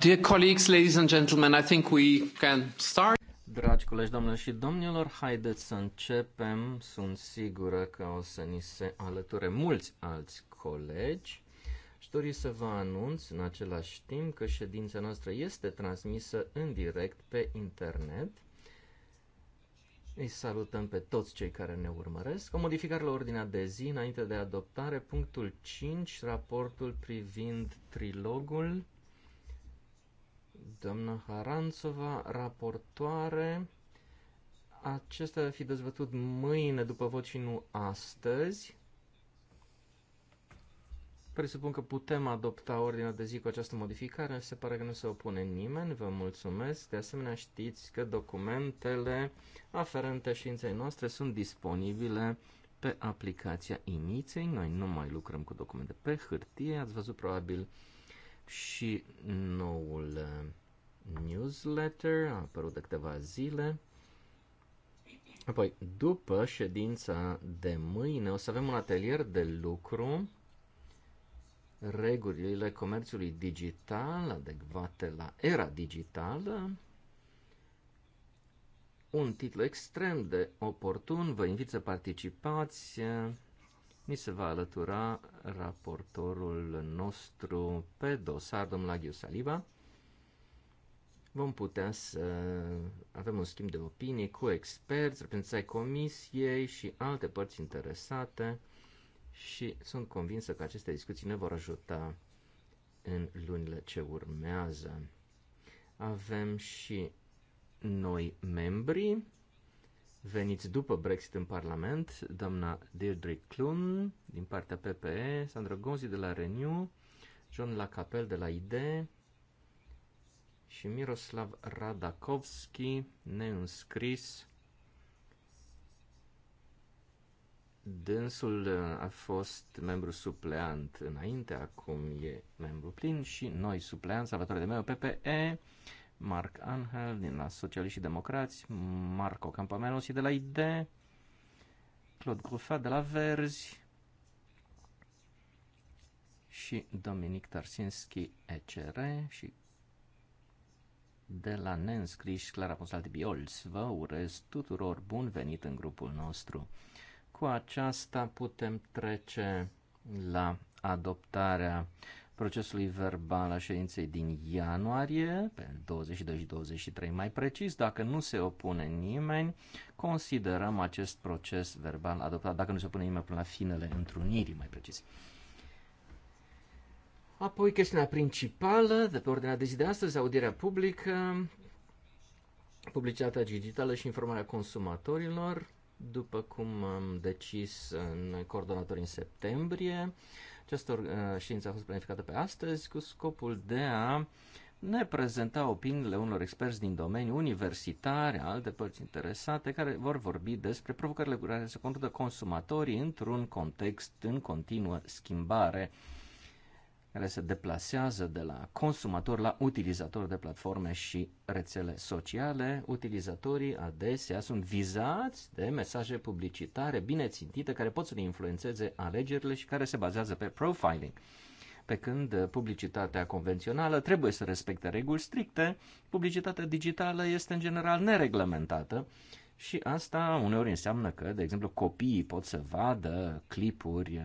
Dear colleagues, ladies and gentlemen, I think we can start. Dragi colegi, doamnelor și domnilor, haideți să începem. Sunt sigură că o să ni se alăture mulți alți colegi. Și dori să vă anunț în același timp că ședința noastră este transmisă în direct pe internet. Îi salutăm pe toți cei care ne urmăresc. O modificare la ordinea de zi înainte de adoptare. Punctul 5, raportul privind trilogul doamna Haranțova, raportoare. Acesta va fi dezbătut mâine după vot și nu astăzi. Presupun că putem adopta ordinea de zi cu această modificare, se pare că nu se opune nimeni, vă mulțumesc. De asemenea știți că documentele aferente științei noastre sunt disponibile pe aplicația Iniței. Noi nu mai lucrăm cu documente pe hârtie, ați văzut probabil și noul uh, newsletter, a apărut de câteva zile. Apoi, după ședința de mâine, o să avem un atelier de lucru, regulile comerțului digital adecvate la era digitală, un titlu extrem de oportun, vă invit să participați, ni se va alătura raportorul nostru pe dosar, domnul Aghiu Saliba. Vom putea să avem un schimb de opinie cu experți, reprezentanții comisiei și alte părți interesate și sunt convinsă că aceste discuții ne vor ajuta în lunile ce urmează. Avem și noi membri veniți după Brexit în Parlament, doamna Deirdre Clun din partea PPE, Sandra Gonzi de la Renew, John Lacapel de la ID și Miroslav Radakovski, neînscris. Dânsul uh, a fost membru supleant înainte, acum e membru plin și noi supleanți, salvatore de meu, PPE, Marc Angel din la Socialiști și Democrați, Marco și de la ID, Claude Gruffat de la Verzi și Dominic Tarsinski ECR și de la neînscriși Clara de Biolz. Vă urez tuturor bun venit în grupul nostru. Cu aceasta putem trece la adoptarea procesului verbal a ședinței din ianuarie, pe 22 și 23 mai precis, dacă nu se opune nimeni, considerăm acest proces verbal adoptat, dacă nu se opune nimeni până la finele întrunirii, mai precis. Apoi, chestiunea principală de pe ordinea de zi de astăzi, audierea publică, publicitatea digitală și informarea consumatorilor, după cum am decis în coordonator în septembrie. Această uh, ședință a fost planificată pe astăzi cu scopul de a ne prezenta opiniile unor experți din domeniu universitare, alte părți interesate, care vor vorbi despre provocările cu care se confruntă consumatorii într-un context în continuă schimbare care se deplasează de la consumator la utilizator de platforme și rețele sociale. Utilizatorii adesea sunt vizați de mesaje publicitare bine țintite care pot să le influențeze alegerile și care se bazează pe profiling. Pe când publicitatea convențională trebuie să respecte reguli stricte, publicitatea digitală este în general nereglementată și asta uneori înseamnă că, de exemplu, copiii pot să vadă clipuri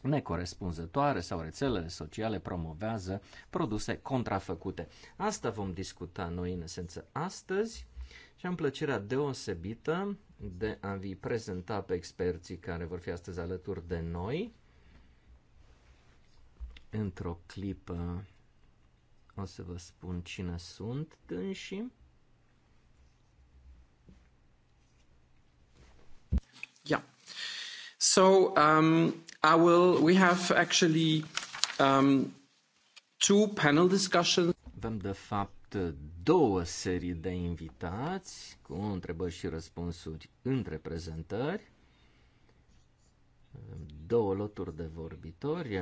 necorespunzătoare sau rețelele sociale promovează produse contrafăcute. Asta vom discuta noi în esență astăzi și am plăcerea deosebită de a vi prezenta pe experții care vor fi astăzi alături de noi. Într-o clipă o să vă spun cine sunt dânsii. Ja. Yeah. So um, I will. We have actually um, two panel discussions. Avem de fapt două serii de invitați cu întrebări și răspunsuri între prezentări. Două loturi de vorbitori.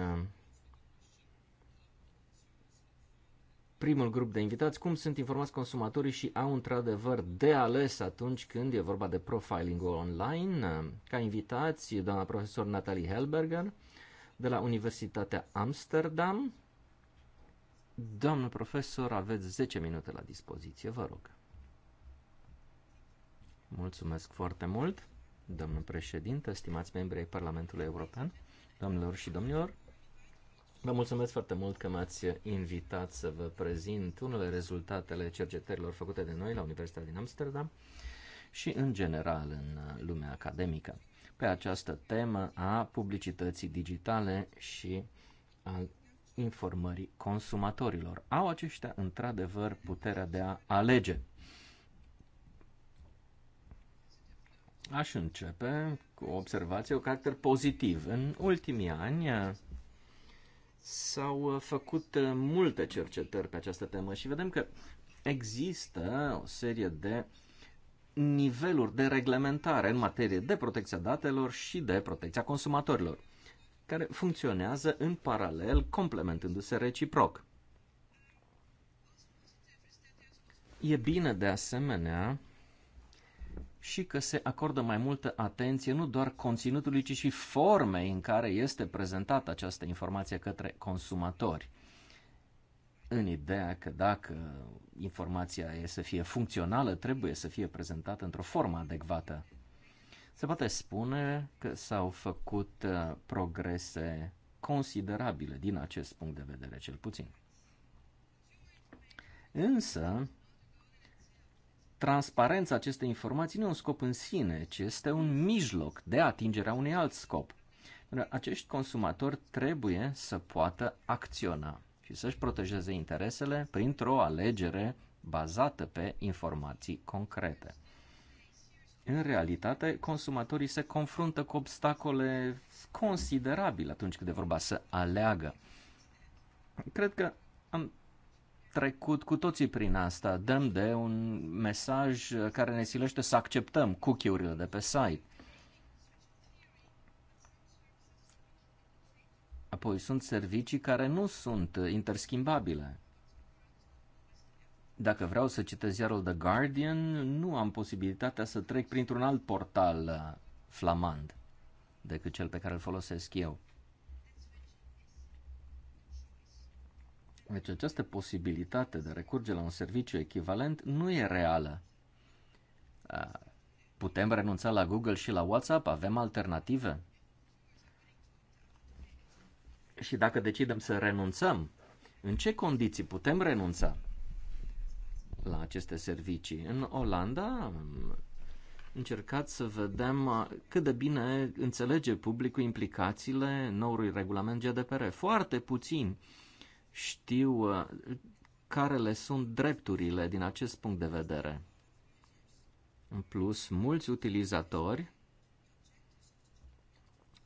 primul grup de invitați, cum sunt informați consumatorii și au într-adevăr de ales atunci când e vorba de profiling online. Ca invitați, doamna profesor Natalie Helberger de la Universitatea Amsterdam. Doamnă profesor, aveți 10 minute la dispoziție, vă rog. Mulțumesc foarte mult, domnul președinte, stimați membri ai Parlamentului European, doamnelor și domnilor. Vă mulțumesc foarte mult că m-ați invitat să vă prezint unele rezultatele cercetărilor făcute de noi la Universitatea din Amsterdam și în general în lumea academică pe această temă a publicității digitale și a informării consumatorilor. Au aceștia într-adevăr puterea de a alege. Aș începe cu o observație, o caracter pozitiv. În ultimii ani, S-au uh, făcut uh, multe cercetări pe această temă și vedem că există o serie de niveluri de reglementare în materie de protecția datelor și de protecția consumatorilor, care funcționează în paralel, complementându-se reciproc. E bine de asemenea și că se acordă mai multă atenție nu doar conținutului, ci și formei în care este prezentată această informație către consumatori. În ideea că dacă informația e să fie funcțională, trebuie să fie prezentată într-o formă adecvată. Se poate spune că s-au făcut uh, progrese considerabile din acest punct de vedere, cel puțin. Însă, transparența acestei informații nu e un scop în sine, ci este un mijloc de atingerea unui alt scop. Acești consumatori trebuie să poată acționa și să-și protejeze interesele printr-o alegere bazată pe informații concrete. În realitate, consumatorii se confruntă cu obstacole considerabile atunci când e vorba să aleagă. Cred că am trecut cu toții prin asta. Dăm de un mesaj care ne silește să acceptăm cookie-urile de pe site. Apoi sunt servicii care nu sunt interschimbabile. Dacă vreau să citesc ziarul The Guardian, nu am posibilitatea să trec printr-un alt portal uh, flamand decât cel pe care îl folosesc eu. Deci această posibilitate de a recurge la un serviciu echivalent nu e reală. Putem renunța la Google și la WhatsApp? Avem alternative? Și dacă decidem să renunțăm, în ce condiții putem renunța la aceste servicii? În Olanda am încercat să vedem cât de bine înțelege publicul implicațiile noului regulament GDPR. Foarte puțin știu uh, care le sunt drepturile din acest punct de vedere. În plus, mulți utilizatori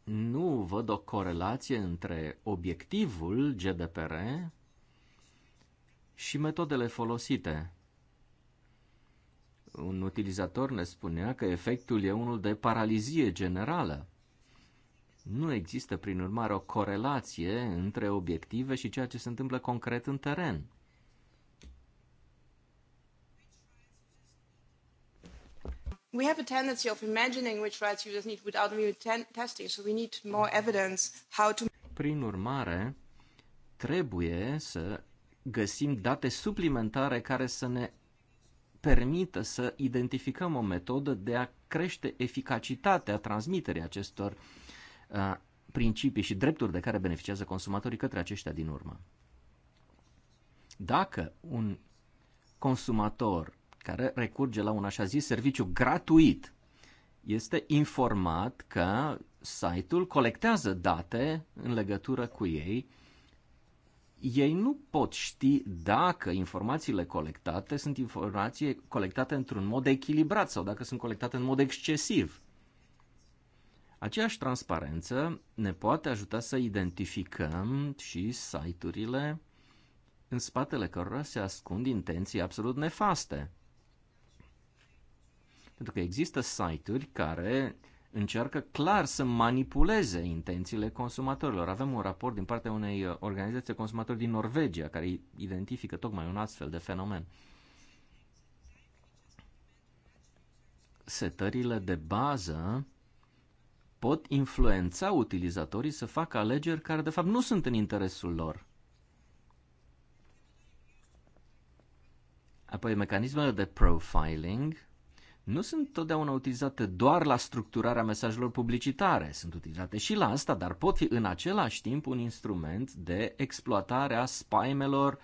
nu văd o corelație între obiectivul GDPR și metodele folosite. Un utilizator ne spunea că efectul e unul de paralizie generală nu există, prin urmare, o corelație între obiective și ceea ce se întâmplă concret în teren. we have a tendency of imagining which rights users need without real testing, so we need more evidence how to. Prin urmare, trebuie să găsim date suplimentare care să ne permită să identificăm o metodă de a crește eficacitatea transmiterii acestor Uh, principii și drepturi de care beneficiază consumatorii către aceștia din urmă. Dacă un consumator care recurge la un așa zis serviciu gratuit este informat că site-ul colectează date în legătură cu ei, ei nu pot ști dacă informațiile colectate sunt informații colectate într-un mod echilibrat sau dacă sunt colectate în mod excesiv. Aceeași transparență ne poate ajuta să identificăm și site-urile în spatele cărora se ascund intenții absolut nefaste. Pentru că există site-uri care încearcă clar să manipuleze intențiile consumatorilor. Avem un raport din partea unei organizații consumatori din Norvegia care identifică tocmai un astfel de fenomen. Setările de bază pot influența utilizatorii să facă alegeri care de fapt nu sunt în interesul lor. Apoi, mecanismele de profiling nu sunt totdeauna utilizate doar la structurarea mesajelor publicitare, sunt utilizate și la asta, dar pot fi în același timp un instrument de exploatare a spaimelor,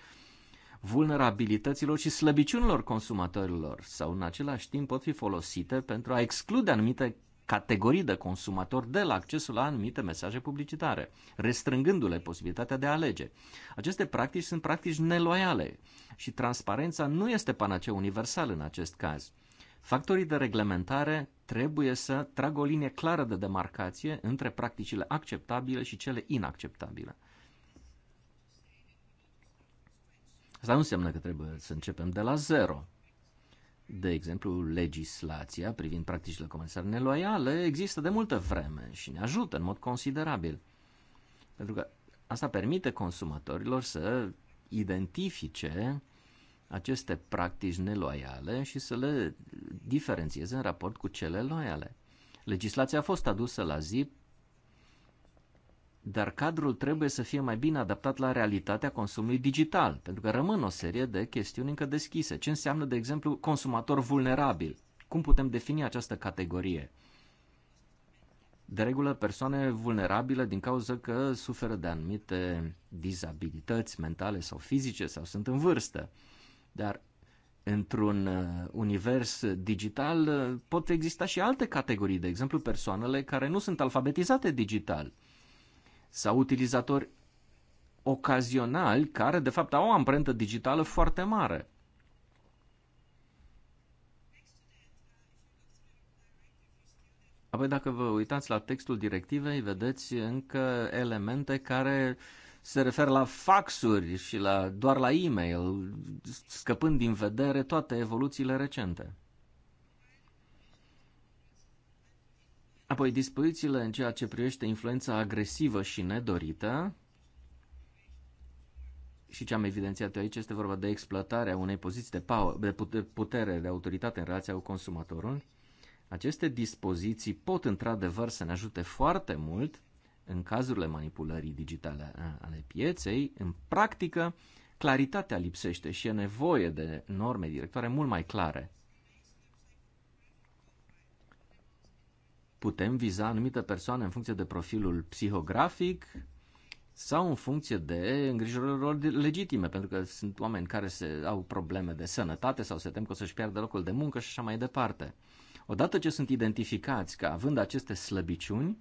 vulnerabilităților și slăbiciunilor consumatorilor sau în același timp pot fi folosite pentru a exclude anumite categorii de consumatori de la accesul la anumite mesaje publicitare, restrângându-le posibilitatea de a alege. Aceste practici sunt practici neloiale și transparența nu este panaceu universal în acest caz. Factorii de reglementare trebuie să tragă o linie clară de demarcație între practicile acceptabile și cele inacceptabile. Asta nu înseamnă că trebuie să începem de la zero de exemplu, legislația privind practicile comerciale neloiale există de multă vreme și ne ajută în mod considerabil. Pentru că asta permite consumatorilor să identifice aceste practici neloiale și să le diferențieze în raport cu cele loiale. Legislația a fost adusă la zi dar cadrul trebuie să fie mai bine adaptat la realitatea consumului digital, pentru că rămân o serie de chestiuni încă deschise. Ce înseamnă, de exemplu, consumator vulnerabil? Cum putem defini această categorie? De regulă, persoane vulnerabile din cauza că suferă de anumite dizabilități mentale sau fizice sau sunt în vârstă. Dar într-un uh, univers digital uh, pot exista și alte categorii, de exemplu persoanele care nu sunt alfabetizate digital – sau utilizatori ocazionali care de fapt au o amprentă digitală foarte mare. Apoi dacă vă uitați la textul directivei, vedeți încă elemente care se referă la faxuri și la, doar la e-mail, scăpând din vedere toate evoluțiile recente. Apoi, dispozițiile în ceea ce privește influența agresivă și nedorită, și ce am evidențiat eu aici este vorba de exploatarea unei poziții de, power, de putere, de autoritate în relația cu consumatorul, aceste dispoziții pot într-adevăr să ne ajute foarte mult în cazurile manipulării digitale ale pieței. În practică, claritatea lipsește și e nevoie de norme directoare mult mai clare. putem viza anumite persoane în funcție de profilul psihografic sau în funcție de îngrijorări lor legitime, pentru că sunt oameni care se au probleme de sănătate sau se tem că o să-și piardă locul de muncă și așa mai departe. Odată ce sunt identificați ca având aceste slăbiciuni,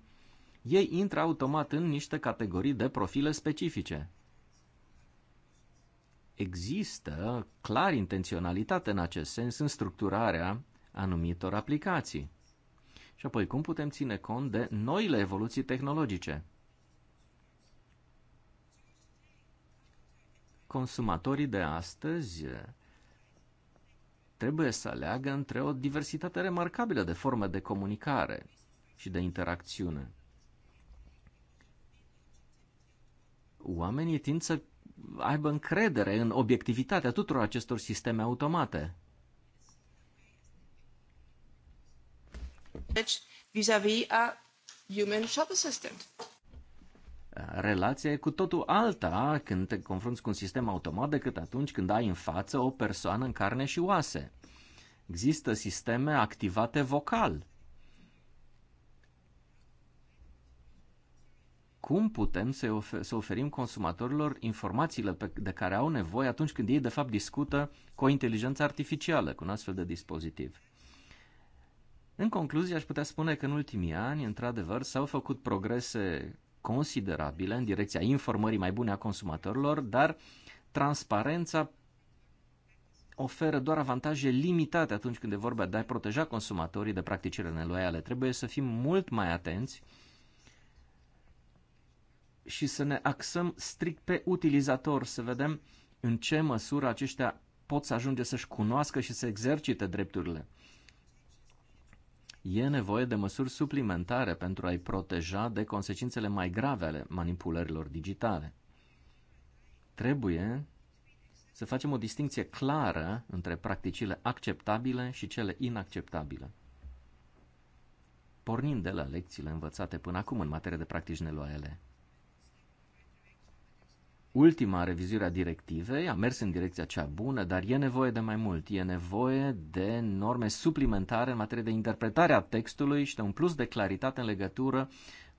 ei intră automat în niște categorii de profile specifice. Există clar intenționalitate în acest sens în structurarea anumitor aplicații. Și apoi, cum putem ține cont de noile evoluții tehnologice? Consumatorii de astăzi trebuie să aleagă între o diversitate remarcabilă de forme de comunicare și de interacțiune. Oamenii tind să aibă încredere în obiectivitatea tuturor acestor sisteme automate. Deci, Relația e cu totul alta când te confrunți cu un sistem automat decât atunci când ai în față o persoană în carne și oase. Există sisteme activate vocal. Cum putem să, ofer- să oferim consumatorilor informațiile pe- de care au nevoie atunci când ei, de fapt, discută cu o inteligență artificială, cu un astfel de dispozitiv? În concluzie, aș putea spune că în ultimii ani, într-adevăr, s-au făcut progrese considerabile în direcția informării mai bune a consumatorilor, dar transparența oferă doar avantaje limitate atunci când e vorba de a proteja consumatorii de practicile neloiale. Trebuie să fim mult mai atenți și să ne axăm strict pe utilizator, să vedem în ce măsură aceștia pot să ajunge să-și cunoască și să exercite drepturile e nevoie de măsuri suplimentare pentru a-i proteja de consecințele mai grave ale manipulărilor digitale. Trebuie să facem o distinție clară între practicile acceptabile și cele inacceptabile. Pornind de la lecțiile învățate până acum în materie de practici neloiale, ultima revizuire a directivei a mers în direcția cea bună, dar e nevoie de mai mult. E nevoie de norme suplimentare în materie de interpretare a textului și de un plus de claritate în legătură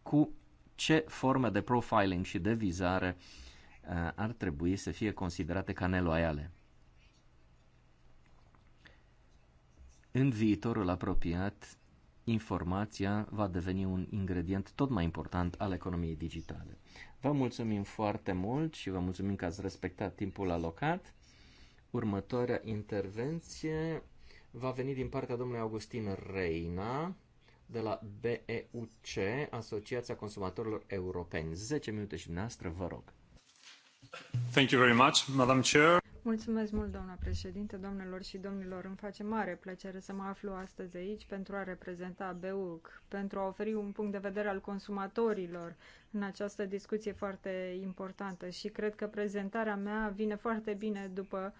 cu ce forme de profiling și de vizare uh, ar trebui să fie considerate ca neloiale. În viitorul apropiat, informația va deveni un ingredient tot mai important al economiei digitale. Vă mulțumim foarte mult și vă mulțumim că ați respectat timpul alocat. Următoarea intervenție va veni din partea domnului Augustin Reina de la BEUC, Asociația Consumatorilor Europeni. 10 minute și dumneavoastră, vă rog. Thank you very much, Madam Chair. Mulțumesc mult, doamna președinte, domnilor și domnilor. Îmi face mare plăcere să mă aflu astăzi aici pentru a reprezenta BEUC, pentru a oferi un punct de vedere al consumatorilor în această discuție foarte importantă și cred că prezentarea mea vine foarte bine după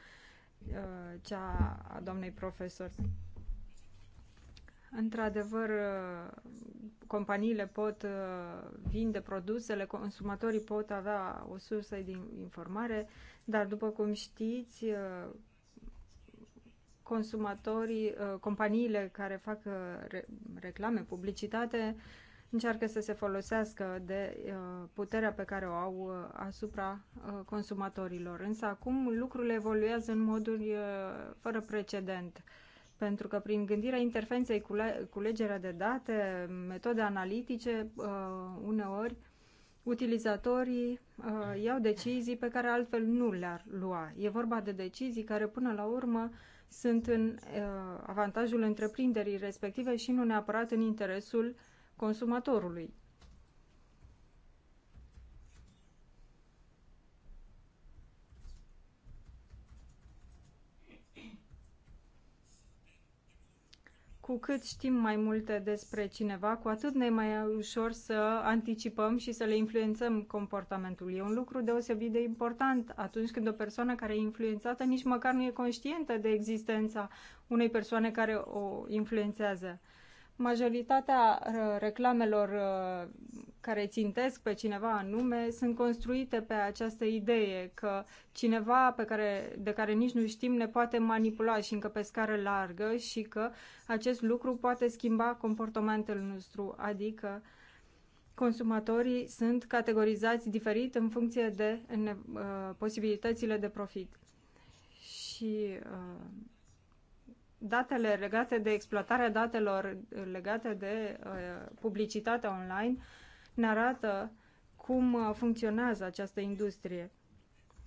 uh, cea a doamnei profesor. Într-adevăr, uh, companiile pot uh, vinde produsele, consumatorii pot avea o sursă de informare, dar, după cum știți, uh, consumatorii, uh, companiile care fac uh, reclame, publicitate, încearcă să se folosească de puterea pe care o au asupra consumatorilor. Însă acum lucrurile evoluează în moduri fără precedent. Pentru că prin gândirea interfenței, culegerea de date, metode analitice, uneori utilizatorii uh, iau decizii pe care altfel nu le-ar lua. E vorba de decizii care până la urmă sunt în uh, avantajul întreprinderii respective și nu neapărat în interesul consumatorului. cu cât știm mai multe despre cineva, cu atât ne mai ușor să anticipăm și să le influențăm comportamentul. E un lucru deosebit de important atunci când o persoană care e influențată nici măcar nu e conștientă de existența unei persoane care o influențează. Majoritatea uh, reclamelor uh, care țintesc pe cineva anume sunt construite pe această idee că cineva pe care, de care nici nu știm ne poate manipula și încă pe scară largă și că acest lucru poate schimba comportamentul nostru, adică consumatorii sunt categorizați diferit în funcție de în, uh, posibilitățile de profit. Și uh, datele legate de exploatarea datelor legate de uh, publicitatea online ne arată cum uh, funcționează această industrie.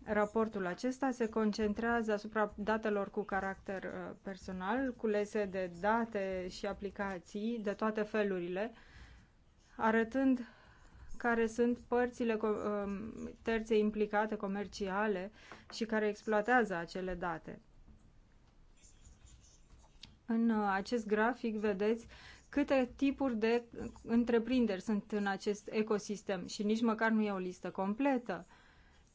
Raportul acesta se concentrează asupra datelor cu caracter uh, personal, culese de date și aplicații de toate felurile, arătând care sunt părțile um, terțe implicate comerciale și care exploatează acele date. În uh, acest grafic vedeți câte tipuri de întreprinderi sunt în acest ecosistem și nici măcar nu e o listă completă.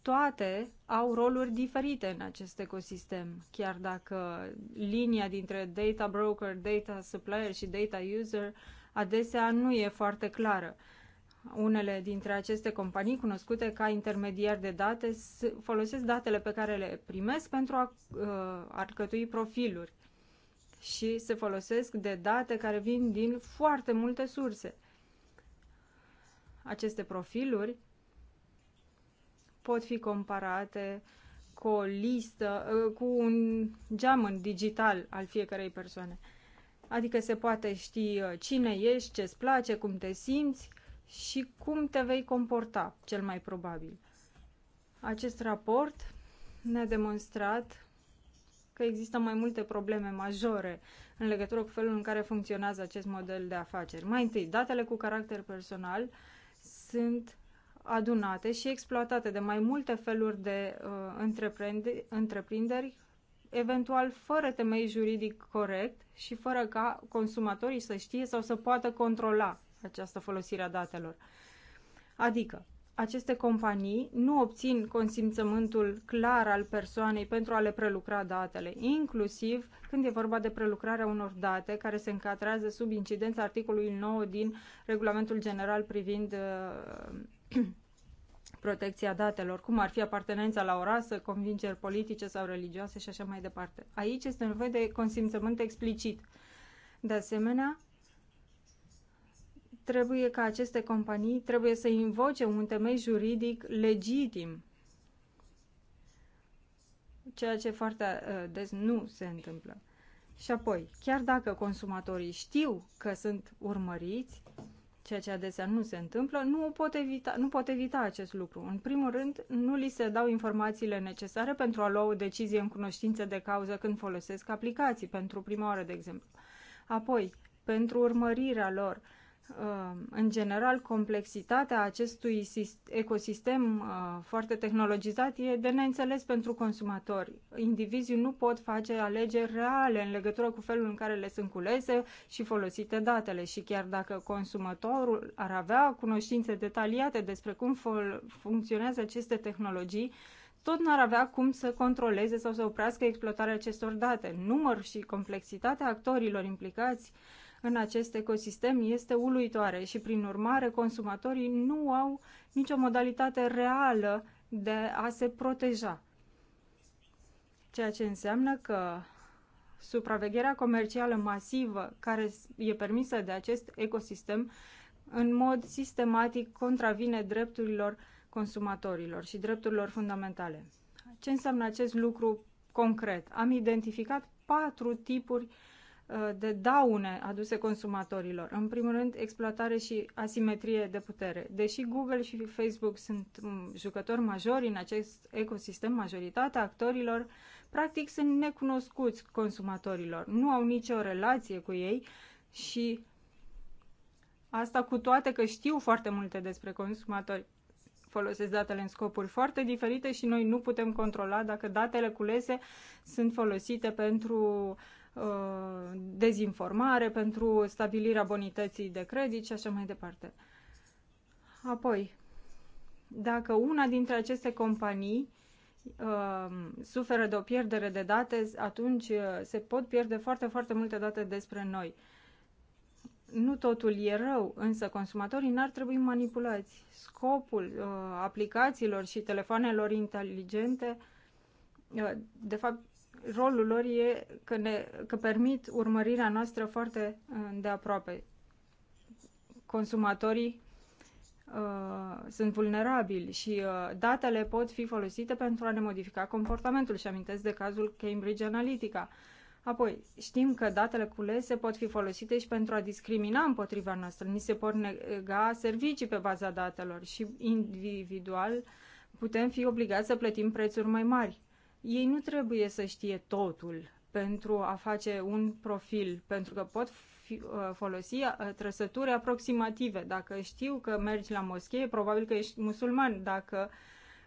Toate au roluri diferite în acest ecosistem, chiar dacă linia dintre data broker, data supplier și data user adesea nu e foarte clară. Unele dintre aceste companii cunoscute ca intermediari de date folosesc datele pe care le primesc pentru a uh, arcătui profiluri și se folosesc de date care vin din foarte multe surse. Aceste profiluri pot fi comparate cu o listă, uh, cu un geam digital al fiecarei persoane. Adică se poate ști uh, cine ești, ce-ți place, cum te simți și cum te vei comporta, cel mai probabil. Acest raport ne-a demonstrat că există mai multe probleme majore în legătură cu felul în care funcționează acest model de afaceri. Mai întâi, datele cu caracter personal sunt adunate și exploatate de mai multe feluri de uh, întreprinderi, eventual fără temei juridic corect și fără ca consumatorii să știe sau să poată controla această folosire a datelor. Adică, aceste companii nu obțin consimțământul clar al persoanei pentru a le prelucra datele, inclusiv când e vorba de prelucrarea unor date care se încadrează sub incidența articolului 9 din Regulamentul General privind uh, protecția datelor, cum ar fi apartenența la o rasă, convingeri politice sau religioase și așa mai departe. Aici este nevoie de consimțământ explicit. De asemenea, trebuie ca aceste companii trebuie să invoce un temei juridic legitim, ceea ce foarte uh, des nu se întâmplă. Și apoi, chiar dacă consumatorii știu că sunt urmăriți, ceea ce adesea nu se întâmplă, nu pot, evita, nu pot evita acest lucru. În primul rând, nu li se dau informațiile necesare pentru a lua o decizie în cunoștință de cauză când folosesc aplicații, pentru prima oară, de exemplu. Apoi, pentru urmărirea lor, Uh, în general, complexitatea acestui ecosistem uh, foarte tehnologizat e de neînțeles pentru consumatori. Indivizii nu pot face alegeri reale în legătură cu felul în care le sunt culese și folosite datele și chiar dacă consumatorul ar avea cunoștințe detaliate despre cum funcționează aceste tehnologii, tot n-ar avea cum să controleze sau să oprească exploatarea acestor date. Număr și complexitatea actorilor implicați uh, în acest ecosistem este uluitoare și, prin urmare, consumatorii nu au nicio modalitate reală de a se proteja. Ceea ce înseamnă că supravegherea comercială masivă care e permisă de acest ecosistem în mod sistematic contravine drepturilor consumatorilor și drepturilor fundamentale. Ce înseamnă acest lucru concret? Am identificat patru tipuri uh, Uh, de daune aduse consumatorilor. În primul rând, exploatare și asimetrie de putere. Deși Google și Facebook sunt mm, jucători majori în acest ecosistem, majoritatea actorilor practic sunt necunoscuți consumatorilor, nu au nicio relație cu ei și asta cu toate că știu foarte multe despre consumatori. Folosesc datele în scopuri foarte diferite și noi nu putem controla dacă datele culese sunt folosite pentru uh, Uh, dezinformare, pentru stabilirea bonității de credit și așa mai departe. Apoi, dacă una dintre aceste companii uh, suferă de o pierdere de date, atunci uh, se pot pierde foarte, foarte multe date despre noi. Nu totul e rău, însă consumatorii n-ar trebui manipulați. Scopul uh, aplicațiilor și telefoanelor inteligente, uh, de fapt, rolul lor e că, ne, că permit urmărirea noastră foarte uh, de aproape. Consumatorii uh, sunt vulnerabili și uh, datele pot fi folosite pentru a ne modifica comportamentul și amintesc de cazul Cambridge Analytica. Apoi, știm că datele culese pot fi folosite și pentru a discrimina împotriva noastră. Ni se pot nega servicii pe baza datelor și individual putem fi obligați să plătim prețuri mai mari ei nu trebuie să știe totul pentru a face un profil, pentru că pot fi, uh, folosi uh, trăsături aproximative. Dacă știu că mergi la moschee, probabil că ești musulman. Dacă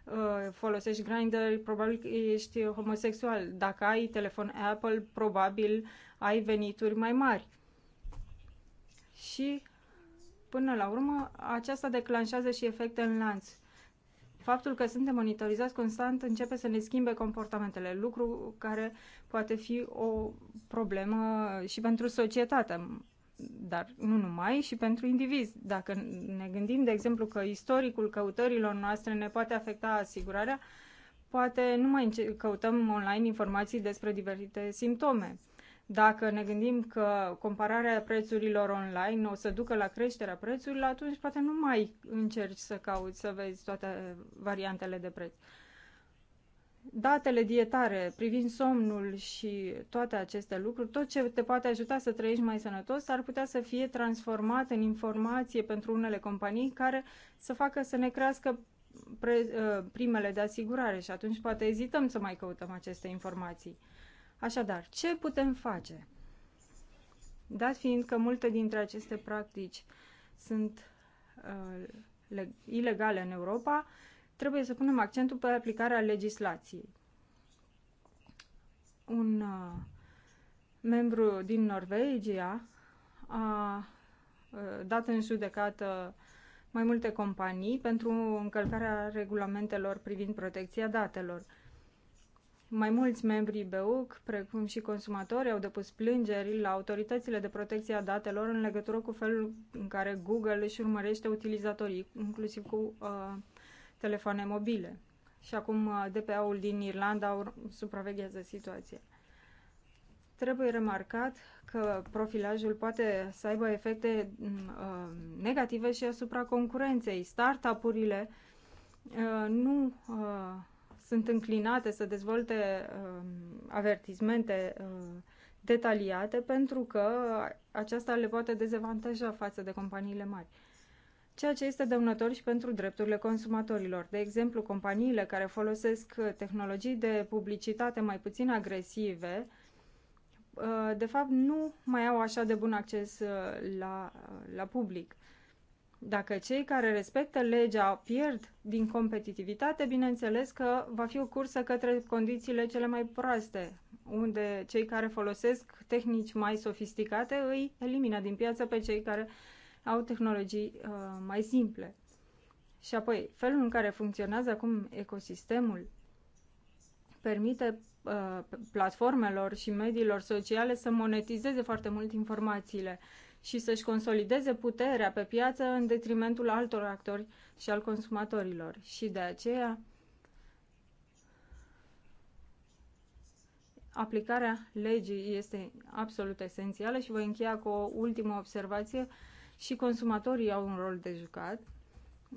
uh, folosești grinder, probabil că ești homosexual. Dacă ai telefon Apple, probabil ai venituri mai mari. Și, până la urmă, aceasta declanșează și efecte în lanț faptul că suntem monitorizați constant începe să ne schimbe comportamentele, lucru care poate fi o problemă și pentru societate, dar nu numai, și pentru indivizi. Dacă ne gândim, de exemplu, că istoricul căutărilor noastre ne poate afecta asigurarea, poate nu mai căutăm online informații despre diferite simptome dacă ne gândim că compararea prețurilor online o să ducă la creșterea prețurilor, atunci poate nu mai încerci să cauți să vezi toate variantele de preț. Datele dietare privind somnul și toate aceste lucruri, tot ce te poate ajuta să trăiești mai sănătos, ar putea să fie transformat în informație pentru unele companii care să facă să ne crească pre, uh, primele de asigurare și atunci poate ezităm să mai căutăm aceste informații. Așadar, ce putem face? Dat fiind că multe dintre aceste practici sunt uh, ilegale în Europa, trebuie să punem accentul pe aplicarea legislației. Un uh, membru din Norvegia a uh, dat în judecată mai multe companii pentru încălcarea regulamentelor privind protecția datelor. Mai mulți membri BEUC, precum și consumatorii, au depus plângeri la autoritățile de protecție a datelor în legătură cu felul în care Google își urmărește utilizatorii, inclusiv cu uh, telefoane mobile. Și acum uh, DPA-ul din Irlanda supraveghează situația. Trebuie remarcat că profilajul poate să aibă efecte mm, uh, negative și asupra concurenței. Startup-urile uh, nu uh, sunt înclinate să dezvolte uh, avertismente uh, detaliate pentru că aceasta le poate dezavantaja față de companiile mari ceea ce este dăunător și pentru drepturile consumatorilor. De exemplu, companiile care folosesc uh, tehnologii de publicitate mai puțin agresive, uh, de fapt, nu mai au așa de bun acces uh, la, la public. Dacă cei care respectă legea pierd din competitivitate, bineînțeles că va fi o cursă către condițiile cele mai proaste, unde cei care folosesc tehnici mai sofisticate îi elimină din piață pe cei care au tehnologii uh, mai simple. Și apoi, felul în care funcționează acum ecosistemul permite uh, platformelor și mediilor sociale să monetizeze foarte mult informațiile. Uh, și să-și consolideze puterea pe piață în detrimentul altor actori și al consumatorilor. Și de aceea aplicarea legii este absolut esențială și voi încheia cu o ultimă observație. Și consumatorii au un rol de jucat.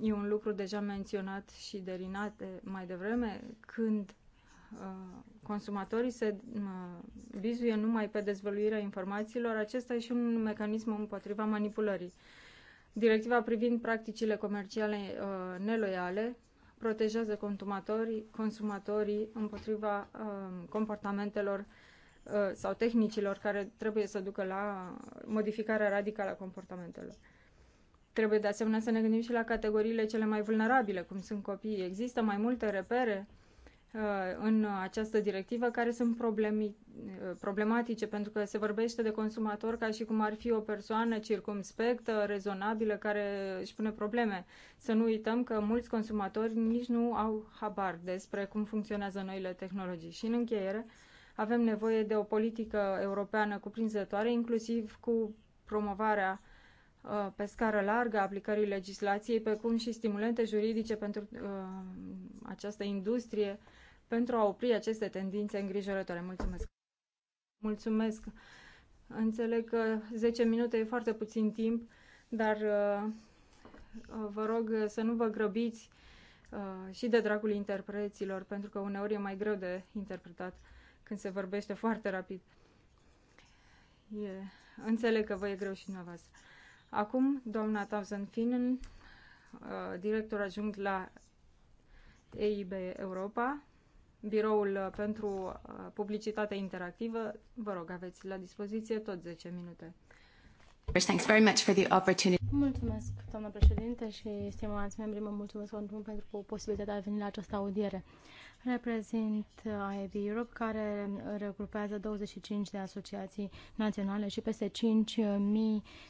E un lucru deja menționat și derinat mai devreme, când Uh, consumatorii se uh, bizuie numai pe dezvăluirea informațiilor, acesta e și un mecanism împotriva manipulării. Directiva privind practicile comerciale uh, neloiale protejează consumatorii, consumatorii împotriva comportamentelor sau tehnicilor care trebuie să ducă la modificarea radicală a comportamentelor. Trebuie de asemenea să ne gândim și la categoriile cele mai vulnerabile, cum sunt copiii. Există mai multe repere uh, Uh, în această directivă care sunt uh, problematice, pentru că se vorbește de consumator ca și cum ar fi o persoană circumspectă, rezonabilă, care își pune probleme. Să nu uităm că mulți consumatori nici nu au habar despre cum funcționează noile tehnologii. Și în încheiere, avem nevoie de o politică europeană cuprinzătoare, inclusiv cu promovarea uh, pe scară largă aplicării legislației, pe cum și stimulente juridice pentru uh, această industrie uh, pentru a opri aceste tendințe îngrijorătoare. Mulțumesc! Mulțumesc! Înțeleg că 10 minute e foarte puțin timp, dar uh, uh, vă rog să nu vă grăbiți uh, și de dragul interpreților, pentru că uneori e mai greu de interpretat când se vorbește foarte rapid. E, înțeleg că vă e greu și dumneavoastră. Acum, doamna Thousand Finan, director ajung la EIB Europa, biroul uh, pentru uh, publicitate interactivă. Vă rog, aveți la dispoziție tot 10 minute. Thanks very much for the opportunity. Mulțumesc, doamnă președinte și stimați membri, mă mulțumesc pentru posibilitatea de a veni la această audiere. Reprezint uh, IAB Europe, care uh, regrupează 25 de asociații naționale și peste 5.000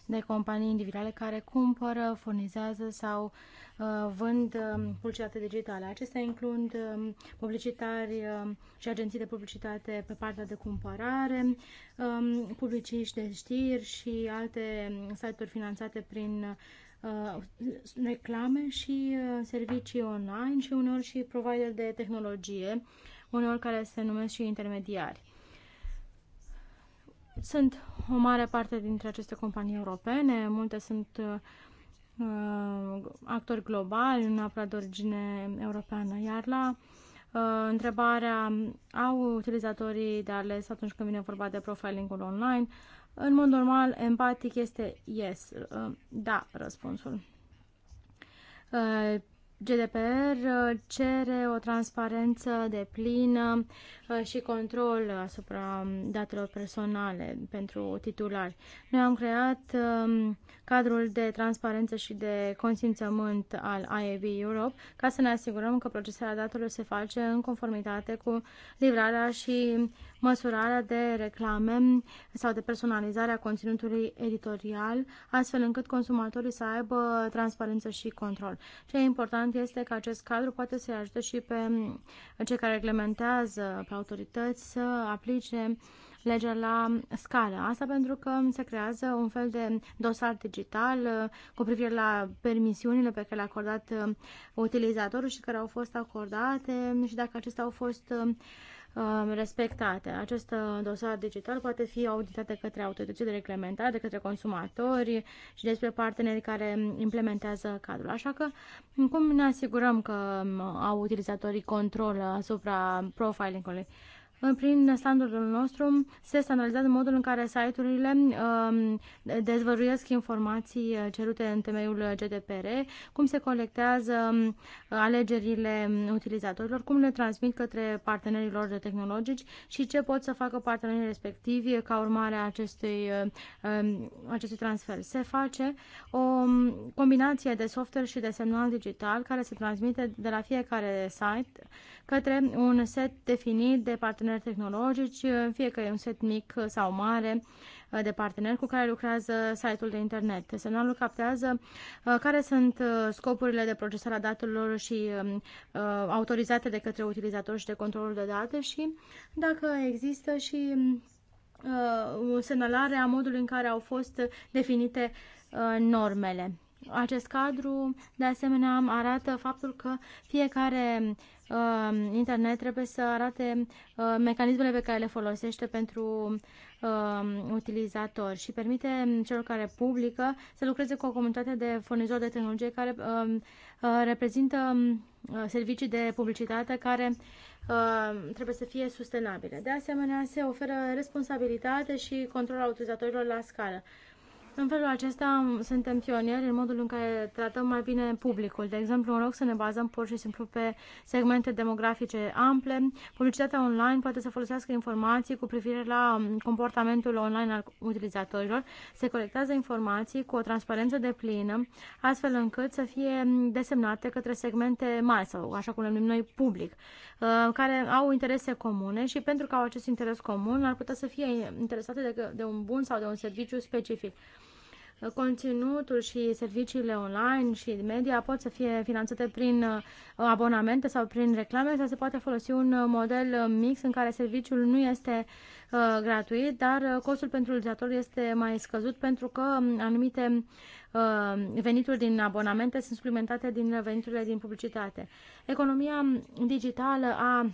de companii individuale care cumpără, furnizează sau uh, vând um, publicitate digitală. Acestea includ um, publicitari um, și agenții de publicitate pe partea de cumpărare, publiciști de știri și alte site-uri finanțate prin Uh, reclame și uh, servicii online și uneori și provider de tehnologie, uneori care se numesc și intermediari. Sunt o mare parte dintre aceste companii europene, multe sunt uh, actori globali, neapărat de origine europeană, iar la uh, întrebarea au utilizatorii de ales atunci când vine vorba de profiling-ul online, uh, în mod normal, empatic este yes, uh, da, răspunsul. Uh, GDPR uh, cere o transparență de plină uh, și control asupra datelor personale pentru titulari. Noi am creat um, cadrul de transparență și de consimțământ al IAB Europe ca să ne asigurăm că procesarea datelor se face în conformitate cu livrarea și măsurarea de reclame sau de personalizare a conținutului editorial, astfel încât consumatorii să aibă transparență și control. Ce e important important este că acest cadru poate să ajute și pe cei care reglementează, pe autorități, să aplice legea la scală. Asta pentru că se creează un fel de dosar digital uh, cu privire la permisiunile pe care le-a acordat uh, utilizatorul și care au fost acordate și dacă acestea au fost uh, Um, respectate. Acest uh, dosar digital poate fi auditat de către autorități de reglementare, de către consumatori și despre partenerii care implementează cadrul. Așa că cum ne asigurăm că um, au utilizatorii control asupra profiling-ului? prin standardul nostru se standardizează modul în care site-urile um, dezvăruiesc informații uh, cerute în temeiul GDPR, cum se colectează um, alegerile um, utilizatorilor, cum le transmit către partenerilor de tehnologici și ce pot să facă partenerii respectivi ca urmare a acestui, uh, acestui transfer. Se face o combinație de software și de semnal digital care se transmite de la fiecare site către un set definit de parteneri parteneri tehnologici, fie că e un set mic sau mare uh, de parteneri cu care lucrează site-ul de internet. Semnalul captează uh, care sunt uh, scopurile de procesare a datelor și um, autorizate de către utilizator și de controlul de date și dacă există și um, semnalarea modului în care au fost definite normele. Acest cadru, de asemenea, arată faptul că fiecare uh, internet trebuie să arate uh, mecanismele pe care le folosește pentru uh, um, utilizator și permite celor care publică să lucreze cu o comunitate de furnizori de tehnologie care uh, uh, reprezintă uh, servicii de publicitate care uh, trebuie să fie sustenabile. De asemenea, se oferă responsabilitate și controlul autorizatorilor la scară. Uh, în felul acesta suntem pionieri în modul în care tratăm mai bine publicul. De exemplu, în loc să ne bazăm pur și simplu pe segmente demografice ample, publicitatea online poate să folosească informații cu privire la um, comportamentul online al utilizatorilor, se colectează informații cu o transparență de plină, astfel încât să fie um, desemnate către segmente mari sau, așa cum le numim noi, public, uh, care au interese comune și pentru că au acest interes comun ar putea să fie um, interesate de, de un bun sau de un serviciu specific. Conținutul și serviciile online și media pot să fie finanțate prin uh, abonamente sau prin reclame, sau se poate folosi un model mix în care serviciul nu este uh, gratuit, dar uh, costul pentru utilizator este mai scăzut pentru că um, anumite venituri din abonamente sunt suplimentate din veniturile din publicitate. Economia um, digitală a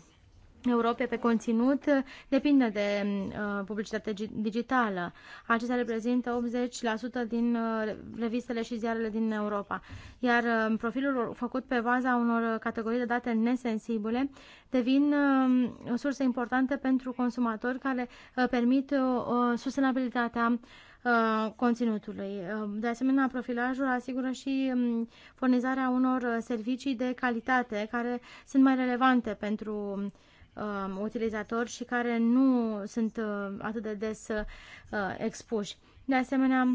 Europe pe conținut depinde de uh, publicitatea digitală. Acestea reprezintă 80% din uh, revistele și ziarele din Europa. Iar uh, profilul făcut pe baza unor categorii de date nesensibile devin uh, surse importante pentru consumatori care uh, permit uh, sustenabilitatea uh, conținutului. Uh, de asemenea, profilajul asigură și um, furnizarea unor uh, servicii de calitate care sunt mai relevante pentru uh, uh, utilizatori și care nu sunt uh, atât de des uh, expuși. De asemenea,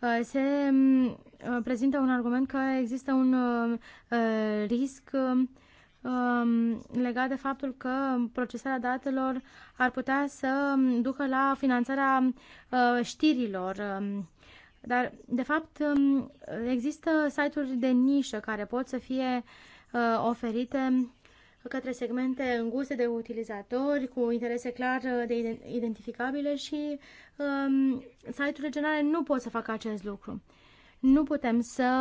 uh, se uh, prezintă un argument că există un uh, risc um, legat de faptul că procesarea datelor ar putea să ducă la finanțarea știrilor. Um, dar, de fapt, există site-uri de nișă care pot să fie oferite către segmente înguste de utilizatori cu interese clar uh, de identificabile și um, site-urile generale nu pot să facă acest lucru. Nu putem să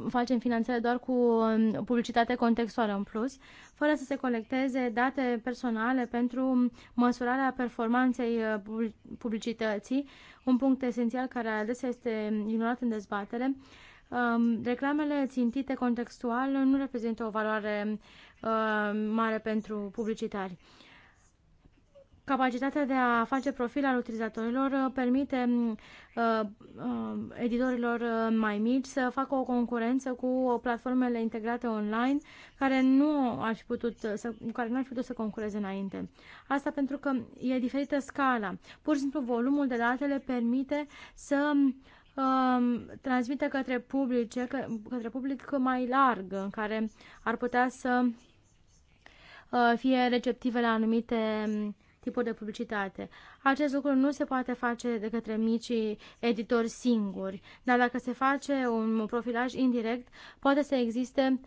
um, facem finanțele doar cu um, publicitate contextuală în plus, fără să se colecteze date personale pentru măsurarea performanței uh, publicității, un punct esențial care adesea este ignorat în dezbatere. Um, reclamele țintite contextual nu reprezintă o valoare Uh, mare pentru publicitari. Capacitatea de a face profil al utilizatorilor uh, permite uh, editorilor mai mici să facă o concurență cu platformele integrate online care nu ar fi putut să, care nu fi putut să concureze înainte. Asta pentru că e diferită scala. Pur și simplu volumul de datele permite să um, transmită către public, către public mai larg, care ar putea să Uh, fie receptive la anumite um, tipuri de publicitate. Acest lucru nu se poate face de către micii editori singuri, dar dacă se face un profilaj indirect, poate să existe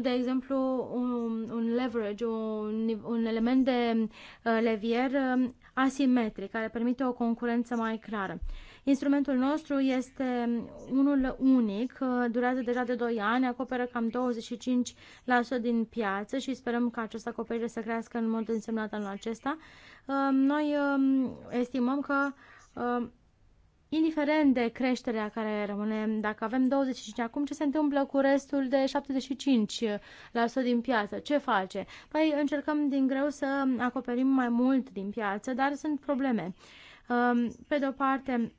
de exemplu, un, un leverage, un, un element de uh, levier um, asimetric, care permite o concurență mai clară. Instrumentul nostru este unul unic, uh, durează deja de 2 ani, acoperă cam 25% din piață și sperăm că această acoperire să crească în mod însemnat anul acesta. Uh, noi um, estimăm că um, indiferent de creșterea care rămâne, dacă avem 25 acum, ce se întâmplă cu restul de 75% din piață? Ce face? Păi încercăm din greu să acoperim mai mult din piață, dar sunt probleme. Um, pe de o parte,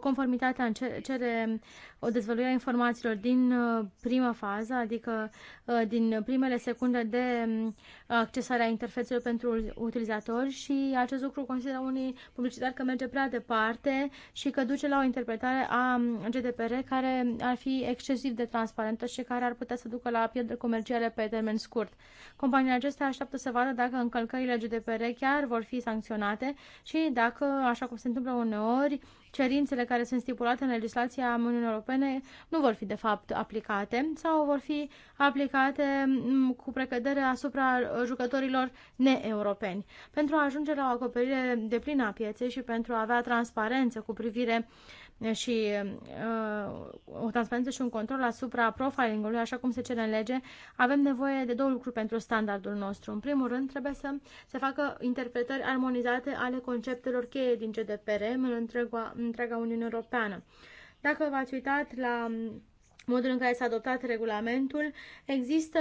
conformitatea cere o dezvăluire a informațiilor din uh, prima fază, adică uh, din primele secunde de mm, accesarea interfețelor pentru utilizatori și acest lucru consideră unii publicitari că merge prea departe și că duce la o interpretare a mm, GDPR care ar fi excesiv de transparentă și care ar putea să ducă la pierderi comerciale pe termen scurt. Companiile acestea așteaptă să vadă dacă încălcările GDPR chiar vor fi sancționate și dacă, așa cum se întâmplă uneori, cerințele care sunt stipulate în legislația Uniunii Europene nu vor fi de fapt aplicate sau vor fi aplicate mm, cu precădere asupra jucătorilor neeuropeni. Pentru a ajunge la o acoperire deplină a pieței și pentru a avea transparență cu privire și uh, o transparență și un control asupra profilingului, așa cum se cere în lege, avem nevoie de două lucruri pentru standardul nostru. În primul rând, trebuie să se facă interpretări armonizate ale conceptelor cheie din CDPRM în întreaga, întreaga Uniune Europeană. Dacă v-ați uitat la modul în care s-a adoptat regulamentul, există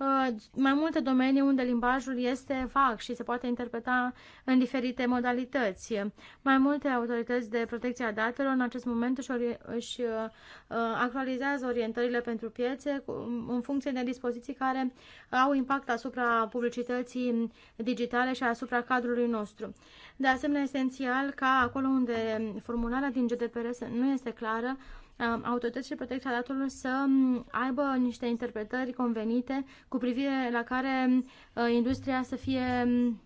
Uh, mai multe domenii unde limbajul este vag și se poate interpreta în diferite modalități. Mai multe autorități de protecție a datelor în acest moment își, ori, își uh, uh, actualizează orientările pentru piețe în funcție de dispoziții care au impact asupra publicității digitale și asupra cadrului nostru. De asemenea, esențial ca acolo unde formularea din GDPR nu este clară, Um, autoritățile protecția datelor să um, aibă niște interpretări convenite cu privire la care uh, industria să fie um,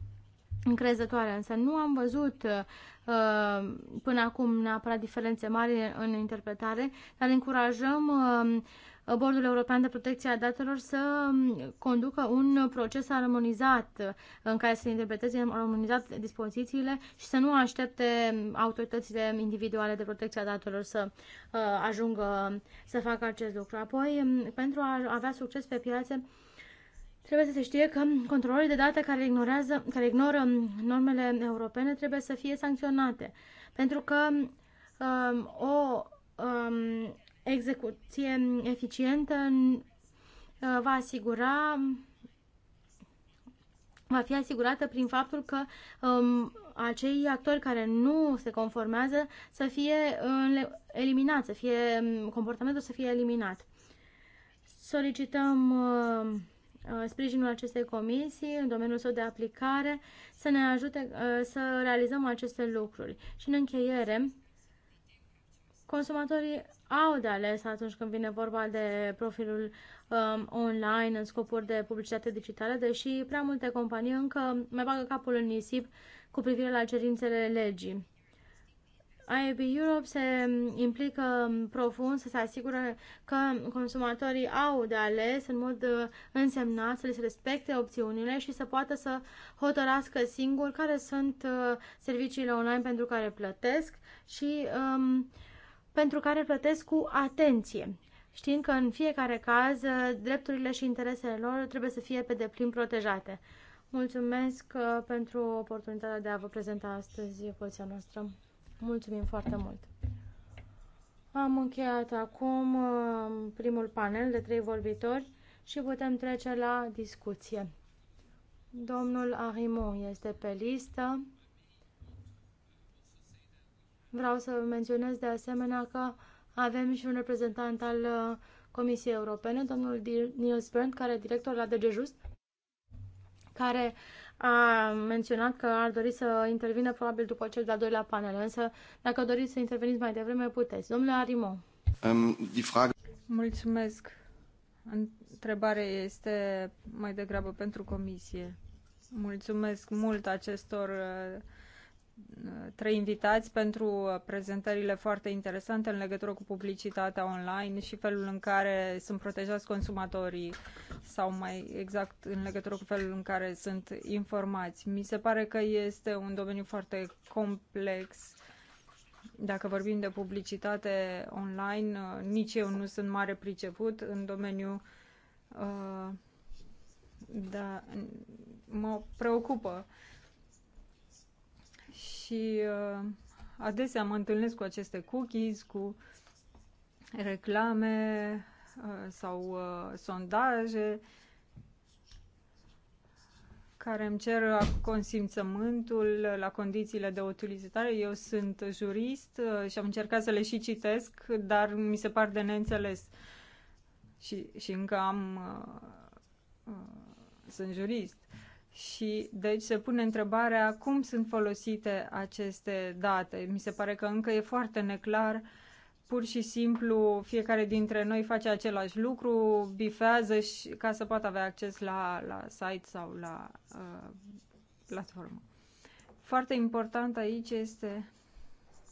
încrezătoare, însă nu am văzut uh, până acum neapărat diferențe mari în interpretare, dar încurajăm Bordul European de Protecție a Datelor să conducă un proces armonizat în care să interpreteze armonizat dispozițiile și să nu aștepte autoritățile individuale de protecție a datelor să uh, ajungă să facă acest lucru. Apoi, um, pentru a avea succes pe piață Trebuie să se știe că controlorii de date care, ignorează, care ignoră um, normele europene trebuie să fie sancționate, pentru că um, o um, execuție eficientă uh, va asigura va fi asigurată prin faptul că um, acei actori care nu se conformează să fie uh, eliminați, să fie um, comportamentul să fie eliminat. Solicităm uh, uh, sprijinul acestei comisii în domeniul său de aplicare să ne ajute uh, să realizăm aceste lucruri. Și în încheiere, consumatorii au de ales atunci când vine vorba de profilul um, online în scopuri de publicitate digitală, deși prea multe companii încă mai bagă capul în nisip cu privire la cerințele legii. IAB Europe se implică um, profund să se asigure că consumatorii au de ales în mod uh, însemnat să le respecte opțiunile și să poată să hotărască singur care sunt uh, serviciile online pentru care plătesc și um, pentru care plătesc cu atenție, știind că în fiecare caz uh, drepturile și interesele lor trebuie să fie pe deplin protejate. Mulțumesc uh, pentru oportunitatea de a vă prezenta astăzi poziția noastră. Mulțumim foarte mult! Am încheiat acum uh, primul panel de trei vorbitori și putem trece la discuție. Domnul Arimo este pe listă. Vreau să menționez de asemenea că avem și un reprezentant al uh, Comisiei Europene, domnul Niels Berndt, care e director la DG Just, care a menționat că ar dori să intervină probabil după cel de-al doilea panel, însă dacă doriți să interveniți mai devreme, puteți. Domnule Arimo. Um, frage... Mulțumesc. Întrebarea este mai degrabă pentru comisie. Mulțumesc mult acestor uh, trei invitați pentru prezentările foarte interesante în legătură cu publicitatea online și felul în care sunt protejați consumatorii sau mai exact în legătură cu felul în care sunt informați. Mi se pare că este un domeniu foarte complex. Dacă vorbim de publicitate online, nici eu nu sunt mare priceput în domeniu. Uh, da, mă preocupă uh, și uh, adesea mă întâlnesc cu aceste cookies, cu reclame uh, sau uh, sondaje care îmi cer consimțământul la condițiile de utilizare. Eu sunt jurist și am încercat să le și citesc, dar mi se par de neînțeles. Și, și încă am... Uh, uh, sunt jurist. Uh, și deci se pune întrebarea cum sunt folosite aceste date. Mi se pare că încă e foarte neclar. Pur și simplu fiecare dintre noi face același lucru, bifează și ca să poată avea acces la, la site sau la uh, platformă. Foarte important aici este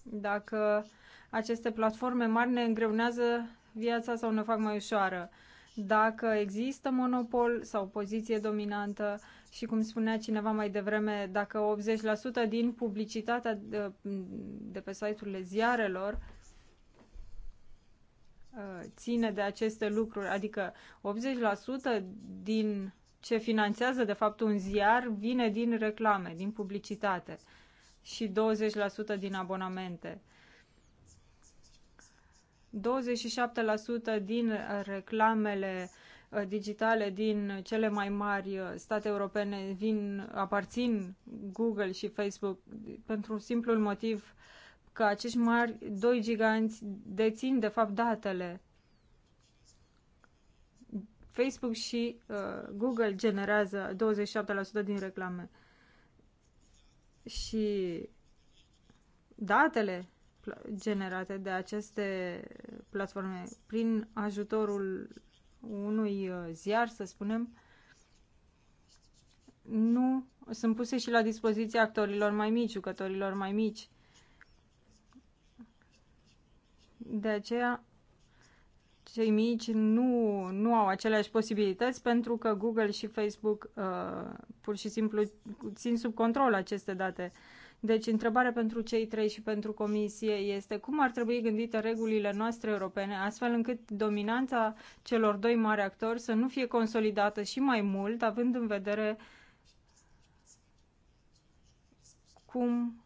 dacă aceste platforme mari ne îngreunează viața sau ne fac mai ușoară. Dacă există monopol sau poziție dominantă, uh, și cum spunea cineva mai devreme, dacă 80% din publicitatea de, de pe site-urile ziarelor uh, ține de aceste lucruri, adică 80% din ce finanțează de fapt un ziar vine din reclame, din publicitate și 20% din abonamente. 27% din reclamele uh, digitale din cele mai mari uh, state europene vin, aparțin Google și Facebook pentru simplul motiv că acești mari doi giganți dețin de fapt datele. Facebook și uh, Google generează 27% din reclame. Și datele generate de aceste platforme prin ajutorul unui uh, ziar, să spunem, nu sunt puse și la dispoziția actorilor mai mici, jucătorilor mai mici. De aceea, cei mici nu, nu au aceleași posibilități pentru că Google și Facebook uh, pur și simplu țin sub control aceste date deci, întrebarea pentru cei trei și pentru comisie este cum ar trebui gândite regulile noastre europene, astfel încât dominanța celor doi mari actori să nu fie consolidată și mai mult, având în vedere cum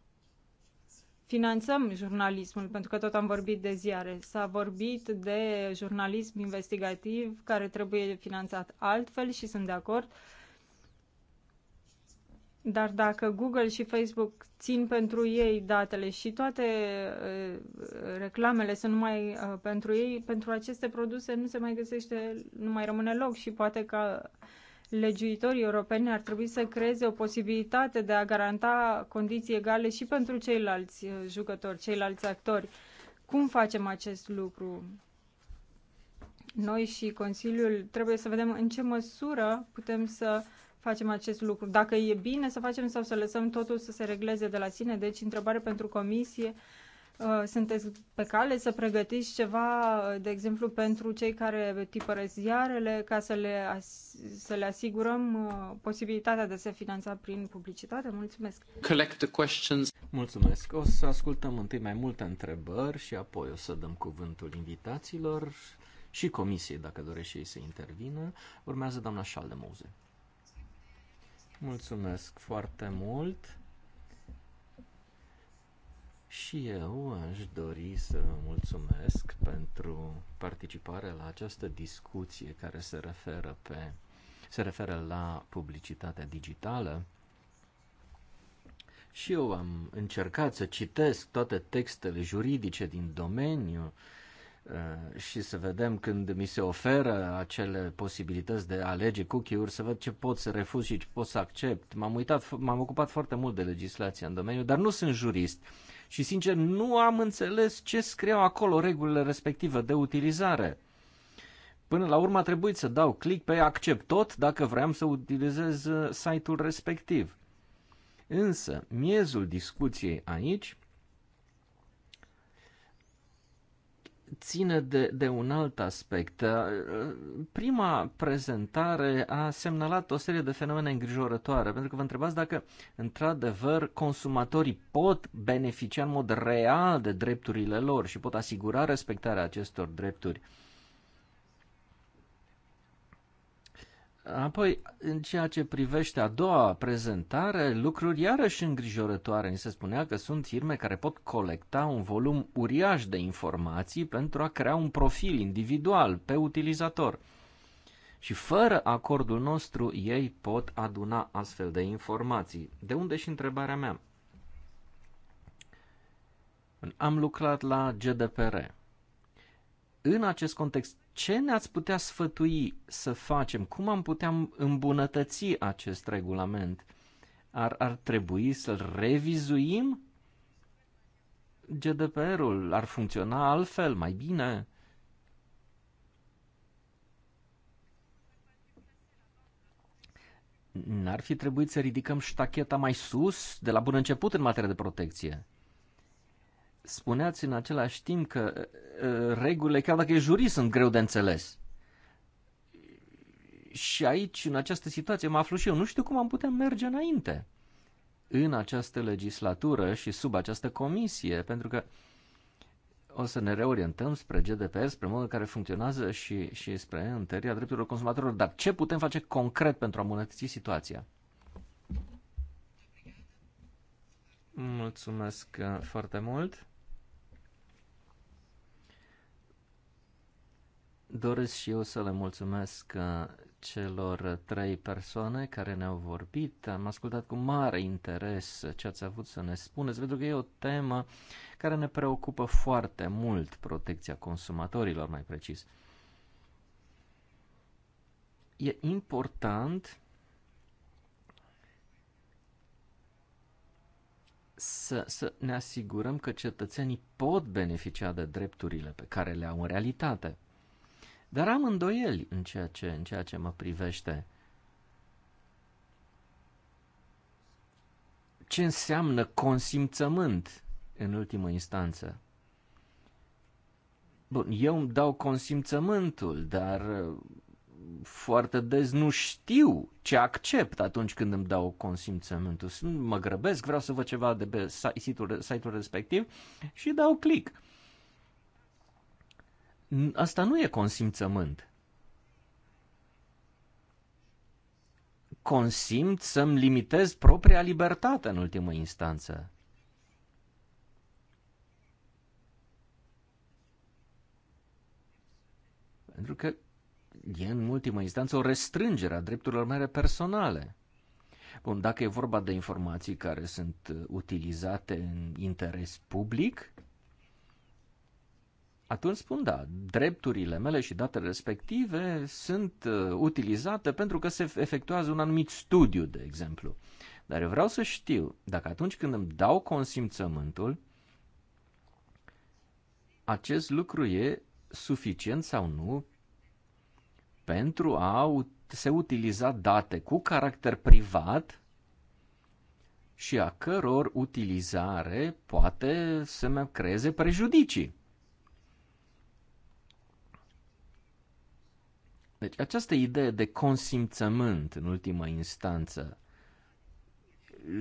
finanțăm jurnalismul, pentru că tot am vorbit de ziare. S-a vorbit de jurnalism investigativ care trebuie finanțat altfel și sunt de acord dar dacă Google și Facebook țin pentru ei datele și toate reclamele sunt numai pentru ei, pentru aceste produse nu se mai găsește, nu mai rămâne loc și poate că legiuitorii europeni ar trebui să creeze o posibilitate de a garanta condiții egale și pentru ceilalți jucători, ceilalți actori. Cum facem acest lucru? Noi și Consiliul trebuie să vedem în ce măsură putem să uh, facem acest lucru. Dacă e bine să facem sau să lăsăm totul să se regleze de la sine. Deci, întrebare pentru comisie. Uh, sunteți pe cale să pregătiți ceva, uh, de exemplu, pentru cei care tipăresc ziarele, ca să le, să le asigurăm uh, posibilitatea de a se finanța prin publicitate? Mulțumesc! Collect the questions. Mulțumesc! O să ascultăm întâi mai multe întrebări și apoi o să dăm cuvântul invitațiilor și comisiei, dacă dorește ei să intervină. Urmează doamna Șaldemoze. Mulțumesc foarte mult. Și eu aș dori să vă mulțumesc pentru participarea la această discuție care se referă, pe, se referă la publicitatea digitală. Și eu am încercat să citesc toate textele juridice din domeniu, uh, Eh, și să vedem când mi se oferă acele posibilități de a alege cookie-uri, să văd ce pot să refuz și ce pot să accept. M-am, uitat, m-am ocupat foarte mult de legislația în domeniu, dar nu sunt jurist și, sincer, nu am înțeles ce scriau acolo regulile respective de utilizare. Până la urmă a trebuit să dau click pe accept tot dacă vreau să utilizez eh, site-ul respectiv. Însă, miezul discuției aici ține de, de un alt aspect. Prima prezentare a semnalat o serie de fenomene îngrijorătoare, pentru că vă întrebați dacă, într-adevăr, consumatorii pot beneficia în mod real de drepturile lor și pot asigura respectarea acestor drepturi. Uh, Apoi, în ceea ce privește a doua prezentare, lucruri iarăși îngrijorătoare. Ni se spunea că sunt firme care pot colecta un volum uriaș de informații pentru a crea un profil individual pe utilizator. Și fără acordul nostru, ei pot aduna astfel de informații. De unde și întrebarea mea? Am lucrat la GDPR. În acest context, ce ne-ați putea sfătui să facem? Cum am putea îmbunătăți acest regulament? Ar, ar trebui să-l revizuim? GDPR-ul ar funcționa altfel, mai bine? N-ar fi trebuit să ridicăm ștacheta mai sus de la bun început în materie de protecție? spuneați în același timp că uh, uh, regulile, chiar dacă e jurist, sunt greu de înțeles. Și aici, în această situație, mă aflu și eu. Nu știu cum am putea merge înainte în această legislatură și sub această comisie, pentru că o să ne reorientăm spre GDPR, spre modul în care funcționează și, și spre întăria drepturilor consumatorilor. Dar ce putem face concret pentru a îmbunătăți situația? Mulțumesc uh, foarte mult. Doresc și eu să le mulțumesc uh, celor trei persoane care ne-au vorbit. Am ascultat cu mare interes ce ați avut să ne spuneți, pentru că e o temă care ne preocupă foarte mult, protecția consumatorilor mai precis. E important să, să ne asigurăm că cetățenii pot beneficia de drepturile pe care le au în realitate. Dar am îndoieli în ceea ce, în ceea ce mă privește. Ce înseamnă consimțământ în ultimă instanță? Bun, eu îmi dau consimțământul, dar uh, foarte des nu știu ce accept atunci când îmi dau consimțământul. Mă grăbesc, vreau să văd ceva de pe site-ul, site-ul respectiv și dau click. Asta nu e consimțământ. Consimt să-mi limitez propria libertate în ultimă instanță. Pentru că e în ultimă instanță o restrângere a drepturilor mele personale. Bun, dacă e vorba de informații care sunt uh, utilizate în interes public, atunci spun da, drepturile mele și datele respective sunt uh, utilizate pentru că se efectuează un anumit studiu, de exemplu. Dar eu vreau să știu dacă atunci când îmi dau consimțământul, acest lucru e suficient sau nu pentru a se utiliza date cu caracter privat și a căror utilizare poate să-mi creeze prejudicii. Deci această idee de consimțământ în ultimă instanță,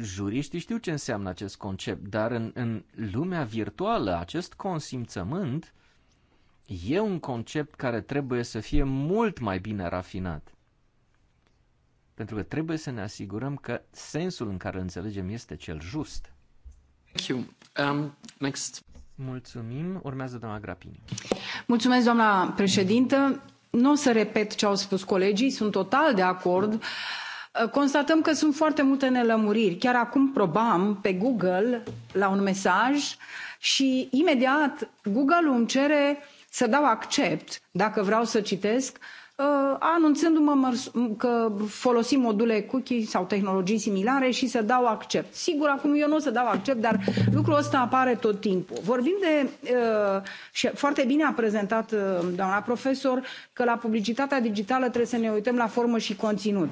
juriștii știu ce înseamnă acest concept, dar în, în lumea virtuală acest consimțământ e un concept care trebuie să fie mult mai bine rafinat. Pentru că trebuie să ne asigurăm că sensul în care îl înțelegem este cel just. Thank you. Um, next. Mulțumim. Urmează doamna Grapini. Mulțumesc, doamna președintă nu o să repet ce au spus colegii, sunt total de acord. Uh, constatăm că sunt foarte multe nelămuriri. Chiar acum probam pe Google la un mesaj și imediat Google îmi cere să dau accept dacă vreau să citesc Uh, anunțându-mă că folosim module cookie sau tehnologii similare și să dau accept. Sigur, acum eu nu o să dau accept, dar lucrul ăsta apare tot timpul. Vorbim de, uh, și foarte bine a prezentat uh, doamna profesor, că la publicitatea digitală trebuie să ne uităm la formă și conținut.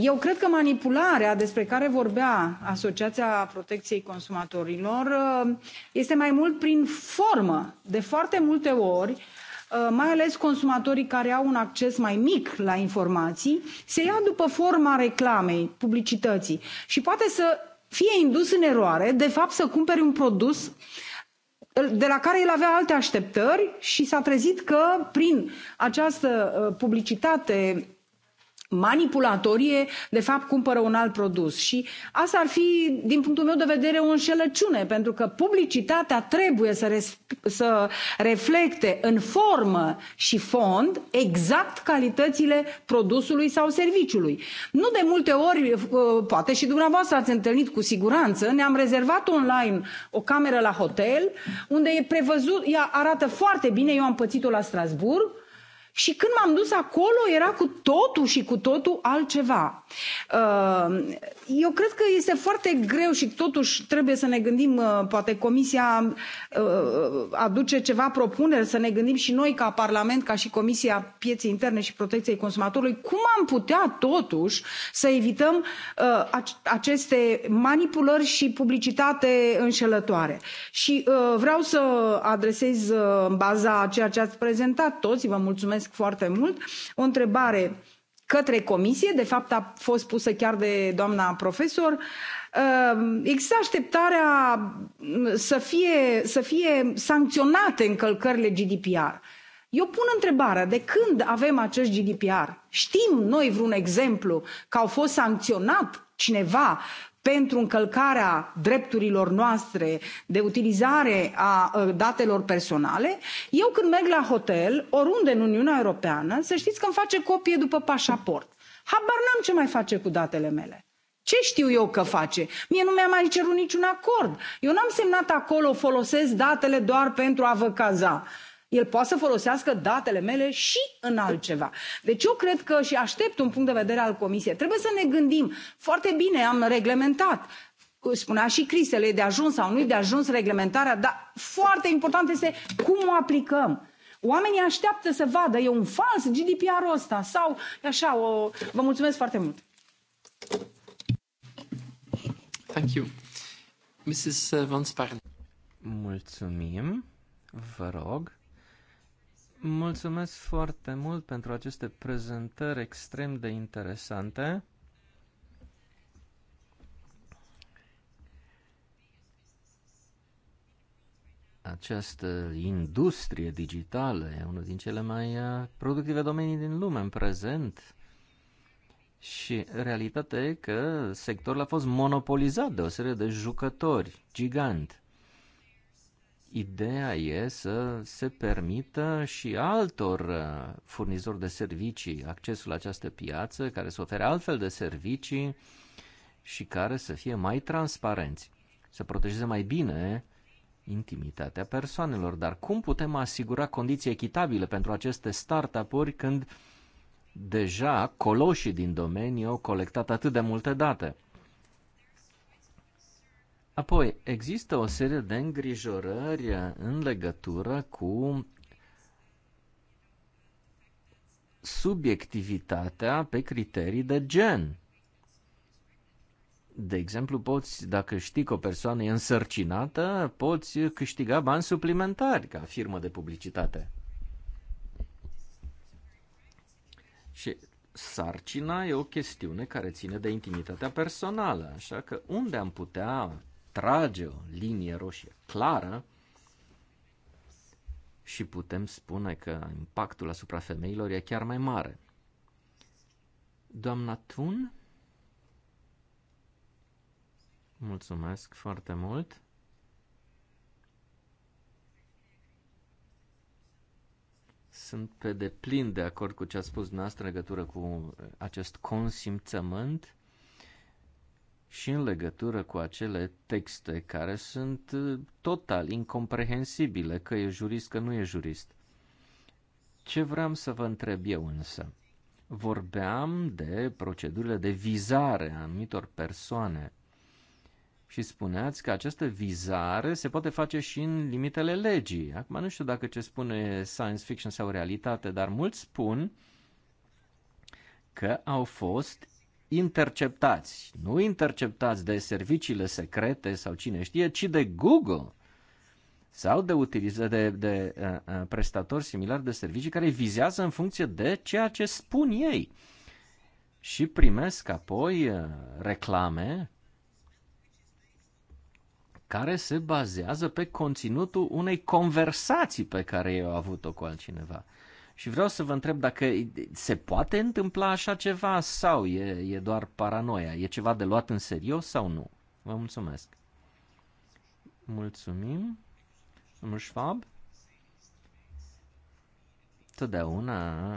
Eu cred că manipularea despre care vorbea Asociația Protecției Consumatorilor este mai mult prin formă. De foarte multe ori, Uh, mai ales consumatorii care au un acces mai mic la informații, se ia după forma reclamei, publicității și poate să fie indus în eroare, de fapt să cumpere un produs uh, de la care el avea alte așteptări și s-a trezit că prin această uh, publicitate manipulatorie de fapt cumpără un alt produs și asta ar fi din punctul meu de vedere o înșelăciune pentru că publicitatea trebuie să, res- să reflecte în formă și fond exact calitățile produsului sau serviciului. Nu de multe ori, uh, poate și dumneavoastră ați întâlnit cu siguranță, ne-am rezervat online o cameră la hotel unde e prevăzut, ea arată foarte bine, eu am pățit-o la Strasbourg și când m am dus acolo era cu totul și cu totul altceva. Uh, eu cred că este foarte greu și totuși trebuie să ne gândim, uh, poate Comisia uh, aduce ceva propuneri, să ne gândim și noi ca Parlament, ca și Comisia Pieței Interne și Protecției Consumatorului, cum am putea totuși să evităm aceste manipulări și publicitate înșelătoare. Și vreau să adresez în baza a ceea ce ați prezentat toți, vă mulțumesc mulțumesc foarte mult. O întrebare către comisie, de fapt a fost pusă chiar de doamna profesor. Ehm, există așteptarea mm, să fie, să fie sancționate încălcările GDPR. Eu pun întrebarea, de când avem acest GDPR? Știm noi vreun exemplu că au fost sancționat cineva pentru încălcarea drepturilor noastre de utilizare a ă, datelor personale eu când merg la hotel oriunde în uniunea europeană să știți că îmi face copie după pașaport habar n am ce mai face cu datele mele. Ce știu eu că face? Mie nu mi-a mai cerut niciun acord. Eu n-am semnat acolo folosesc datele doar pentru a vă caza el poate să folosească datele mele și în altceva. Deci eu cred că și aștept un punct de vedere al Comisiei. Trebuie să ne gândim foarte bine, am reglementat, spunea și Cristel, e de ajuns sau nu e de ajuns reglementarea, dar foarte important este cum o aplicăm. Oamenii așteaptă să vadă, e un fals GDPR-ul ăsta sau așa, o... vă mulțumesc foarte mult. Thank you. Mrs. Uh, Sparen. Mulțumim, vă rog. Mulțumesc foarte mult pentru aceste prezentări extrem de interesante. Această industrie digitală e unul din cele mai uh, productive domenii din lume în prezent. Și realitatea e că sectorul a fost monopolizat de o serie de jucători gigant. Ideea e să se permită și altor uh, furnizori de servicii accesul la această piață, care să ofere altfel de servicii și care să fie mai transparenți, să protejeze mai bine intimitatea persoanelor. Dar cum putem asigura condiții echitabile pentru aceste startup-uri când deja coloșii din domeniu au colectat atât de multe date? Apoi, există o serie de îngrijorări în legătură cu subiectivitatea pe criterii de gen. De exemplu, poți, dacă știi că o persoană e însărcinată, poți câștiga bani suplimentari ca firmă de publicitate. Și sarcina e o chestiune care ține de intimitatea personală, așa că unde am putea trage o linie roșie clară și putem spune că impactul asupra femeilor e chiar mai mare. Doamna Tun, mulțumesc foarte mult. Sunt pe deplin de acord cu ce a spus dumneavoastră în legătură cu acest consimțământ și în legătură cu acele texte care sunt uh, total incomprehensibile, că e jurist, că nu e jurist. Ce vreau să vă întreb eu însă? Vorbeam de procedurile de vizare a anumitor persoane și spuneați că această vizare se poate face și în limitele legii. Acum nu știu dacă ce spune science fiction sau realitate, dar mulți spun că au fost interceptați, nu interceptați de serviciile secrete sau cine știe, ci de Google sau de, utiliză, de, de uh, uh, prestatori similari de servicii care vizează în funcție de ceea ce spun ei și primesc apoi uh, reclame care se bazează pe conținutul unei conversații pe care eu au avut-o cu altcineva. Și vreau să vă întreb dacă se poate întâmpla așa ceva sau e, e doar paranoia? E ceva de luat în serios sau nu? Vă mulțumesc. Mulțumim. Domnul Schwab? Totdeauna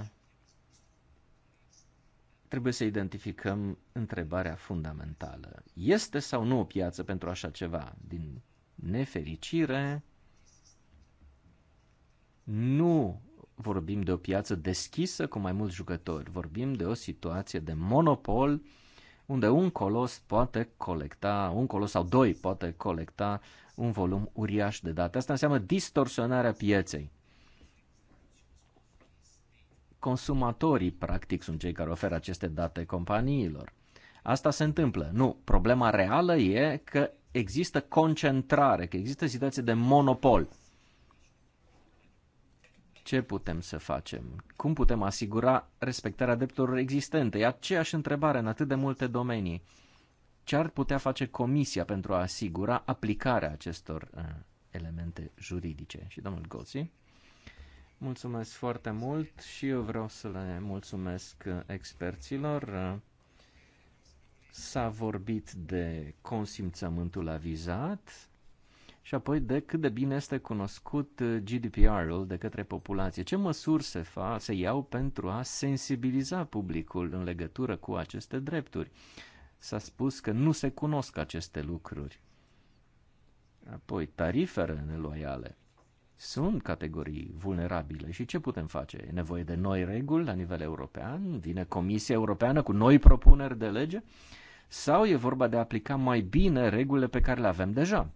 trebuie să identificăm întrebarea fundamentală. Este sau nu o piață pentru așa ceva? Din nefericire, nu vorbim de o piață deschisă cu mai mulți jucători, vorbim de o situație de monopol unde un colos poate colecta, un colos sau doi poate colecta un volum uriaș de date. Asta înseamnă distorsionarea pieței. Consumatorii, practic, sunt cei care oferă aceste date companiilor. Asta se întâmplă. Nu, problema reală e că există concentrare, că există situație de monopol. Ce putem să facem? Cum putem asigura respectarea drepturilor existente? E aceeași întrebare în atât de multe domenii. Ce ar putea face Comisia pentru a asigura aplicarea acestor uh, elemente juridice? Și domnul Gozi. Mulțumesc foarte mult și eu vreau să le mulțumesc uh, experților. S-a vorbit de consimțământul avizat și apoi de cât de bine este cunoscut uh, GDPR-ul de către populație. Ce măsuri se, fa, se iau pentru a sensibiliza publicul în legătură cu aceste drepturi? S-a spus că nu se cunosc aceste lucruri. Apoi, tarifele neloiale. Sunt categorii vulnerabile și ce putem face? E nevoie de noi reguli la nivel european? Vine Comisia Europeană cu noi propuneri de lege? Sau e vorba de a aplica mai bine regulile pe care le avem deja?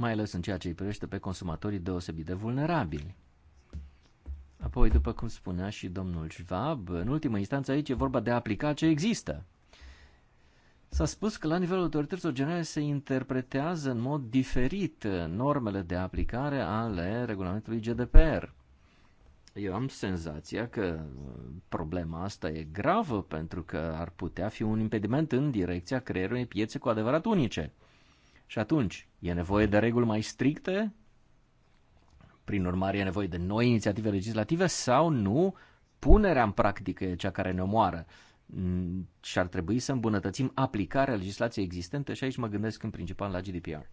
mai ales în ceea ce îi privește pe consumatorii deosebit de vulnerabili. Apoi, după cum spunea și domnul Schwab, în ultimă instanță aici e vorba de a aplica ce există. S-a spus că la nivelul autorităților generale se interpretează în mod diferit normele de aplicare ale regulamentului GDPR. Eu am senzația că problema asta e gravă pentru că ar putea fi un impediment în direcția creierului piețe cu adevărat unice. Și atunci, e nevoie de reguli mai stricte? Prin urmare, e nevoie de noi inițiative legislative sau nu? Punerea în practică e cea care ne omoară. Mm, și ar trebui să îmbunătățim aplicarea legislației existente și aici mă gândesc în principal la GDPR.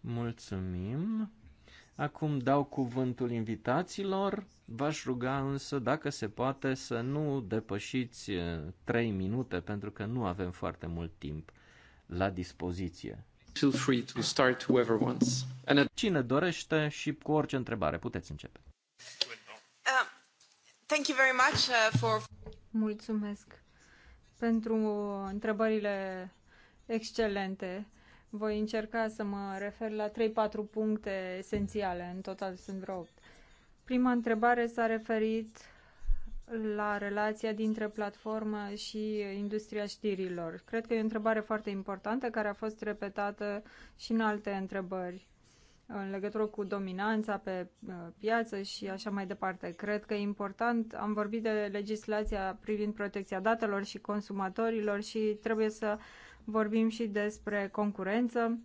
Mulțumim. Acum dau cuvântul invitaților. V-aș ruga însă, dacă se poate, să nu depășiți 3 eh, minute, pentru că nu avem foarte mult timp la dispoziție. Feel free to start whoever wants. And at... Cine dorește și cu orice întrebare puteți începe. Uh, thank you very much uh, for... Mulțumesc pentru întrebările excelente. Voi încerca să mă refer la 3-4 puncte esențiale, în total sunt vreo 8. Prima întrebare s-a referit la relația dintre platformă și industria știrilor. Cred că e o întrebare foarte importantă care a fost repetată și în alte întrebări în legătură cu dominanța pe uh, piață și așa mai departe. Cred că e important, am vorbit de legislația privind protecția datelor și consumatorilor și trebuie să vorbim și despre concurență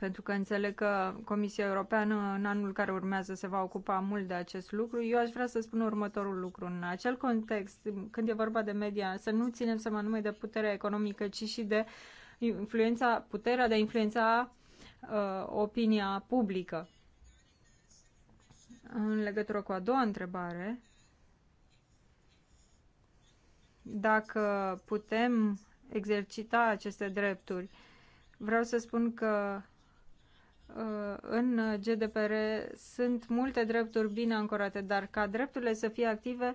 pentru că înțeleg că Comisia Europeană în anul care urmează se va ocupa mult de acest lucru. Eu aș vrea să spun următorul lucru. În acel context, când e vorba de media, să nu ținem seama numai de puterea economică, ci și de influența, puterea de a influența uh, opinia publică. În legătură cu a doua întrebare, dacă putem exercita aceste drepturi, vreau să spun că Uh, în GDPR sunt multe drepturi bine ancorate, dar ca drepturile să fie active,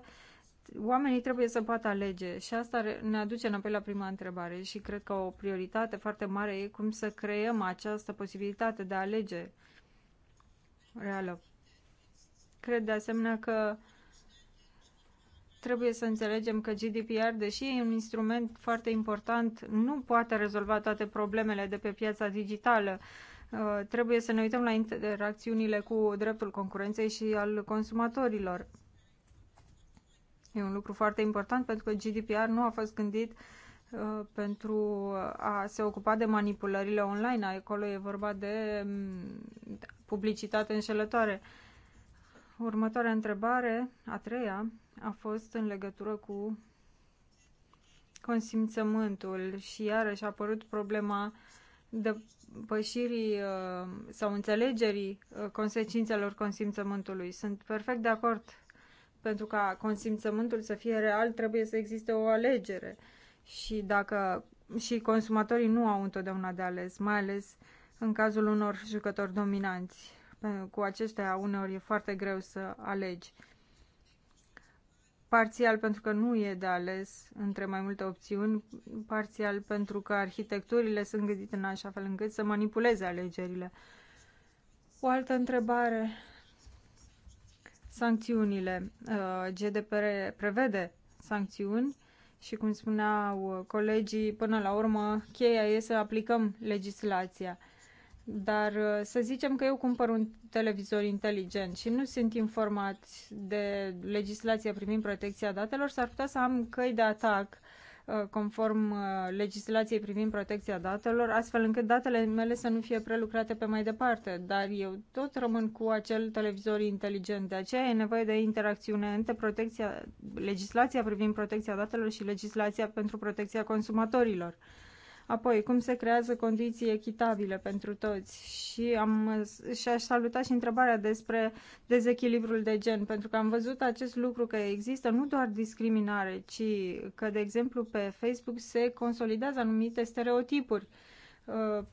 oamenii trebuie să poată alege și asta ne aduce înapoi la prima întrebare și cred că o prioritate foarte mare e cum să creăm această posibilitate de a alege reală. Cred de asemenea că trebuie să înțelegem că GDPR, deși e un instrument foarte important, nu poate rezolva toate problemele de pe piața digitală Uh, trebuie să ne uităm la interacțiunile cu dreptul concurenței și al consumatorilor. E un lucru foarte important pentru că GDPR nu a fost gândit uh, pentru a se ocupa de manipulările online. Acolo e vorba de mm, publicitate înșelătoare. Următoarea întrebare, a treia, a fost în legătură cu consimțământul și iarăși a apărut problema de depășirii uh, sau înțelegerii uh, consecințelor consimțământului. Sunt perfect de acord. Pentru ca consimțământul să fie real, trebuie să existe o alegere. Și dacă și consumatorii nu au întotdeauna de ales, mai ales în cazul unor jucători dominanți. Cu aceștia uneori e foarte greu să alegi parțial pentru că nu e de ales între mai multe opțiuni, parțial pentru că arhitecturile sunt gândite în așa fel încât să manipuleze alegerile. O altă întrebare. Sancțiunile. Uh, GDPR prevede sancțiuni și, cum spuneau colegii, până la urmă, cheia e să aplicăm legislația. Dar uh, să zicem că eu cumpăr un televizor inteligent și nu sunt informat de legislația privind protecția datelor, s-ar putea să am căi de atac uh, conform uh, legislației privind protecția datelor, astfel încât datele mele să nu fie prelucrate pe mai departe. Dar eu tot rămân cu acel televizor inteligent. De aceea e nevoie de interacțiune între protecția, legislația privind protecția datelor și legislația pentru protecția consumatorilor. Apoi, cum se creează condiții echitabile pentru toți? Și, am, și aș saluta și întrebarea despre dezechilibrul de gen, pentru că am văzut acest lucru că există nu doar discriminare, ci că, de exemplu, pe Facebook se consolidează anumite stereotipuri. Uh,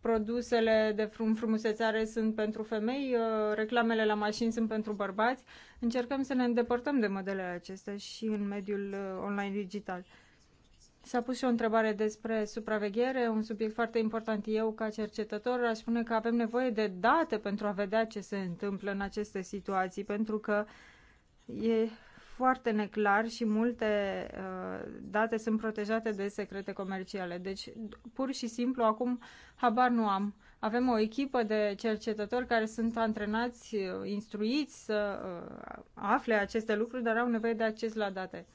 produsele de frum frumusețare sunt pentru femei, uh, reclamele la mașini sunt pentru bărbați. Încercăm să ne îndepărtăm de modelele acestea și în mediul uh, online digital. S-a pus și o întrebare despre supraveghere, un subiect foarte important. Eu, ca cercetător, aș spune că avem nevoie de date pentru a vedea ce se întâmplă în aceste situații, pentru că e foarte neclar și multe uh, date sunt protejate de secrete comerciale. Deci, pur și simplu, acum habar nu am. Avem o echipă de cercetători care sunt antrenați, uh, instruiți să uh, afle aceste lucruri, dar au nevoie de acces la date.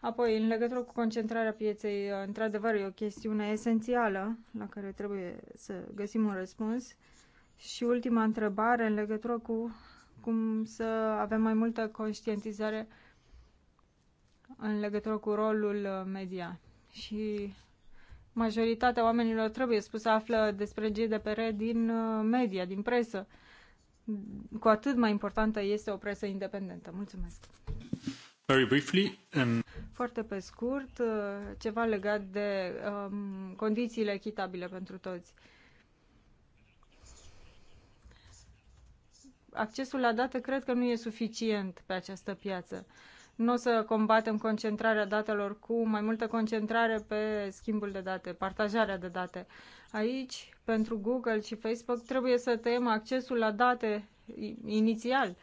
Apoi, în legătură cu concentrarea pieței, într-adevăr e o chestiune esențială la care trebuie să găsim un răspuns. Și ultima întrebare în legătură cu cum să avem mai multă conștientizare în legătură cu rolul uh, media. Și majoritatea oamenilor trebuie spus să află despre GDPR din uh, media, din presă. Cu atât mai importantă este o presă independentă. Mulțumesc! Very briefly, um... Foarte pe scurt, uh, ceva legat de um, condițiile echitabile pentru toți. Accesul la date cred că nu e suficient pe această piață. Nu o să combatem concentrarea datelor cu mai multă concentrare pe schimbul de date, partajarea de date. Aici, pentru Google și Facebook, trebuie să tăiem accesul la date inițial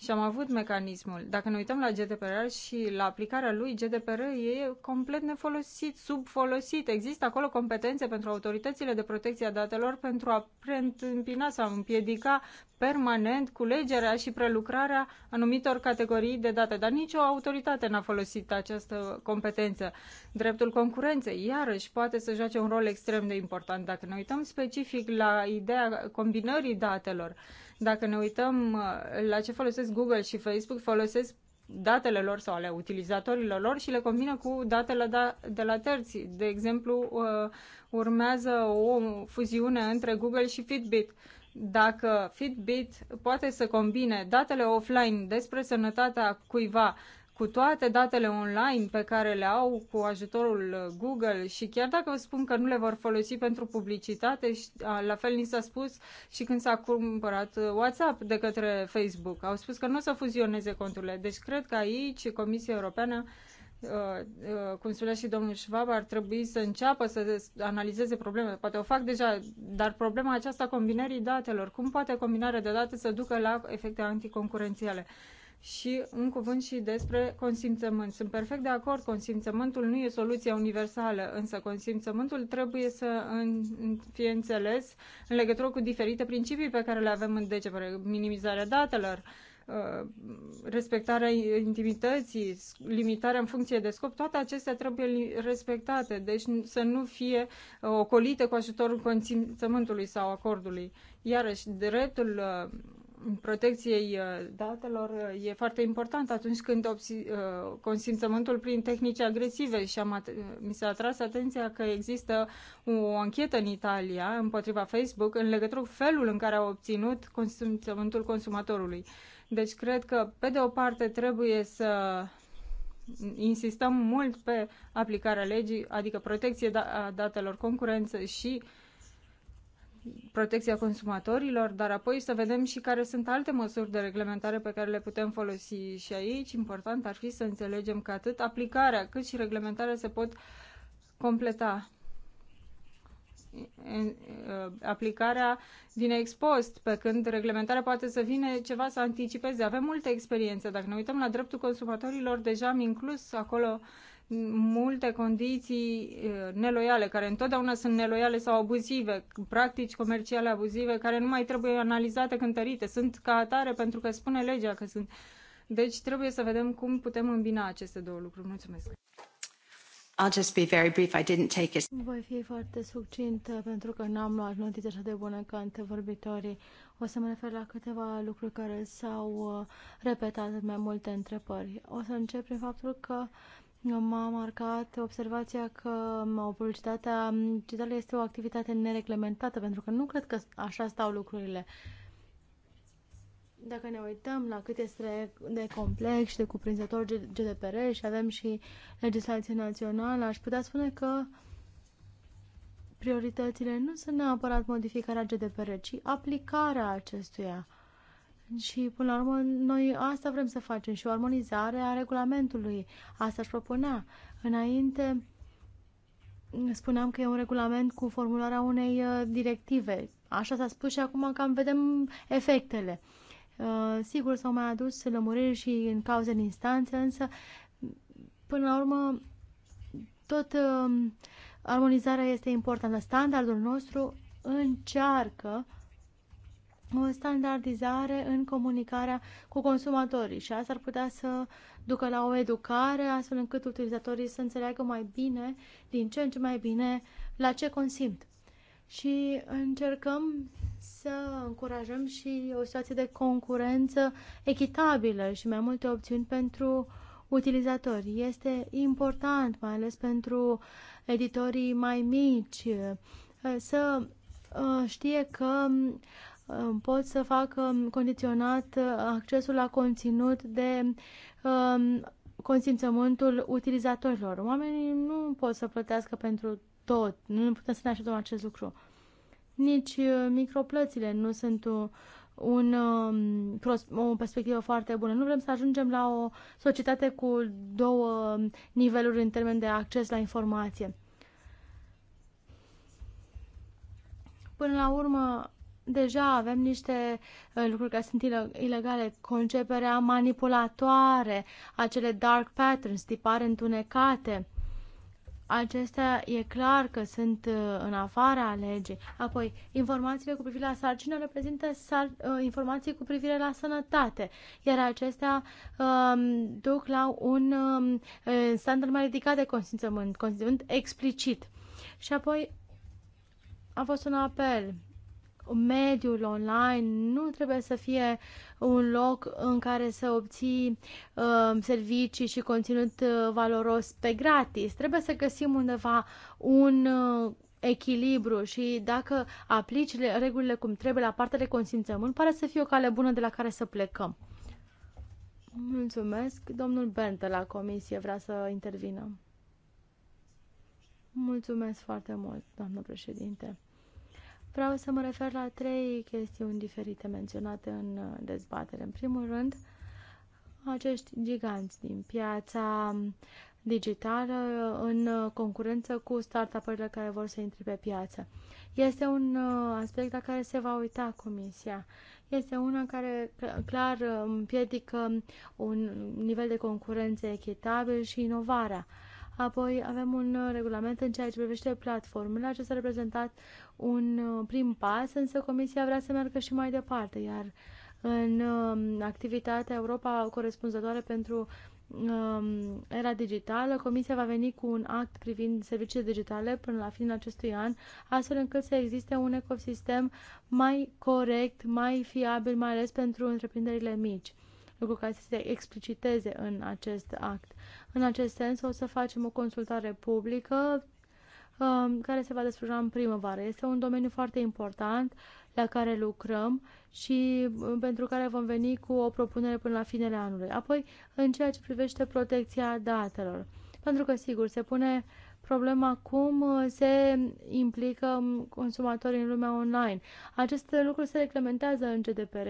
și am avut mecanismul. Dacă ne uităm la GDPR și la aplicarea lui, GDPR e complet nefolosit, subfolosit. Există acolo competențe pentru autoritățile de protecție a datelor pentru a preîntâmpina sau împiedica permanent culegerea și prelucrarea anumitor categorii de date, dar nicio autoritate n-a folosit această competență. Dreptul concurenței, iarăși, poate să joace un rol extrem de important. Dacă ne uităm specific la ideea combinării datelor, dacă ne uităm uh, la ce folosesc Google și Facebook, folosesc datele lor sau ale utilizatorilor lor și le combină cu datele da, de la terți. De exemplu, uh, urmează o fuziune între Google și Fitbit. Dacă Fitbit poate să combine datele offline despre sănătatea cuiva cu toate datele online pe care le au cu ajutorul uh, Google și chiar dacă vă spun că nu le vor folosi pentru publicitate, la fel ni s-a spus și când s-a cumpărat uh, WhatsApp de către Facebook. Au spus că nu o să fuzioneze conturile. Deci cred că aici Comisia Europeană uh, cum spunea și domnul Schwab, ar trebui să înceapă să analizeze probleme. Poate o fac deja, dar problema aceasta a combinării datelor. Cum poate combinarea de date să ducă la efecte anticoncurențiale? și un cuvânt și despre consimțământ. Sunt perfect de acord, consimțământul nu e soluția universală, însă consimțământul trebuie să fie înțeles în legătură cu diferite principii pe care le avem în DGPR, minimizarea datelor, uh, respectarea intimității, limitarea în funcție de scop, toate acestea trebuie respectate, deci să nu fie uh, ocolite cu ajutorul consimțământului sau acordului. Iarăși, dreptul uh, protecției uh, datelor uh, e foarte important atunci când uh, consimțământul prin tehnici agresive și am at- mi s-a atras atenția că există o anchetă în Italia împotriva Facebook în legătură cu felul în care au obținut consimțământul consumatorului. Deci cred că, pe de o parte, trebuie să insistăm mult pe aplicarea legii, adică protecție da- a datelor concurență și uh, protecția consumatorilor, dar apoi să vedem și care sunt alte măsuri de reglementare pe care le putem folosi. Și aici important ar fi să înțelegem că atât aplicarea cât și reglementarea se pot completa. Uh, aplicarea vine expost, pe când reglementarea poate să vine ceva să anticipeze. Avem multe experiențe. Dacă ne uităm la dreptul consumatorilor, deja am inclus acolo uh, multe condiții uh, neloiale, care întotdeauna sunt neloiale sau abuzive, practici comerciale abuzive, care nu mai trebuie analizate, cântărite, sunt ca atare pentru că spune legea că sunt. Deci trebuie să vedem cum putem îmbina aceste două lucruri. Mulțumesc! I'll just be very brief. I didn't take it. Voi fi foarte succintă pentru că n-am luat notițe așa de bune ca vorbitorii. O să mă refer la câteva lucruri care s-au uh, repetat în mai multe întrebări. O să încep prin faptul că M-a marcat observația că o publicitatea digitală este o activitate nereglementată, pentru că nu cred că așa stau lucrurile. Dacă ne uităm la cât este de complex și de cuprinzător GDPR și avem și legislație națională, aș putea spune că prioritățile nu sunt neapărat modificarea GDPR, ci aplicarea acestuia. Și, până la urmă, noi asta vrem să facem și o armonizare a regulamentului. Asta își propunea. Înainte, spuneam că e un regulament cu formularea unei uh, directive. Așa s-a spus și acum cam vedem efectele. Uh, sigur, s-au mai adus lămuriri și în cauze în instanță, însă, până la urmă, tot uh, armonizarea este importantă. Standardul nostru încearcă uh, o standardizare în comunicarea cu consumatorii și asta ar putea să ducă la o educare astfel încât utilizatorii să înțeleagă mai bine, din ce în ce mai bine, la ce consimt. Și încercăm să încurajăm și o situație de concurență echitabilă și mai multe opțiuni pentru utilizatori. Este important, mai ales pentru editorii mai mici, să uh, știe că pot să fac um, condiționat uh, accesul la conținut de um, consimțământul utilizatorilor. Oamenii nu pot să plătească pentru tot, nu putem să ne așteptăm acest lucru. Nici uh, microplățile nu sunt un, um, o perspectivă foarte bună. Nu vrem să ajungem la o societate cu două niveluri în termen de acces la informație. Până la urmă, deja avem niște uh, lucruri care sunt ilegale, conceperea manipulatoare, acele dark patterns, tipare întunecate. Acestea e clar că sunt uh, în afara legii. Apoi, informațiile cu privire la sarcină reprezintă sar, uh, informații cu privire la sănătate, iar acestea um, duc la un um, standard mai ridicat de consimțământ, consimțământ explicit. Și apoi a fost un apel mediul online nu trebuie să fie un loc în care să obții uh, servicii și conținut uh, valoros pe gratis. Trebuie să găsim undeva un uh, echilibru și dacă aplici regulile cum trebuie la partea de consimțământ, pare să fie o cale bună de la care să plecăm. Mulțumesc. Domnul Bente la comisie vrea să intervină. Mulțumesc foarte mult, doamnă președinte. Vreau să mă refer la trei chestiuni diferite menționate în uh, dezbatere. În primul rând, acești giganți din piața digitală uh, în uh, concurență cu startup-urile care vor să intre pe piață. Este un aspect la care se va uita Comisia. Este una care clar împiedică un nivel de concurență echitabil și inovarea. Apoi avem un uh, regulament în ceea ce privește platformele. Acesta a reprezentat un uh, prim pas, însă Comisia vrea să meargă și mai departe, iar în um, activitatea Europa corespunzătoare pentru um, era digitală, Comisia va veni cu un act privind serviciile digitale până la finul acestui an, astfel încât să existe un ecosistem mai corect, mai fiabil, mai ales pentru întreprinderile mici, lucru care să se expliciteze în acest act. În acest sens o să facem o consultare publică um, care se va desfășura în primăvară. Este un domeniu foarte important la care lucrăm și um, pentru care vom veni cu o propunere până la finele anului. Apoi, în ceea ce privește protecția datelor, pentru că, sigur, se pune problema cum uh, se implică um, consumatorii în lumea online. Aceste lucruri se reglementează în GDPR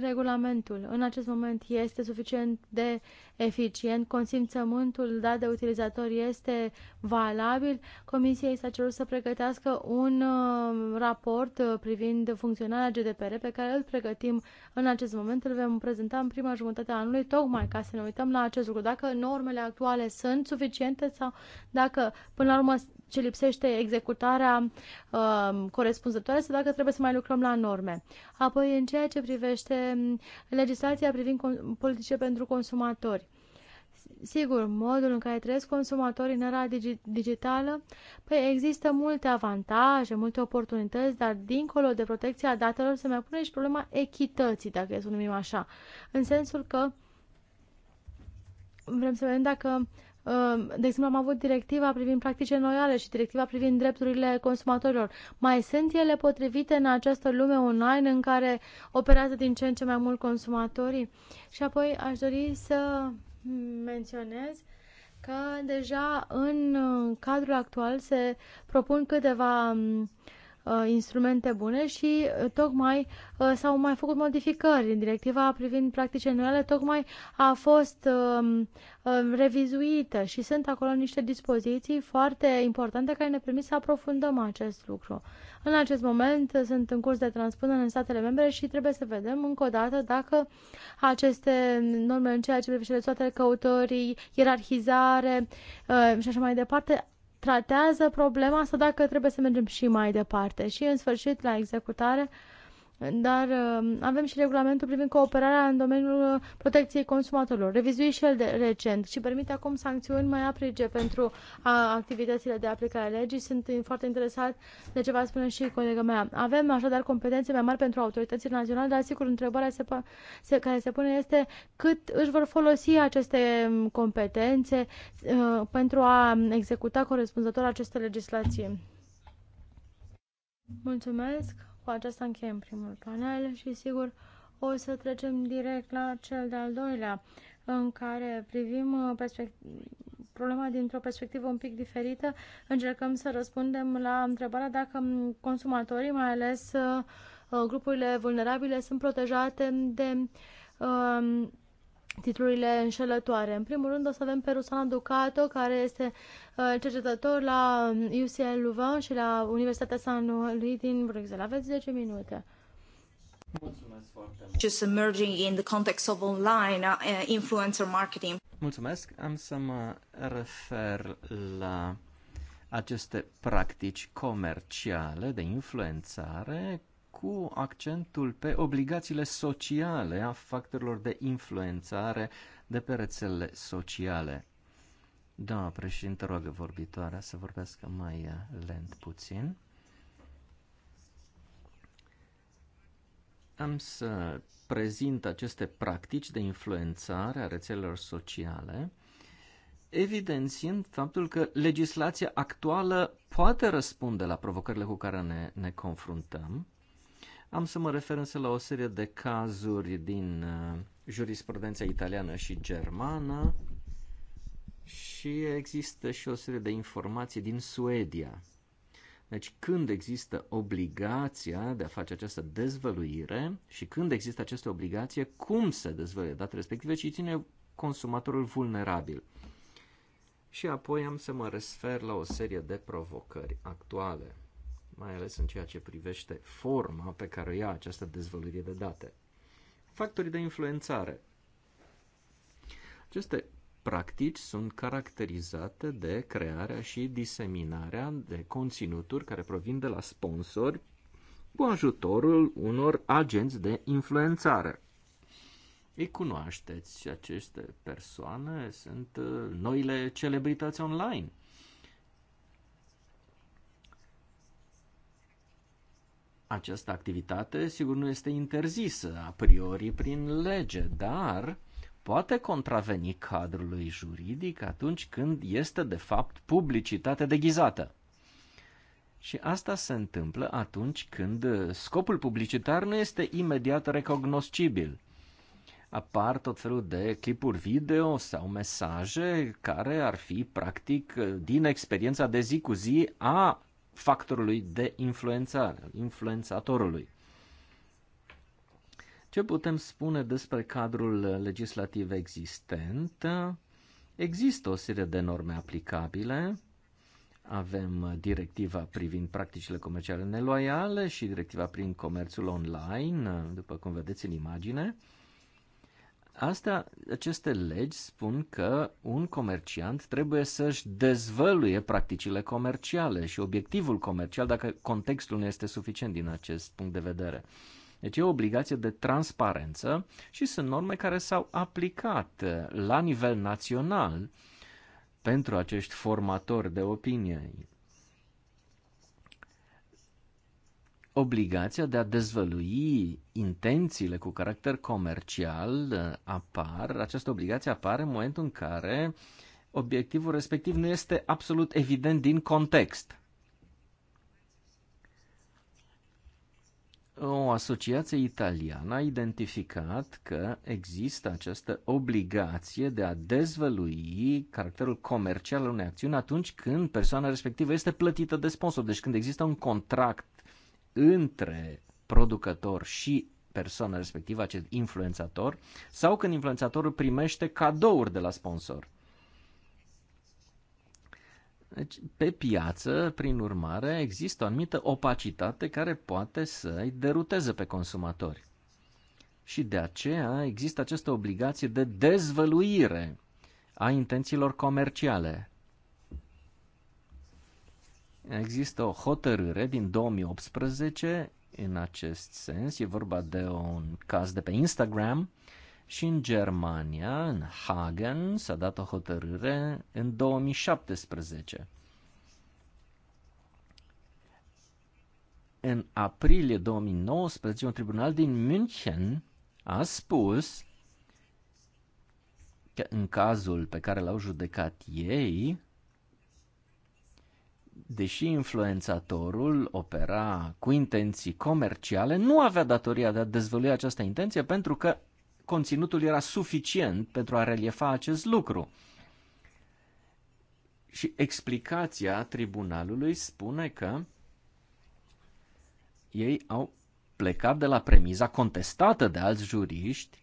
regulamentul în acest moment este suficient de eficient, consimțământul dat de utilizator este valabil, Comisia i s-a cerut să pregătească un uh, raport uh, privind funcționarea GDPR pe care îl pregătim în acest moment, îl vom prezenta în prima jumătate a anului, tocmai ca să ne uităm la acest lucru, dacă normele actuale sunt suficiente sau dacă până la urmă ce lipsește executarea uh, corespunzătoare sau dacă trebuie să mai lucrăm la norme. Apoi, în ceea ce privește legislația privind politice pentru consumatori. Sigur, modul în care trăiesc consumatorii în era digi- digitală, păi există multe avantaje, multe oportunități, dar dincolo de protecția datelor se mai pune și problema echității, dacă e să numim așa. În sensul că vrem să vedem dacă Ehm, de exemplu, am avut directiva privind practice noiale și directiva privind drepturile consumatorilor. Mai sunt ele potrivite în această lume online în care operează din ce în ce mai mult consumatorii? Și apoi aș dori să menționez că deja în uh, cadrul actual se propun câteva mm, Uh, instrumente bune și uh, tocmai uh, s-au mai făcut modificări. În directiva privind practice anuale tocmai a fost um, revizuită și sunt acolo niște dispoziții foarte importante care ne permit să aprofundăm acest lucru. În acest moment sunt în curs de transpunere în statele membre și trebuie să vedem încă o dată dacă aceste norme în ceea ce privește toate căutorii, ierarhizare și așa mai departe tratează problema asta dacă trebuie să mergem și mai departe. Și, în sfârșit, la executare, dar um, avem și regulamentul privind cooperarea în domeniul uh, protecției consumatorilor, revizuit și el de recent și permite acum sancțiuni mai aprige pentru a, activitățile de aplicare a legii. Sunt foarte interesat de ce va spune și colega mea. Avem așadar competențe mai mari pentru autoritățile naționale, dar sigur întrebarea se, se, care se pune este cât își vor folosi aceste um, competențe uh, pentru a um, executa corespunzător aceste legislații. Mulțumesc! Cu aceasta încheiem primul panel și, sigur, o să trecem direct la cel de-al doilea, în care privim uh, problema dintr-o perspectivă un pic diferită. Încercăm să răspundem la întrebarea dacă consumatorii, mai ales uh, uh, grupurile vulnerabile, sunt protejate de titlurile înșelătoare. În primul rând o să avem pe Rusana Ducato, care este uh, cercetător la UCL um, Louvain și la Universitatea San Luis din Bruxelles. Aveți 10 minute. Mulțumesc foarte mult. Just emerging in the context of online uh, influencer marketing. Mulțumesc. Am să mă refer la aceste practici comerciale de influențare cu accentul pe obligațiile sociale a factorilor de influențare de pe rețelele sociale. Da, președinte, roagă vorbitoarea să vorbească mai uh, lent puțin. Am să prezint aceste practici de influențare a rețelelor sociale, evidențiind faptul că legislația actuală poate răspunde la provocările cu care ne, ne confruntăm, am să mă refer însă la o serie de cazuri din uh, jurisprudența italiană și germană și există și o serie de informații din Suedia. Deci când există obligația de a face această dezvăluire și când există această obligație, cum se dezvăluie date respectivă și ține consumatorul vulnerabil. Și apoi am să mă refer la o serie de provocări actuale mai ales în ceea ce privește forma pe care o ia această dezvăluire de date. Factorii de influențare. Aceste practici sunt caracterizate de crearea și diseminarea de conținuturi care provin de la sponsori cu ajutorul unor agenți de influențare. Îi cunoașteți și aceste persoane sunt uh, noile celebrități online – Această activitate, sigur, nu este interzisă a priori prin lege, dar poate contraveni cadrului juridic atunci când este, de fapt, publicitate deghizată. Și asta se întâmplă atunci când scopul publicitar nu este imediat recognoscibil. Apar tot felul de clipuri video sau mesaje care ar fi, practic, din experiența de zi cu zi a factorului de influențare, influențatorului. Ce putem spune despre cadrul legislativ existent? Există o serie de norme aplicabile. Avem directiva privind practicile comerciale neloiale și directiva privind comerțul online, după cum vedeți în imagine. Astea, aceste legi spun că un comerciant trebuie să-și dezvăluie practicile comerciale și obiectivul comercial dacă contextul nu este suficient din acest punct de vedere. Deci e o obligație de transparență și sunt norme care s-au aplicat la nivel național pentru acești formatori de opinie. obligația de a dezvălui intențiile cu caracter comercial uh, apar, această obligație apare în momentul în care obiectivul respectiv nu este absolut evident din context. O asociație italiană a identificat că există această obligație de a dezvălui caracterul comercial al unei acțiuni atunci când persoana respectivă este plătită de sponsor, deci când există un contract între producător și persoana respectivă, acest influențator, sau când influențatorul primește cadouri de la sponsor. Deci, pe piață, prin urmare, există o anumită opacitate care poate să-i deruteze pe consumatori. Și de aceea există această obligație de dezvăluire a intențiilor comerciale. Există o hotărâre din 2018 în acest sens. E vorba de un caz de pe Instagram și în Germania, în Hagen, s-a dat o hotărâre în 2017. În aprilie 2019, un tribunal din München a spus că în cazul pe care l-au judecat ei, deși influențatorul opera cu intenții comerciale, nu avea datoria de a dezvălui această intenție pentru că conținutul era suficient pentru a reliefa acest lucru. Și explicația tribunalului spune că ei au plecat de la premiza contestată de alți juriști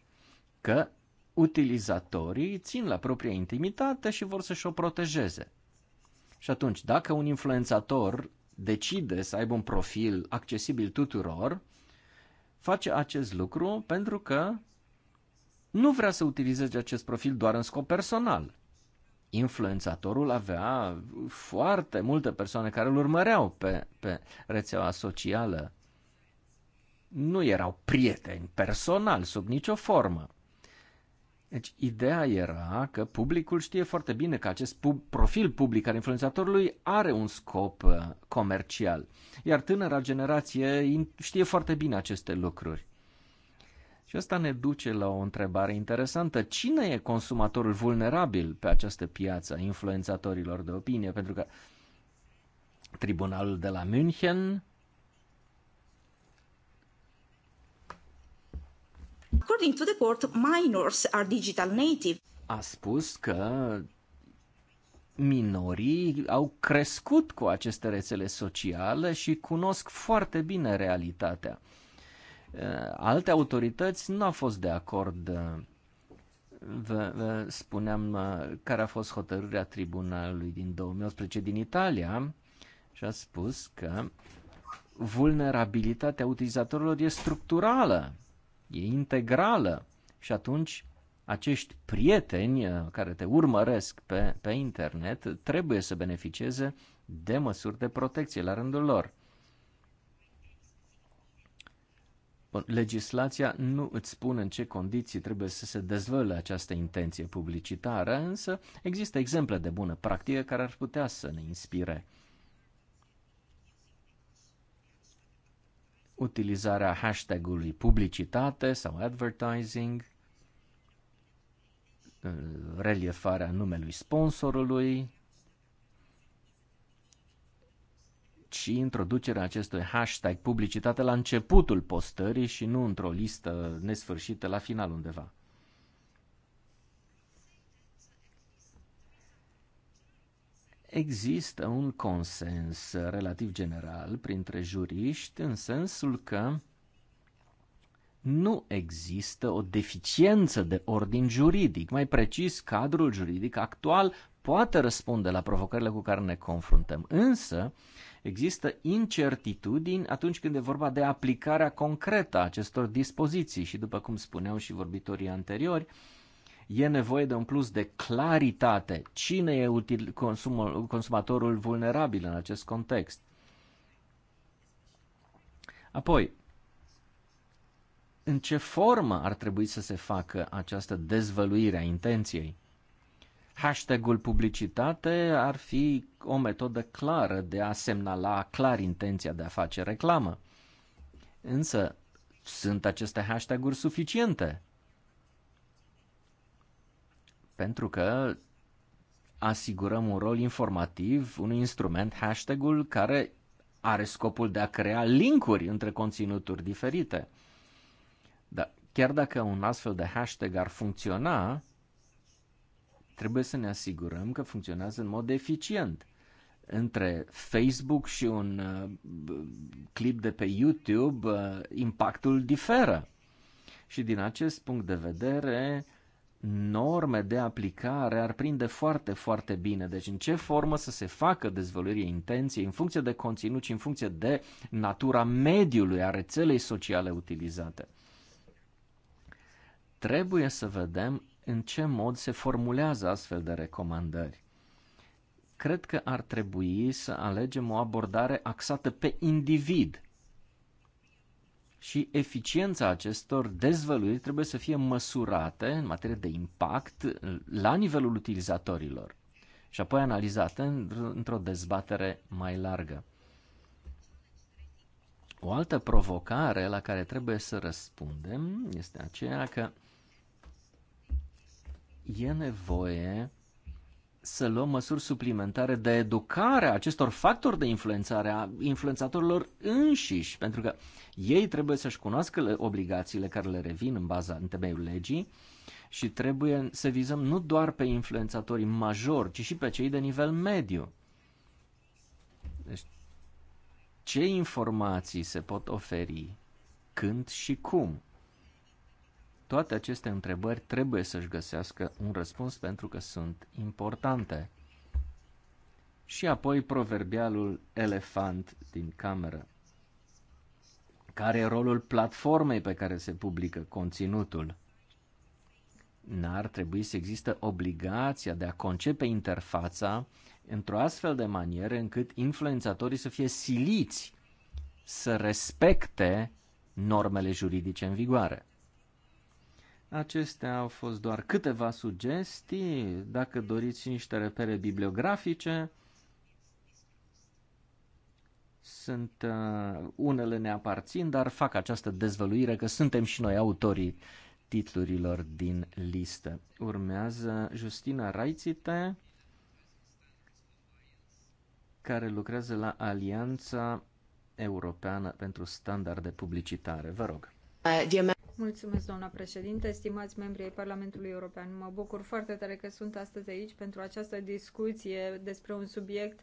că utilizatorii țin la propria intimitate și vor să-și o protejeze. Și atunci, dacă un influențator decide să aibă un profil accesibil tuturor, face acest lucru pentru că nu vrea să utilizeze acest profil doar în scop personal. Influențatorul avea foarte multe persoane care îl urmăreau pe, pe rețeaua socială. Nu erau prieteni personal, sub nicio formă. Deci, ideea era că publicul știe foarte bine că acest pub, profil public al influențatorului are un scop uh, comercial, iar tânăra generație știe foarte bine aceste lucruri. Și asta ne duce la o întrebare interesantă. Cine e consumatorul vulnerabil pe această piață a influențatorilor de opinie? Pentru că tribunalul de la München According to the court, minors are digital native. A spus că minorii au crescut cu aceste rețele sociale și cunosc foarte bine realitatea. Eh, alte autorități nu au fost de acord. Eh, vă, vă spuneam eh, care a fost hotărârea tribunalului din 2018 din Italia și a spus că vulnerabilitatea utilizatorilor e structurală e integrală. Și atunci acești prieteni uh, care te urmăresc pe, pe internet trebuie să beneficieze de măsuri de protecție la rândul lor. Bun, legislația nu îți spune în ce condiții trebuie să se dezvăle această intenție publicitară, însă există exemple de bună practică care ar putea să ne inspire. utilizarea hashtagului publicitate sau advertising, reliefarea numelui sponsorului, și introducerea acestui hashtag publicitate la începutul postării și nu într-o listă nesfârșită la final undeva. Există un consens relativ general printre juriști în sensul că nu există o deficiență de ordin juridic. Mai precis, cadrul juridic actual poate răspunde la provocările cu care ne confruntăm, însă există incertitudini atunci când e vorba de aplicarea concretă a acestor dispoziții și, după cum spuneau și vorbitorii anteriori, uh, E nevoie de un plus de claritate. Cine e util, consumul, consumatorul vulnerabil în acest context? Apoi, în ce formă ar trebui să se facă această dezvăluire a intenției? Hashtagul publicitate ar fi o metodă clară de a semnala clar intenția de a face reclamă. Însă, sunt aceste hashtaguri suficiente? pentru că asigurăm un rol informativ, un instrument, hashtag-ul, care are scopul de a crea linkuri între conținuturi diferite. Dar chiar dacă un astfel de hashtag ar funcționa, trebuie să ne asigurăm că funcționează în mod eficient. Între Facebook și un uh, clip de pe YouTube, uh, impactul diferă. Și din acest punct de vedere, uh, norme de aplicare ar prinde foarte, foarte bine. Deci în ce formă să se facă dezvăluirea intenției, în funcție de conținut și în funcție de natura mediului, a rețelei sociale utilizate. Trebuie să vedem în ce mod se formulează astfel de recomandări. Cred că ar trebui să alegem o abordare axată pe individ, și eficiența acestor dezvăluiri trebuie să fie măsurate în materie de impact la nivelul utilizatorilor și apoi analizate într-o dezbatere mai largă. O altă provocare la care trebuie să răspundem este aceea că e nevoie să luăm măsuri suplimentare de educare a acestor factori de influențare a influențatorilor înșiși, pentru că ei trebuie să-și cunoască obligațiile care le revin în baza în temeiul legii și trebuie să vizăm nu doar pe influențatorii majori, ci și pe cei de nivel mediu. Deci, ce informații se pot oferi, când și cum? Toate aceste întrebări trebuie să-și găsească un răspuns pentru că sunt importante. Și apoi proverbialul elefant din cameră. Care e rolul platformei pe care se publică conținutul? N-ar trebui să există obligația de a concepe interfața într-o astfel de manieră încât influențatorii să fie siliți să respecte normele juridice în vigoare. Acestea au fost doar câteva sugestii, dacă doriți niște repere bibliografice. Sunt uh, unele ne aparțin, dar fac această dezvăluire că suntem și noi autorii titlurilor din listă. Urmează Justina Raițite, care lucrează la Alianța Europeană pentru Standarde Publicitare. Vă rog. Uh, Mulțumesc, doamna președinte, stimați membri ai Parlamentului European. Mă bucur foarte tare că sunt astăzi aici pentru această discuție despre un subiect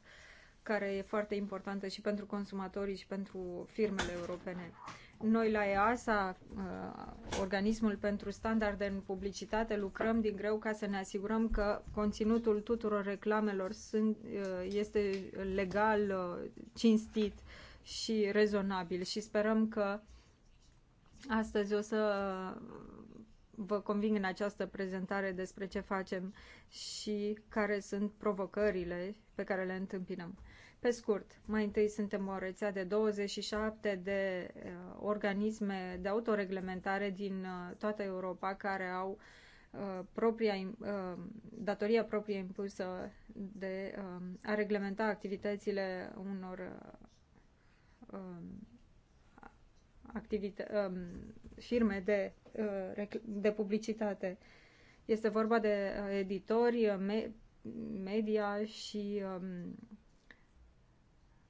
care e foarte importantă și pentru consumatorii și pentru firmele europene. Noi la EASA, uh, organismul pentru standarde în publicitate, lucrăm din greu ca să ne asigurăm că conținutul tuturor reclamelor sunt, uh, este legal, uh, cinstit și rezonabil și sperăm că Astăzi o să uh, vă conving în această prezentare despre ce facem și care sunt provocările pe care le întâmpinăm. Pe scurt, mai întâi suntem o rețea de 27 de uh, organisme de autoreglementare din uh, toată Europa care au propria, datoria proprie impusă de a reglementa activitățile unor um, activite, um, firme de, uh, de publicitate. Este vorba de uh, editori, uh, me, media și um,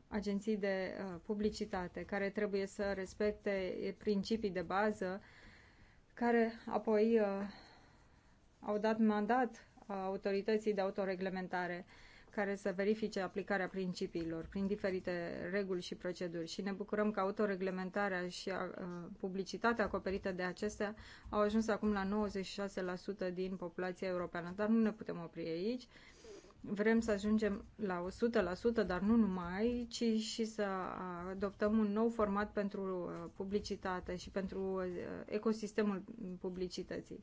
agenții de publicitate care trebuie să respecte principii de bază care apoi au dat mandat autorității de autoreglementare care să verifice aplicarea principiilor prin diferite reguli și proceduri și ne bucurăm că autoreglementarea și uh, publicitatea acoperită de acestea au ajuns acum la 96% din populația europeană, dar nu ne putem opri aici. Vrem să ajungem la 100%, dar nu numai, ci și să adoptăm un nou format pentru uh, publicitate și pentru uh, ecosistemul publicității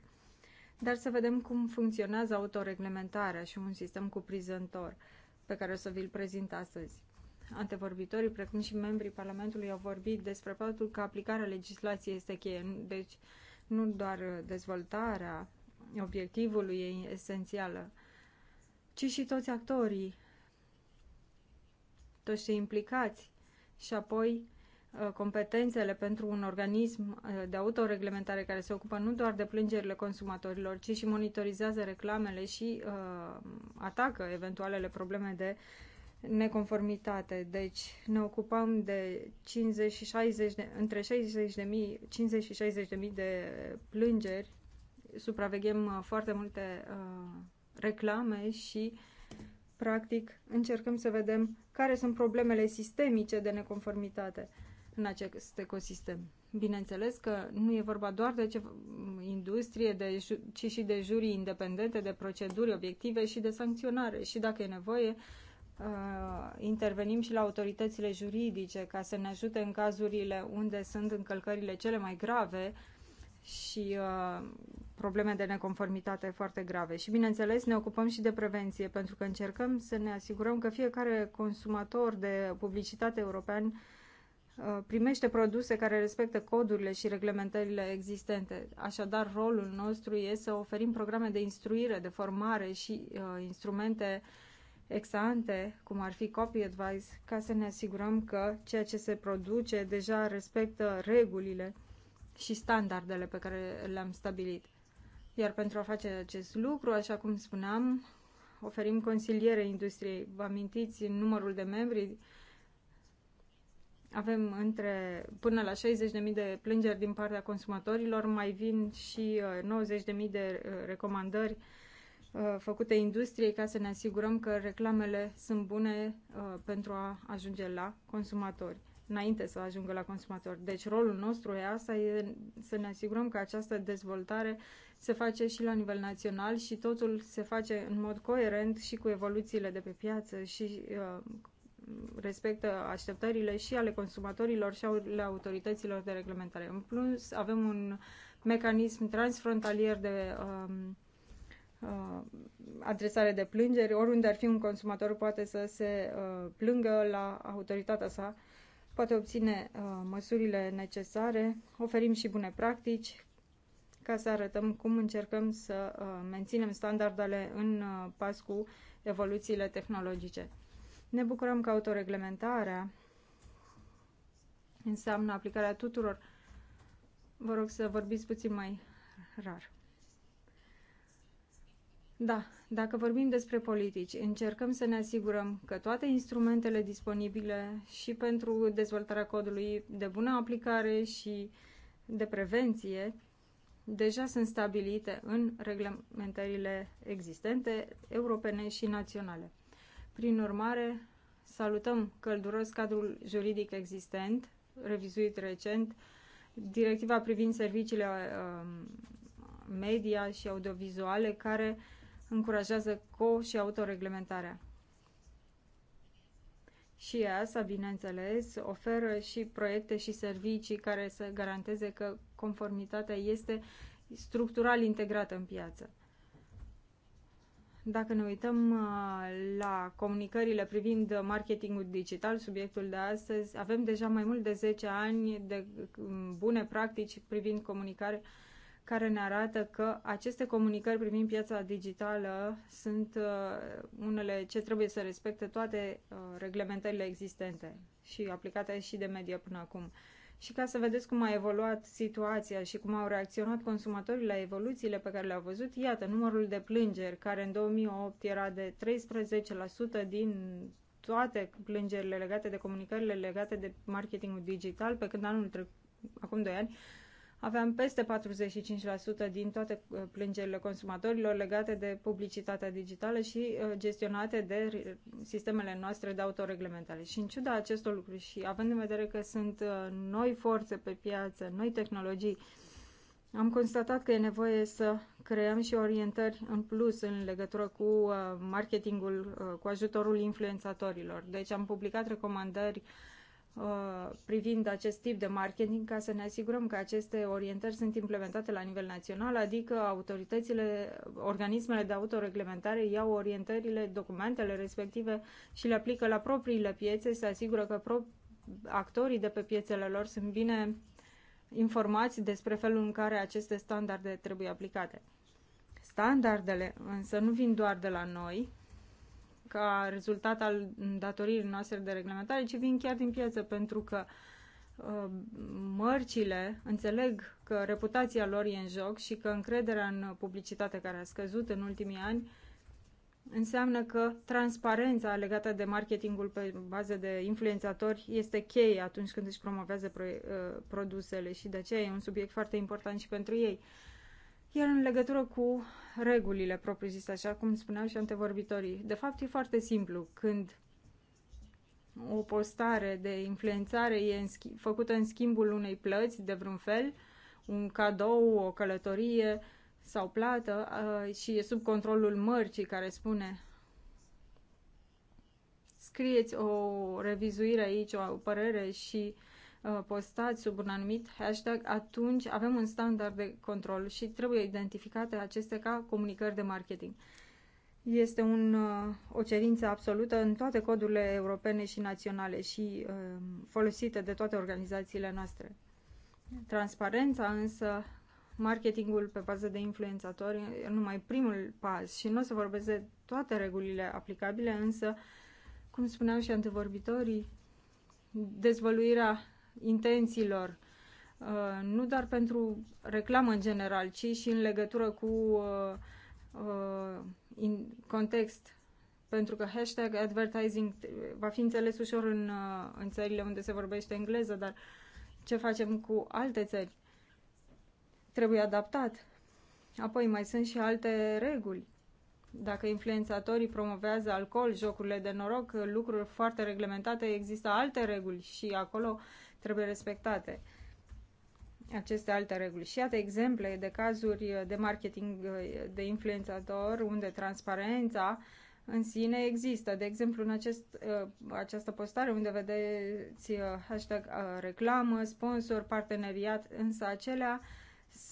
dar să vedem cum funcționează autoreglementarea și un sistem cuprinzător pe care o să vi-l prezint astăzi. Antevorbitorii, precum și membrii Parlamentului, au vorbit despre faptul că aplicarea legislației este cheie, deci nu doar dezvoltarea obiectivului e esențială, ci și toți actorii, toți cei implicați și apoi Uh, competențele pentru un organism uh, de autoreglementare care se ocupă nu doar de plângerile consumatorilor, ci și monitorizează reclamele și uh, atacă eventualele probleme de neconformitate. Deci ne ocupăm de 50 și 60 de, între 60 de mii, 50 și 60 de mii de plângeri, supraveghem uh, foarte multe uh, reclame și practic încercăm să vedem care sunt problemele sistemice de neconformitate. Uh, în acest ecosistem. Bineînțeles că nu e vorba doar de ce, industrie, de, ci și de jurii independente, de proceduri obiective și de sancționare. Și dacă e nevoie, uh, intervenim și la autoritățile juridice ca să ne ajute în cazurile unde sunt încălcările cele mai grave și uh, probleme de neconformitate foarte grave. Și, bineînțeles, ne ocupăm și de prevenție, pentru că încercăm să ne asigurăm că fiecare consumator de publicitate european Uh, primește produse care respectă codurile și reglementările existente. Așadar, rolul nostru este să oferim programe de instruire, de formare și uh, instrumente exante, cum ar fi copy advice, ca să ne asigurăm că ceea ce se produce deja respectă regulile și standardele pe care le-am stabilit. Iar pentru a face acest lucru, așa cum spuneam, oferim consiliere industriei. Vă amintiți numărul de membri avem între până la 60.000 de plângeri din partea consumatorilor, mai vin și 90.000 uh, de uh, recomandări uh, făcute industriei ca să ne asigurăm că reclamele sunt bune pentru a ajunge la consumatori, înainte să ajungă la consumatori. Deci rolul nostru e asta, e să ne asigurăm că această dezvoltare se face și la nivel național și totul se face în mod coerent și cu evoluțiile de pe piață și respectă așteptările și ale consumatorilor și ale autorităților de reglementare. În plus, avem un mecanism transfrontalier de um, uh, adresare de plângeri. Oriunde ar fi un consumator poate să se uh, plângă la autoritatea sa, poate obține uh, măsurile necesare. Oferim și bune practici ca să arătăm cum încercăm să uh, menținem standardele în uh, pas cu evoluțiile tehnologice. Ne bucurăm că autoreglementarea înseamnă aplicarea tuturor. Vă rog să vorbiți puțin mai rar. Da, dacă vorbim despre politici, încercăm să ne asigurăm că toate instrumentele disponibile și pentru dezvoltarea codului de bună aplicare și de prevenție deja sunt stabilite în reglementările existente europene și naționale. Prin urmare, salutăm călduros cadrul juridic existent, revizuit recent, directiva privind serviciile um, media și audiovizuale care încurajează co- și autoreglementarea. Și EASA, bineînțeles, oferă și proiecte și servicii care să garanteze că conformitatea este structural integrată în piață. Dacă ne uităm uh, la comunicările privind marketingul digital, subiectul de astăzi, avem deja mai mult de 10 ani de um, bune practici privind comunicare care ne arată că aceste comunicări privind piața digitală sunt uh, unele ce trebuie să respecte toate uh, reglementările existente și aplicate și de media până acum și ca să vedeți cum a evoluat situația și cum au reacționat consumatorii la evoluțiile pe care le-au văzut, iată numărul de plângeri, care în 2008 era de 13% din toate plângerile legate de comunicările legate de marketingul digital, pe când anul trecut, acum 2 ani, aveam peste 45% din toate uh, plângerile consumatorilor legate de publicitatea digitală și uh, gestionate de sistemele noastre de autoreglementare. Și în ciuda acestor lucruri și având în vedere că sunt uh, noi forțe pe piață, noi tehnologii, am constatat că e nevoie să creăm și orientări în plus în legătură cu marketingul cu ajutorul influențatorilor. Deci am publicat recomandări uh, Uh, privind acest tip de marketing ca să ne asigurăm că aceste orientări sunt implementate la nivel național, adică autoritățile, organismele de autoreglementare iau orientările, documentele respective și le aplică la propriile piețe, se asigură că pro- actorii de pe piețele lor sunt bine informați despre felul în care aceste standarde trebuie aplicate. Standardele însă nu vin doar de la noi, ca rezultat al datoririi noastre de reglementare, ci vin chiar din piață, pentru că uh, mărcile înțeleg că reputația lor e în joc și că încrederea în publicitate care a scăzut în ultimii ani înseamnă că transparența legată de marketingul pe bază de influențatori este cheie atunci când își promovează uh, produsele și de aceea e un subiect foarte important și pentru ei. Uh, iar în legătură cu regulile propriu-zise, așa cum spuneau și antevorbitorii, de fapt e foarte simplu. Când o postare de influențare e în schi- făcută în schimbul unei plăți de vreun fel, un cadou, o călătorie sau plată uh, și e sub controlul mărcii care spune scrieți o revizuire aici, o părere și Uh, postați sub un anumit hashtag, atunci avem un standard de control și trebuie identificate acestea ca comunicări de marketing. Este un, uh, o cerință absolută în toate codurile europene și naționale și um, folosită de toate organizațiile noastre. Transparența însă marketingul pe bază de influențatori e numai primul pas și nu o să vorbesc de toate regulile aplicabile, însă, cum spuneau și antevorbitorii, dezvăluirea intențiilor, uh, nu doar pentru reclamă în general, ci și în legătură cu uh, uh, context. Pentru că hashtag advertising va fi înțeles ușor în, în țările unde se vorbește engleză, dar ce facem cu alte țări? Trebuie adaptat. Apoi mai sunt și alte reguli dacă influențatorii promovează alcool, jocurile de noroc, lucruri foarte reglementate, există alte reguli și acolo trebuie respectate aceste alte reguli. Și iată exemple de cazuri de marketing de influențator unde transparența în sine există. De exemplu, în acest, uh, această postare unde vedeți uh, hashtag uh, reclamă, sponsor, parteneriat, însă acelea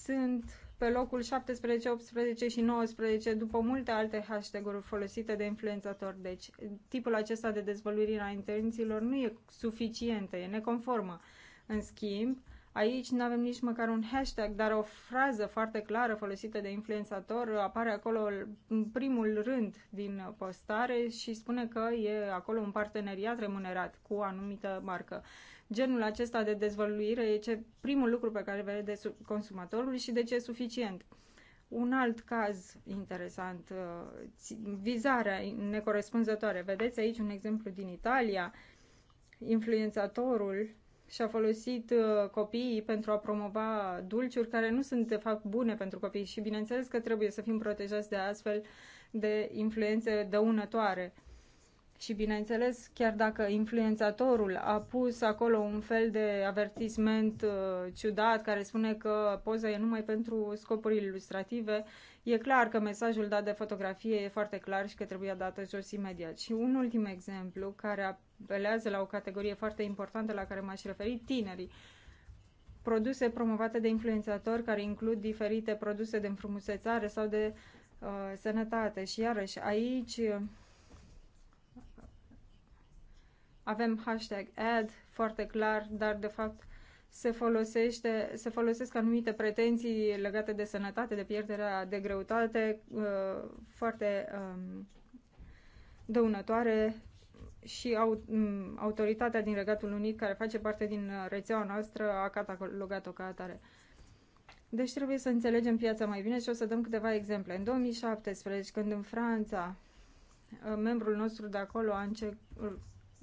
sunt pe locul 17, 18 și 19 după multe alte hashtag-uri folosite de influențatori. Deci tipul acesta de dezvăluire a intențiilor nu e suficientă, e neconformă. În schimb, Aici nu avem nici măcar un hashtag, dar o frază foarte clară folosită de influențator apare acolo în primul rând din postare și spune că e acolo un parteneriat remunerat cu o anumită marcă genul acesta de dezvăluire e ce primul lucru pe care vede consumatorul și de ce e suficient. Un alt caz interesant, uh, vizarea necorespunzătoare. Vedeți aici un exemplu din Italia. Influențatorul și-a folosit uh, copiii pentru a promova dulciuri care nu sunt de fapt bune pentru copii și bineînțeles că trebuie să fim protejați de astfel de influențe dăunătoare. Și bineînțeles, chiar dacă influențatorul a pus acolo un fel de avertisment uh, ciudat care spune că poza e numai pentru scopuri ilustrative, e clar că mesajul dat de fotografie e foarte clar și că trebuia dată jos imediat. Și un ultim exemplu care apelează la o categorie foarte importantă la care m-aș referi, tinerii. Produse promovate de influențatori care includ diferite produse de înfrumusețare sau de uh, sănătate. Și iarăși aici avem hashtag ad foarte clar, dar de fapt se, folosește, se folosesc anumite pretenții legate de sănătate, de pierderea de greutate, uh, foarte um, dăunătoare și um, autoritatea din Regatul Unit, care face parte din rețeaua noastră, a catalogat-o ca atare. Deci trebuie să înțelegem piața mai bine și o să dăm câteva exemple. În 2017, când în Franța, uh, membrul nostru de acolo a început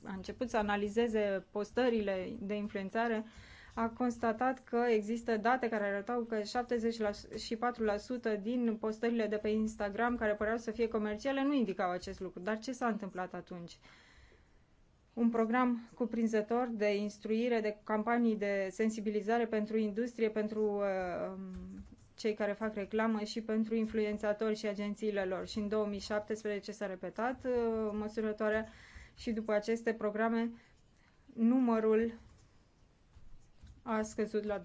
a început să analizeze postările de influențare, a constatat că există date care arătau că 74% din postările de pe Instagram care păreau să fie comerciale nu indicau acest lucru. Dar ce s-a întâmplat atunci? un program cuprinzător de instruire, de campanii de sensibilizare pentru industrie, pentru uh, um, cei care fac reclamă și pentru influențatori și agențiile lor. Și în 2017 s-a repetat uh, măsurătoarea și după aceste programe numărul a scăzut la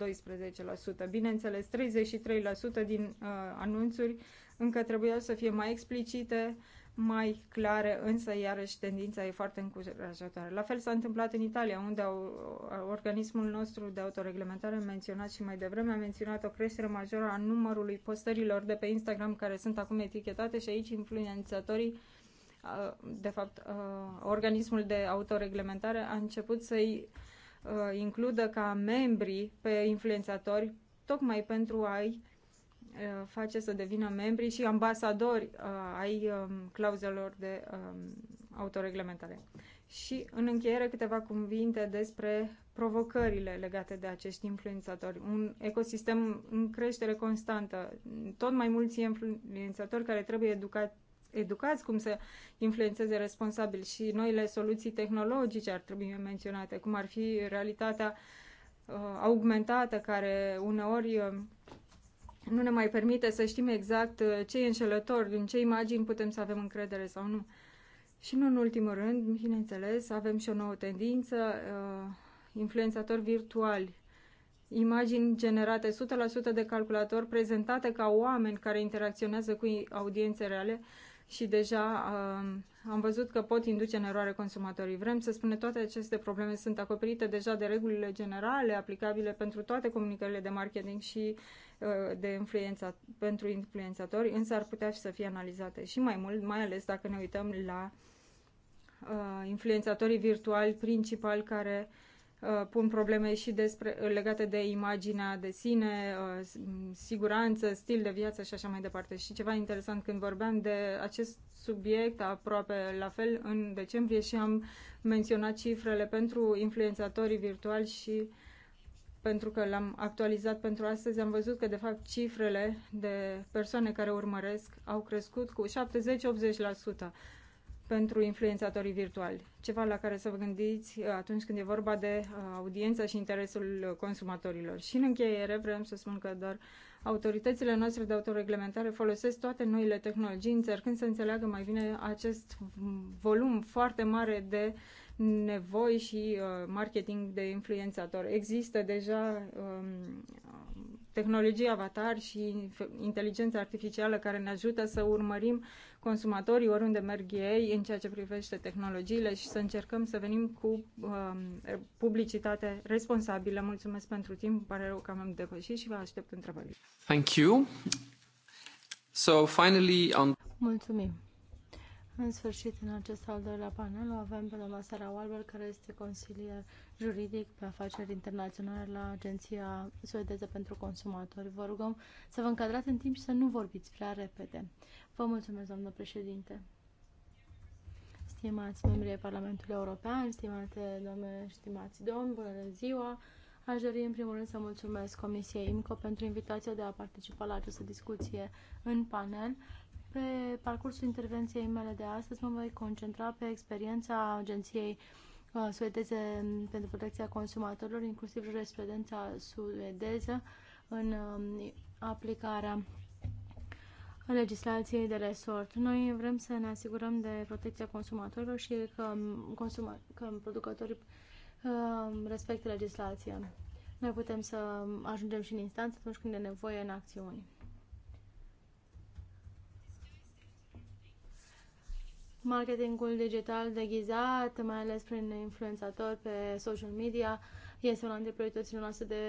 12%. Bineînțeles, 33% din uh, anunțuri încă trebuiau să fie mai explicite, mai clare, însă iarăși tendința e foarte încurajatoare. La fel s-a întâmplat în Italia, unde au, organismul nostru de autoreglementare menționat și mai devreme a menționat o creștere majoră a numărului postărilor de pe Instagram care sunt acum etichetate și aici influențatorii uh, de fapt, organismul de autoreglementare a început să-i includă ca membri pe influențatori, tocmai pentru a-i face să devină membri și ambasadori ai clauzelor de autoreglementare. Și, în încheiere, câteva cuvinte despre provocările legate de acești influențatori. Un ecosistem în creștere constantă, tot mai mulți influențatori care trebuie educați educați cum să influențeze responsabil și noile soluții tehnologice ar trebui menționate, cum ar fi realitatea uh, augmentată care uneori uh, nu ne mai permite să știm exact uh, ce e înșelător, din ce imagini putem să avem încredere sau nu. Și nu în ultimul rând, bineînțeles, avem și o nouă tendință, uh, influențatori virtuali, imagini generate 100% de calculator, prezentate ca oameni care interacționează cu audiențe reale, și deja uh, am văzut că pot induce în eroare consumatorii. Vrem să spunem toate aceste probleme sunt acoperite deja de regulile generale aplicabile pentru toate comunicările de marketing și uh, de influența, pentru influențatori, însă ar putea și să fie analizate și mai mult, mai ales dacă ne uităm la uh, influențatorii virtuali principali care uh, Uh, pun probleme și despre, uh, legate de imaginea de sine, uh, mm, siguranță, stil de viață și așa mai departe. Și ceva interesant când vorbeam de acest subiect aproape la fel în decembrie și am menționat cifrele pentru influențatorii virtuali și pentru că l-am actualizat pentru astăzi, am văzut că de fapt cifrele de persoane care urmăresc au crescut cu 70-80% pentru influențatorii virtuali. Ceva la care să vă gândiți uh, atunci când e vorba de uh, audiența și interesul consumatorilor. Și în încheiere vreau să spun că doar autoritățile noastre de autoreglementare folosesc toate noile tehnologii încercând să înțeleagă mai bine acest volum foarte mare de uh, nevoi și uh, marketing de influențator. Există deja um, tehnologia avatar și inteligența artificială care ne ajută să urmărim consumatorii oriunde merg ei în ceea ce privește tehnologiile și să încercăm să venim cu um, publicitate responsabilă. Mulțumesc pentru timp, îmi pare rău că am depășit și vă aștept întrebările. Thank you. So finally on Mulțumim. În sfârșit, în acest al doilea panel, o avem pe doamna Sara Walber, care este consilier juridic pe afaceri internaționale la Agenția Suedeză pentru Consumatori. Vă rugăm să vă încadrați în timp și să nu vorbiți prea repede. Vă mulțumesc, doamnă președinte. Stimați membrii Parlamentului European, stimate doamne, stimați domni, bună ziua! Aș dori în primul rând să mulțumesc Comisiei IMCO pentru invitația de a participa la această discuție în panel pe parcursul intervenției mele de astăzi mă voi concentra pe experiența Agenției uh, Suedeze pentru Protecția Consumatorilor, inclusiv jurisprudența suedeză în um, aplicarea legislației de resort. Noi vrem să ne asigurăm de protecția consumatorilor și că, um, consuma, că producătorii um, respectă legislația. Noi putem să ajungem și în instanță atunci când e nevoie în acțiuni. Marketingul digital deghizat, mai ales prin influențatori pe social media, este una dintre prioritățile noastre de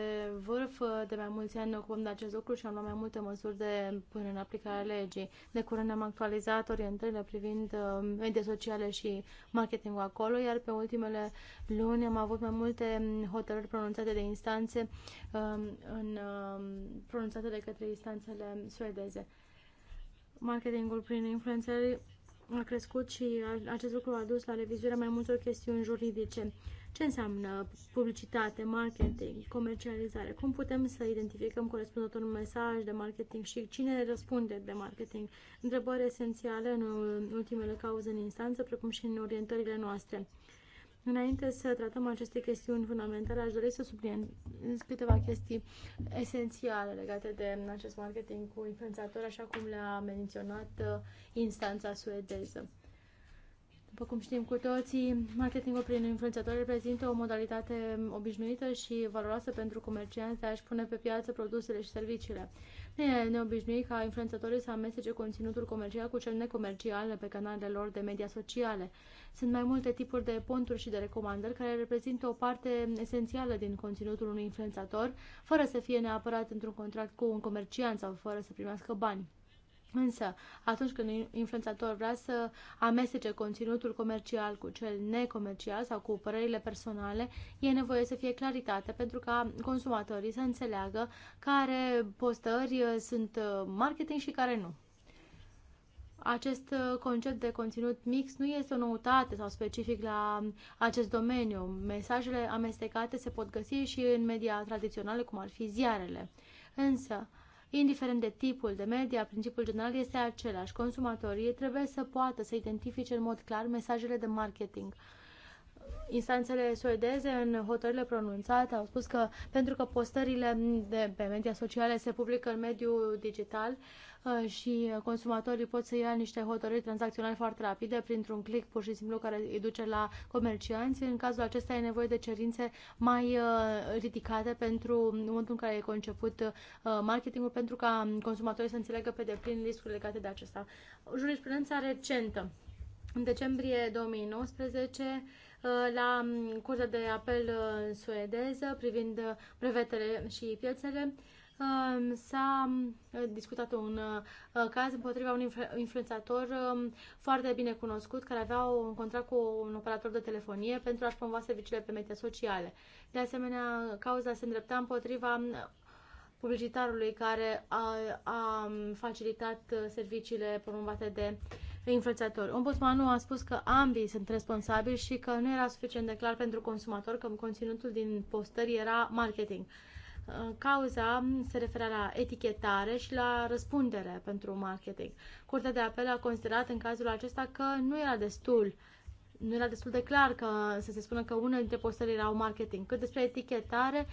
vârf. De mai mulți ani ne ocupăm de acest lucru și am luat mai multe măsuri de până în aplicarea legii. De curând am actualizat orientările privind um, media sociale și marketingul acolo, iar pe ultimele luni am avut mai multe um, hotărâri pronunțate de instanțe um, în, pronunțate de către instanțele suedeze. Marketingul prin influențări a crescut și acest lucru a dus la revizuirea mai multor chestiuni juridice. Ce înseamnă publicitate, marketing, comercializare? Cum putem să identificăm corespunzător un mesaj de marketing și cine răspunde de marketing? Întrebări esențiale în ultimele cauze în instanță, precum și în orientările noastre. Înainte să tratăm aceste chestiuni fundamentale, aș dori să subliniez câteva chestii esențiale legate de acest marketing cu influențator, așa cum le-a menționat uh, instanța suedeză. După cum știm cu toții, marketingul prin influențatori reprezintă o modalitate obișnuită și valoroasă pentru comercianți de a-și pune pe piață produsele și serviciile. E neobișnuit ca influențătorii să amestece conținutul comercial cu cel necomercial pe canalele lor de media sociale. Sunt mai multe tipuri de ponturi și de recomandări care reprezintă o parte esențială din conținutul unui influențator, fără să fie neapărat într-un contract cu un comerciant sau fără să primească bani. Însă, atunci când un influențator vrea să amestece conținutul comercial cu cel necomercial sau cu părerile personale, e nevoie să fie claritate pentru ca consumatorii să înțeleagă care postări uh, sunt uh, marketing și care nu. Acest uh, concept de conținut mix nu este o noutate sau specific la um, acest domeniu. Mesajele amestecate se pot găsi și în media tradițională, cum ar fi ziarele. Însă, Indiferent de tipul de media, principiul general este același. Consumatorii trebuie să poată să identifice în mod clar mesajele de marketing. Instanțele suedeze în hotările pronunțate au spus că pentru că postările de, pe media sociale se publică în mediul digital, uh, Uh, și consumatorii pot să ia niște hotărâri tranzacționale foarte rapide printr-un click pur și simplu care îi duce la comercianți. În cazul acesta e nevoie de cerințe mai uh, ridicate pentru momentul în care e conceput uh, marketingul pentru ca consumatorii să înțeleagă pe deplin riscurile legate de acesta. Jurisprudența recentă. În decembrie 2019 la um, Curtea de Apel suedeză privind brevetele și piețele s-a uh, discutat un uh, caz împotriva unui influențator um, foarte bine cunoscut care avea un contract cu un operator de telefonie pentru a-și promova serviciile pe media sociale. De asemenea, cauza se îndrepta împotriva um, publicitarului care a, a um, facilitat uh, serviciile promovate de influențatori. Ombudsmanul a spus că ambii sunt responsabili și că nu era suficient de clar pentru consumator că conținutul din postări era marketing. Uh, Cauza se referă la etichetare și la răspundere pentru marketing. Curtea de apel a considerat în cazul acesta că nu era destul nu era destul de clar că să se spună că unele dintre postări erau marketing. Cât despre etichetare,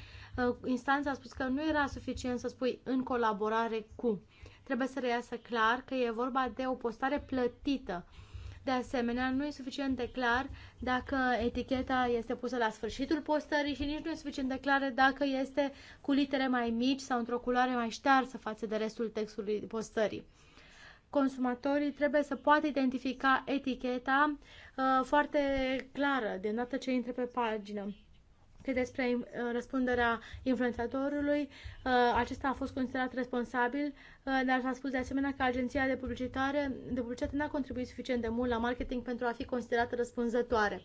uh, instanța a spus că nu era suficient să spui în colaborare cu. Trebuie să reiasă clar că e vorba de o postare plătită de asemenea, nu e suficient de clar dacă eticheta este pusă la sfârșitul postării și nici nu e suficient de clar dacă este cu litere mai mici sau într-o culoare mai ștearsă față de restul textului postării consumatorii trebuie să poată identifica eticheta uh, foarte clară de îndată ce intre pe pagină despre uh, răspunderea influențatorului. Uh, acesta a fost considerat responsabil, uh, dar s-a spus de asemenea că agenția de publicitate, de publicitate n-a contribuit suficient de mult la marketing pentru a fi considerată răspunzătoare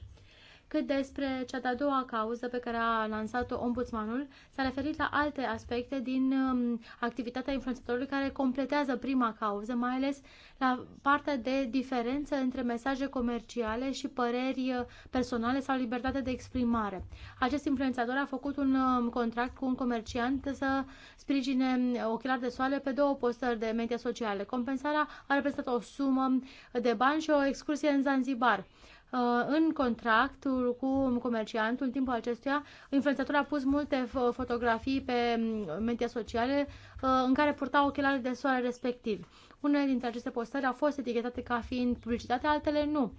cât despre cea de-a doua cauză pe care a lansat-o ombudsmanul, s-a referit la alte aspecte din um, activitatea influențatorului care completează prima cauză, mai ales la partea de diferență între mesaje comerciale și păreri uh, personale sau libertate de exprimare. Acest influențator a făcut un um, contract cu un comerciant să sprijine um, ochelari de soare pe două postări de media sociale. Compensarea a reprezentat o sumă de bani și o excursie în Zanzibar. Uh, în contractul cu comerciantul, în timpul acestuia, influențatorul a pus multe fotografii pe mm, media sociale uh, în care purta ochelari de soare respectiv. Unele dintre aceste postări au fost etichetate ca fiind publicitate, altele nu,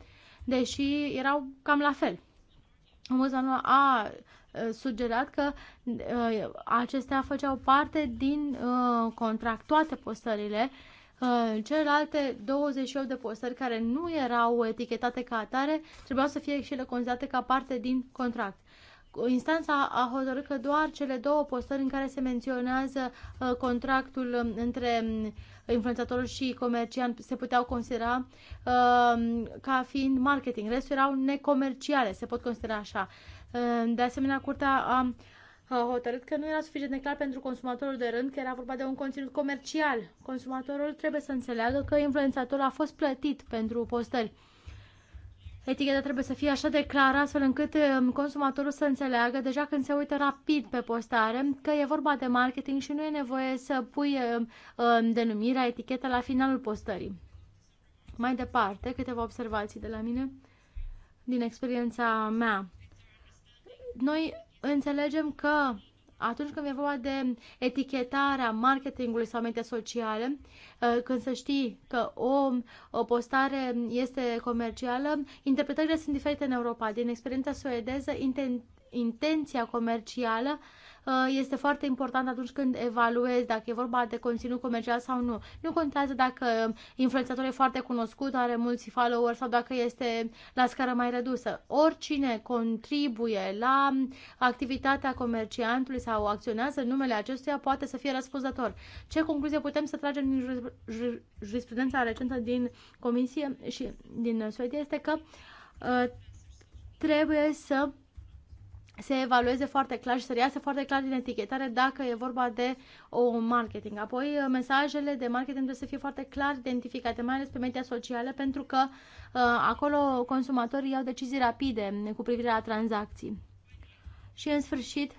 deși erau cam la fel. Ombudsmanul a uh, sugerat că acestea făceau parte din contract toate postările Uh, celelalte 28 de postări care nu erau etichetate ca atare trebuiau să fie și ele considerate ca parte din contract. Instanța a hotărât că doar cele două postări în care se menționează uh, contractul um, între um, influențatorul și comerciant se puteau considera um, ca fiind marketing. Restul erau necomerciale, se pot considera așa. Uh, de asemenea, curtea a hotărât că nu era suficient de clar pentru consumatorul de rând că era vorba de un conținut comercial. Consumatorul trebuie să înțeleagă că influențatorul a fost plătit pentru postări. Eticheta trebuie să fie așa de clară astfel încât um, consumatorul să înțeleagă deja când se uită rapid pe postare că e vorba de marketing și nu e nevoie să pui um, um, denumirea, etichetă la finalul postării. Mai departe, câteva observații de la mine din experiența mea. Noi înțelegem că atunci când e vorba de etichetarea marketingului sau media sociale, uh, când să știi că o, o postare este comercială, interpretările sunt diferite în Europa. Din experiența suedeză, inten intenția comercială Uh, este foarte important atunci când evaluezi dacă e vorba de conținut comercial sau nu. Nu contează dacă influențatorul e foarte cunoscut, are mulți followers sau dacă este la scară mai redusă. Oricine contribuie la activitatea comerciantului sau acționează numele acestuia poate să fie răspunzător. Ce concluzie putem să tragem din jurisprudența recentă din Comisie și din Suedia este că uh, trebuie să se evalueze foarte clar și să reiasă foarte clar din etichetare dacă e vorba de o marketing. Apoi, uh, mesajele de marketing trebuie să fie foarte clar identificate, mai ales pe media sociale, pentru că uh, acolo consumatorii iau decizii rapide cu privire la tranzacții. Și, în sfârșit,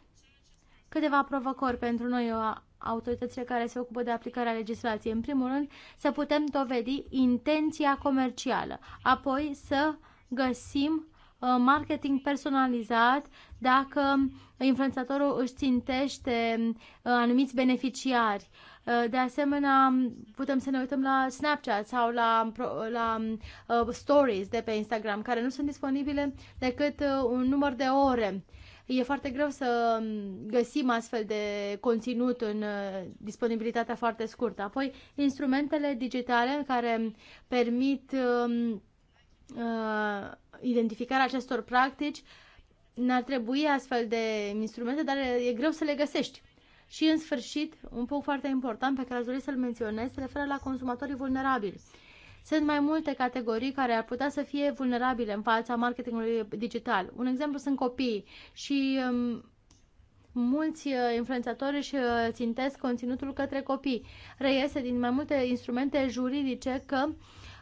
câteva provocări pentru noi uh, autoritățile care se ocupă de aplicarea legislației. În primul rând, să putem dovedi intenția comercială, apoi să găsim Uh, marketing personalizat dacă influențatorul își țintește uh, anumiți beneficiari. Uh, de asemenea, putem să ne uităm la Snapchat sau la, la uh, stories de pe Instagram, care nu sunt disponibile decât un număr de ore. E foarte greu să găsim astfel de conținut în disponibilitatea foarte scurtă. Apoi, instrumentele digitale care permit uh, uh, identificarea acestor practici, n-ar trebui astfel de instrumente, dar e greu să le găsești. Și, în sfârșit, un punct foarte important pe care aș dori să-l menționez se referă la consumatorii vulnerabili. Sunt mai multe categorii care ar putea să fie vulnerabile în fața marketingului digital. Un exemplu sunt copiii și um, mulți uh, influențatori își uh, țintesc conținutul către copii. Reiese din mai multe instrumente juridice că uh,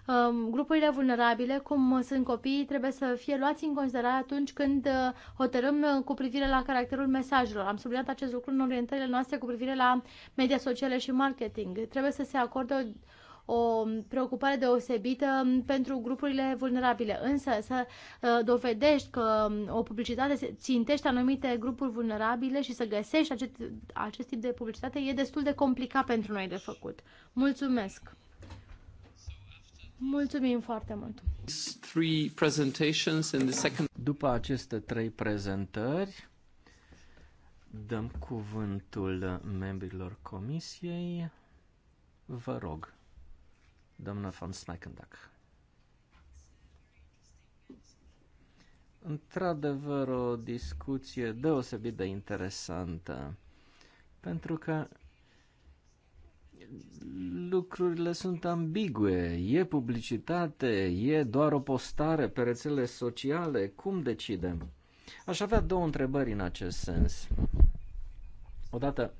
Um, grupurile vulnerabile, cum sunt copiii, trebuie să fie luați în considerare atunci când uh, hotărâm uh, cu privire la caracterul mesajelor. Am subliniat acest lucru în orientările noastre cu privire la media sociale și marketing. Trebuie să se acorde o, o preocupare deosebită um, pentru grupurile vulnerabile, însă să uh, dovedești că um, o publicitate țintește anumite grupuri vulnerabile și să găsești acest, acest tip de publicitate e destul de complicat pentru noi de făcut. Mulțumesc! Mulțumim foarte mult! După aceste trei prezentări, dăm cuvântul membrilor comisiei. Vă rog, doamna von Smeichendack. Într-adevăr, o discuție deosebit de interesantă, pentru că lucrurile sunt ambigue. E publicitate, e doar o postare pe rețele sociale. Cum decidem? Aș avea două întrebări în acest sens. Odată,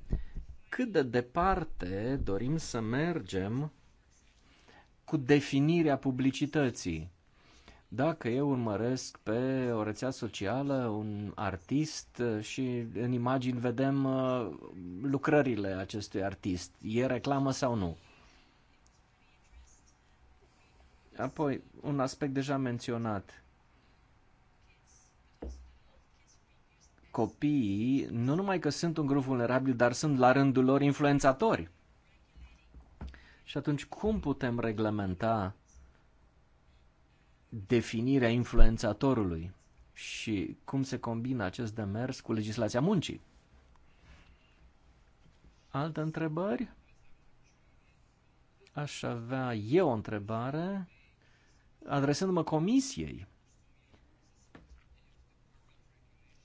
cât de departe dorim să mergem cu definirea publicității? Dacă eu urmăresc pe o rețea socială un artist uh, și în imagini vedem uh, lucrările acestui artist, e reclamă sau nu? Apoi, un aspect deja menționat. Copiii, nu numai că sunt un grup vulnerabil, dar sunt la rândul lor influențatori. Și atunci, cum putem reglementa definirea influențatorului și cum se combină acest demers cu legislația muncii. Alte întrebări? Aș avea eu o întrebare adresându-mă comisiei.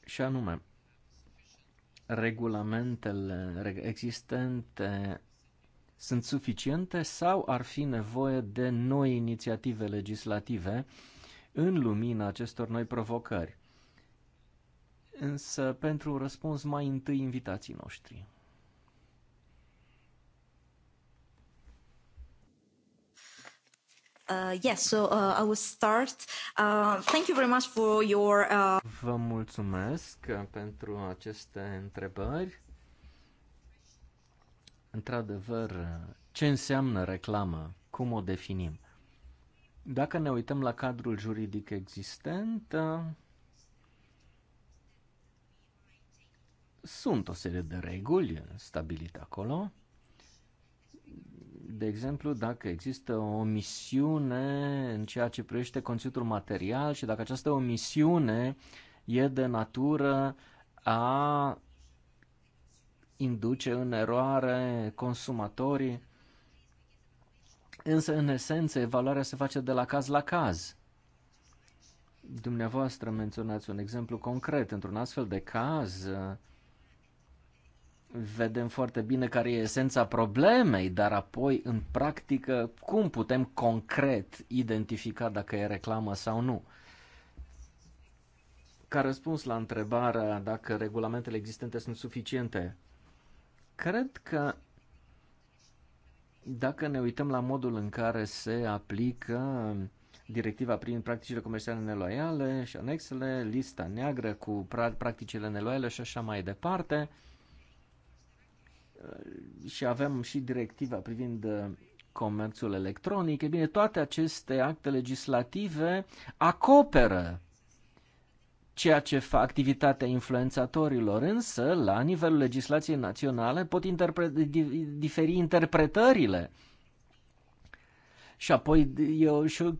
Și anume, regulamentele existente sunt suficiente sau ar fi nevoie de noi inițiative legislative în lumina acestor noi provocări. Însă, pentru un răspuns, mai întâi invitații noștri. Uh, yes, so uh, I will start. Uh, thank you very much for your. Uh... Vă mulțumesc uh, pentru aceste întrebări într-adevăr, ce înseamnă reclamă, cum o definim. Dacă ne uităm la cadrul juridic existent, sunt o serie de reguli stabilite acolo. De exemplu, dacă există o omisiune în ceea ce privește conținutul material și dacă această omisiune e de natură a induce în eroare consumatorii. Însă, în esență, evaluarea se face de la caz la caz. Dumneavoastră menționați un exemplu concret. Într-un astfel de caz, vedem foarte bine care e esența problemei, dar apoi, în practică, cum putem concret identifica dacă e reclamă sau nu. Ca răspuns la întrebarea dacă regulamentele existente sunt suficiente, Cred că dacă ne uităm la modul în care se aplică directiva privind practicile comerciale neloiale și anexele, lista neagră cu practicile neloiale și așa mai departe, uh, și avem și directiva privind uh, comerțul electronic, e bine, toate aceste acte legislative acoperă ceea ce fac activitatea influențatorilor, însă la nivelul legislației naționale pot interpre- diferi interpretările și apoi e și o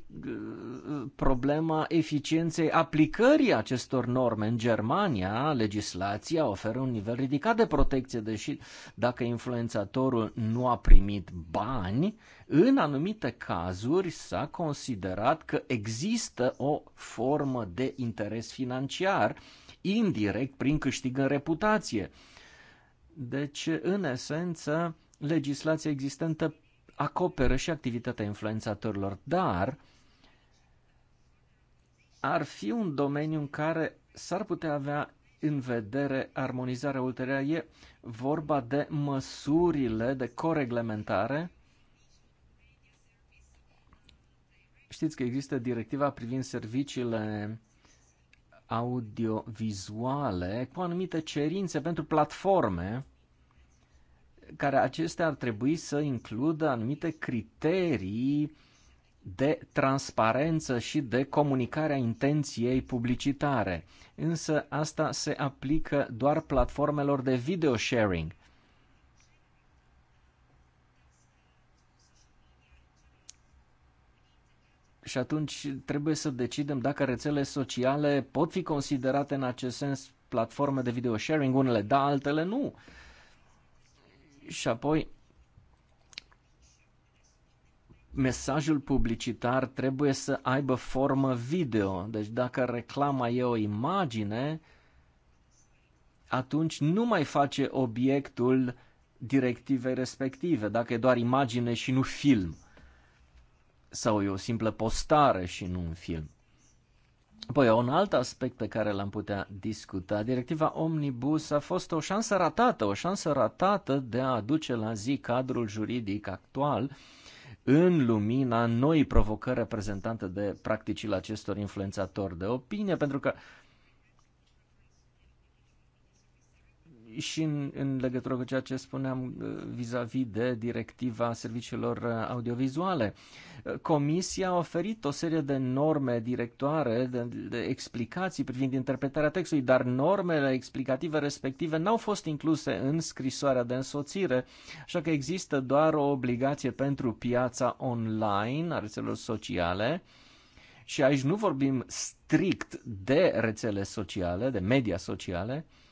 problema eficienței aplicării acestor norme. În Germania, legislația oferă un nivel ridicat de protecție, deși dacă influențatorul nu a primit bani, în anumite cazuri s-a considerat că există o formă de interes financiar indirect prin câștigă în reputație. Deci, în esență, legislația existentă acoperă și activitatea influențatorilor, dar ar fi un domeniu în care s-ar putea avea în vedere armonizarea ulterioară. E vorba de măsurile de coreglementare. Știți că există directiva privind serviciile audiovizuale cu anumite cerințe pentru platforme care acestea ar trebui să includă anumite criterii de transparență și de comunicare a intenției publicitare. Însă asta se aplică doar platformelor de video sharing. Și atunci trebuie să decidem dacă rețele sociale pot fi considerate în acest sens platforme de video sharing, unele da, altele nu. Uh, și apoi, mesajul publicitar trebuie să aibă formă video. Deci dacă reclama e o imagine, atunci nu mai face obiectul directivei respective, dacă e doar imagine și nu film. Sau e o simplă postare și nu un film. Apoi, un alt aspect pe care l-am putea discuta, directiva Omnibus a fost o șansă ratată, o șansă ratată de a aduce la zi cadrul juridic actual în lumina noii provocări reprezentante de practicile acestor influențatori de opinie, pentru că și în, în legătură cu ceea ce spuneam uh, vis-a-vis -vis de directiva serviciilor uh, audiovizuale. Uh, comisia a oferit o serie de norme directoare, de, de explicații privind interpretarea textului, dar normele explicative respective n-au fost incluse în scrisoarea de însoțire, așa că există doar o obligație pentru piața online a rețelelor sociale. Și aici nu vorbim strict de rețele sociale, de media sociale, uh,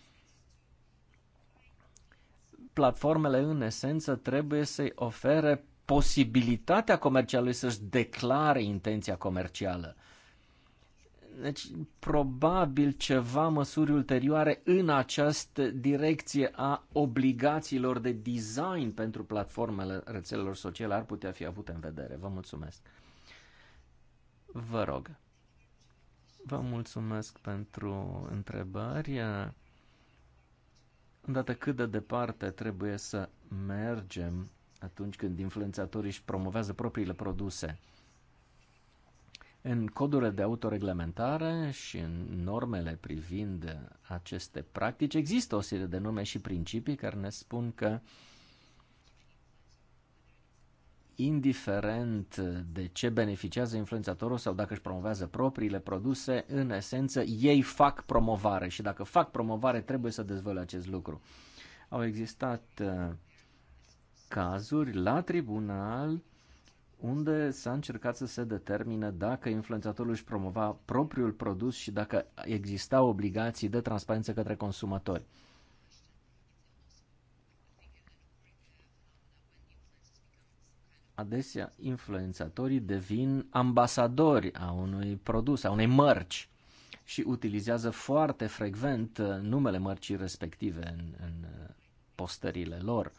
platformele în esență trebuie să-i ofere posibilitatea comercialului să-și declare intenția comercială. Deci, probabil ceva măsuri ulterioare în această direcție a obligațiilor de design pentru platformele rețelelor sociale ar putea fi avute în vedere. Vă mulțumesc. Vă rog. Vă mulțumesc pentru întrebări. Îndată cât de departe trebuie să mergem atunci când influențatorii își promovează propriile produse. În codurile de autoreglementare și în normele privind aceste practici există o serie de norme și principii care ne spun că uh, indiferent de ce beneficiază influențatorul sau dacă își promovează propriile produse, în esență ei fac promovare și dacă fac promovare trebuie să dezvăluie acest lucru. Au existat uh, cazuri la tribunal unde s-a încercat să se determine dacă influențatorul își promova propriul produs și dacă existau obligații de transparență către consumatori. adesea influențatorii devin ambasadori a unui produs, a unei mărci și utilizează foarte frecvent uh, numele mărcii respective în, în uh, postările lor.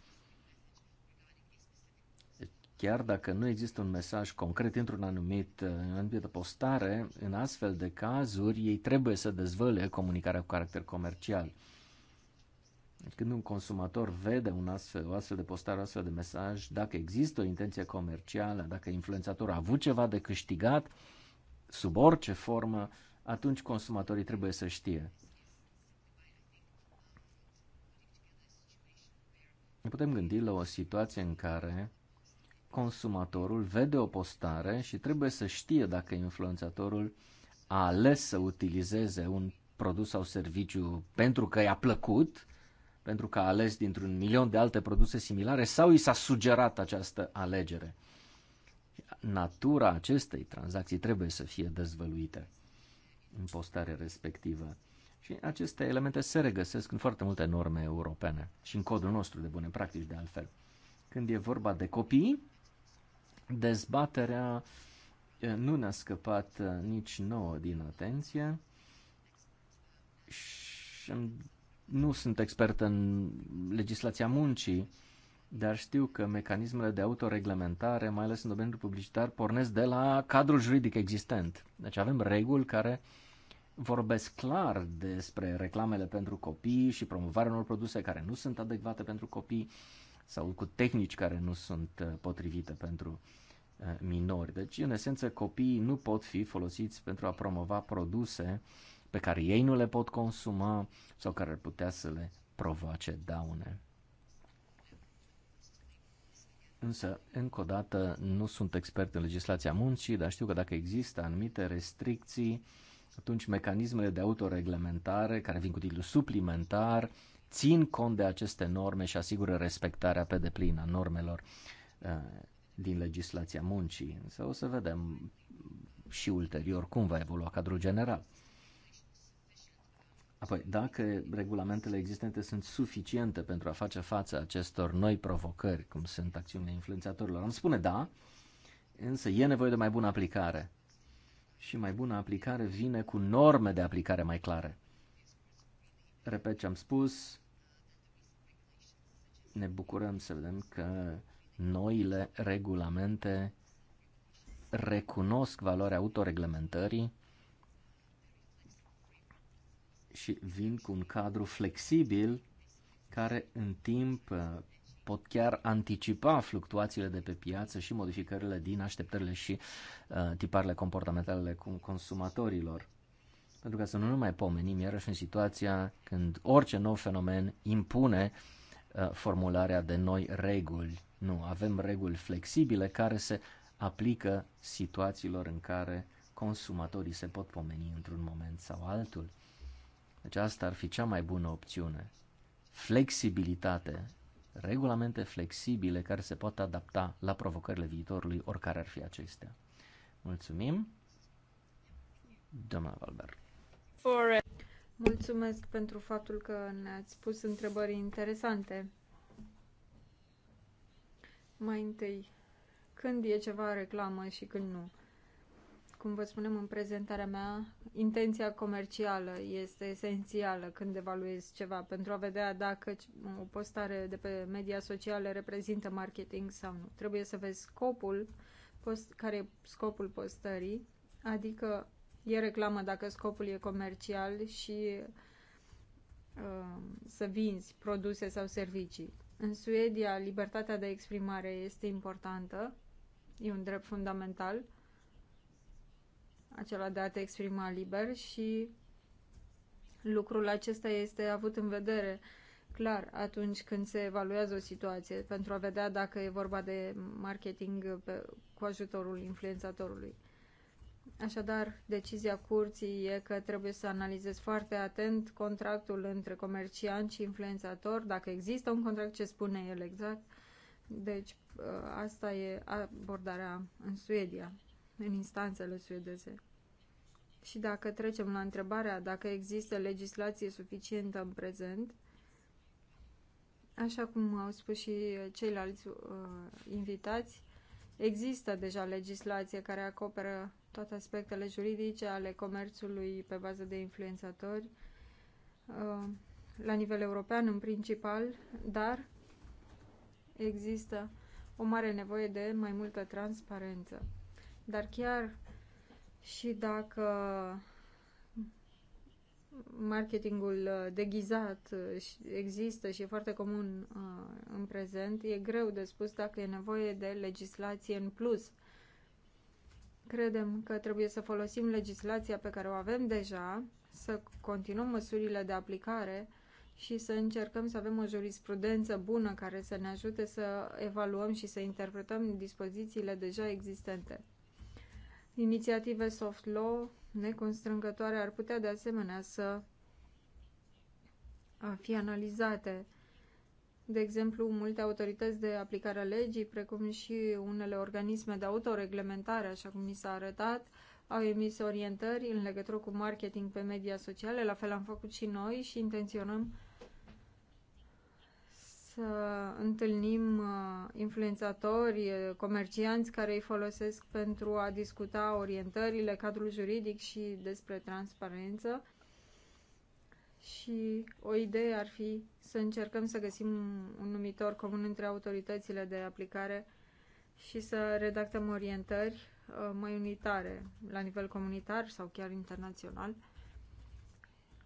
Chiar dacă nu există un mesaj concret într-un anumit, uh, în anumită postare, în astfel de cazuri ei trebuie să dezvăluie comunicarea cu caracter comercial. Când un consumator vede un astfel, o astfel de postare, un astfel de mesaj, dacă există o intenție comercială, dacă influențatorul a avut ceva de câștigat, sub orice formă, atunci consumatorii trebuie să știe. Ne putem gândi la o situație în care consumatorul vede o postare și trebuie să știe dacă influențatorul a ales să utilizeze un produs sau serviciu pentru că i-a plăcut pentru că a ales dintr-un milion de alte produse similare sau i s-a sugerat această alegere. Natura acestei tranzacții trebuie să fie dezvăluită în postarea respectivă. Și aceste elemente se regăsesc în foarte multe norme europene și în codul nostru de bune practici, de altfel. Când e vorba de copii, dezbaterea eh, nu ne-a scăpat eh, nici nouă din atenție și nu sunt expert în legislația muncii, dar știu că mecanismele de autoreglementare, mai ales în domeniul publicitar, pornesc de la cadrul juridic existent. Deci avem reguli care vorbesc clar despre reclamele pentru copii și promovarea unor produse care nu sunt adecvate pentru copii sau cu tehnici care nu sunt uh, potrivite pentru uh, minori. Deci, în esență, copiii nu pot fi folosiți pentru a promova produse uh, pe care ei nu le pot consuma sau care ar putea să le provoace daune. Însă, încă o dată, nu sunt expert în legislația muncii, dar știu că dacă există anumite restricții, atunci mecanismele de autoreglementare, care vin cu titlu suplimentar, țin cont de aceste norme și asigură respectarea pe deplin a normelor uh, din legislația muncii. Însă o să vedem și ulterior cum va evolua cadrul general. Apoi, dacă regulamentele existente sunt suficiente pentru a face față acestor noi provocări, cum sunt acțiunile influențatorilor, am spune da, însă e nevoie de mai bună aplicare. Și mai bună aplicare vine cu norme de aplicare mai clare. Repet ce am spus, ne bucurăm să vedem că noile regulamente recunosc valoarea autoreglementării și vin cu un cadru flexibil care în timp uh, pot chiar anticipa fluctuațiile de pe piață și modificările din așteptările și uh, tiparele comportamentale cu consumatorilor. Pentru ca să nu ne mai pomenim iarăși în situația când orice nou fenomen impune uh, formularea de noi reguli. Nu, avem reguli flexibile care se aplică situațiilor în care consumatorii se pot pomeni într-un moment sau altul. Deci asta ar fi cea mai bună opțiune. Flexibilitate, regulamente flexibile care se pot adapta la provocările viitorului, oricare ar fi acestea. Mulțumim, doamna Valber. For... Mulțumesc pentru faptul că ne-ați pus întrebări interesante. Mai întâi, când e ceva reclamă și când nu? cum vă spunem în prezentarea mea, intenția comercială este esențială când evaluezi ceva pentru a vedea dacă o postare de pe media sociale reprezintă marketing sau nu. Trebuie să vezi scopul, post, care e scopul postării, adică e reclamă dacă scopul e comercial și uh, să vinzi produse sau servicii. În Suedia, libertatea de exprimare este importantă, e un drept fundamental acela de a te exprima liber și lucrul acesta este avut în vedere clar atunci când se evaluează o situație pentru a vedea dacă e vorba de marketing pe, cu ajutorul influențatorului. Așadar, decizia curții e că trebuie să analizezi foarte atent contractul între comerciant și influențator, dacă există un contract, ce spune el exact. Deci, ă, asta e abordarea în Suedia în instanțele suedeze. Și dacă trecem la întrebarea dacă există legislație suficientă în prezent, așa cum au spus și ceilalți uh, invitați, există deja legislație care acoperă toate aspectele juridice ale comerțului pe bază de influențatori, uh, la nivel european în principal, dar există o mare nevoie de mai multă transparență. Dar chiar și dacă marketingul uh, deghizat uh, există și e foarte comun uh, în prezent, e greu de spus dacă e nevoie de legislație în plus. Credem că trebuie să folosim legislația pe care o avem deja, să continuăm măsurile de aplicare și să încercăm să avem o jurisprudență bună care să ne ajute să evaluăm și să interpretăm dispozițiile deja existente. Inițiative soft law neconstrângătoare ar putea de asemenea să fie analizate. De exemplu, multe autorități de aplicare a legii, precum și unele organisme de autoreglementare, așa cum ni s-a arătat, au emis orientări în legătură cu marketing pe media sociale, la fel am făcut și noi și intenționăm să întâlnim uh, influențatori, uh, comercianți care îi folosesc pentru a discuta orientările, cadrul juridic și despre transparență. Și o idee ar fi să încercăm să găsim un numitor comun între autoritățile de aplicare și să redactăm orientări uh, mai unitare la nivel comunitar sau chiar internațional.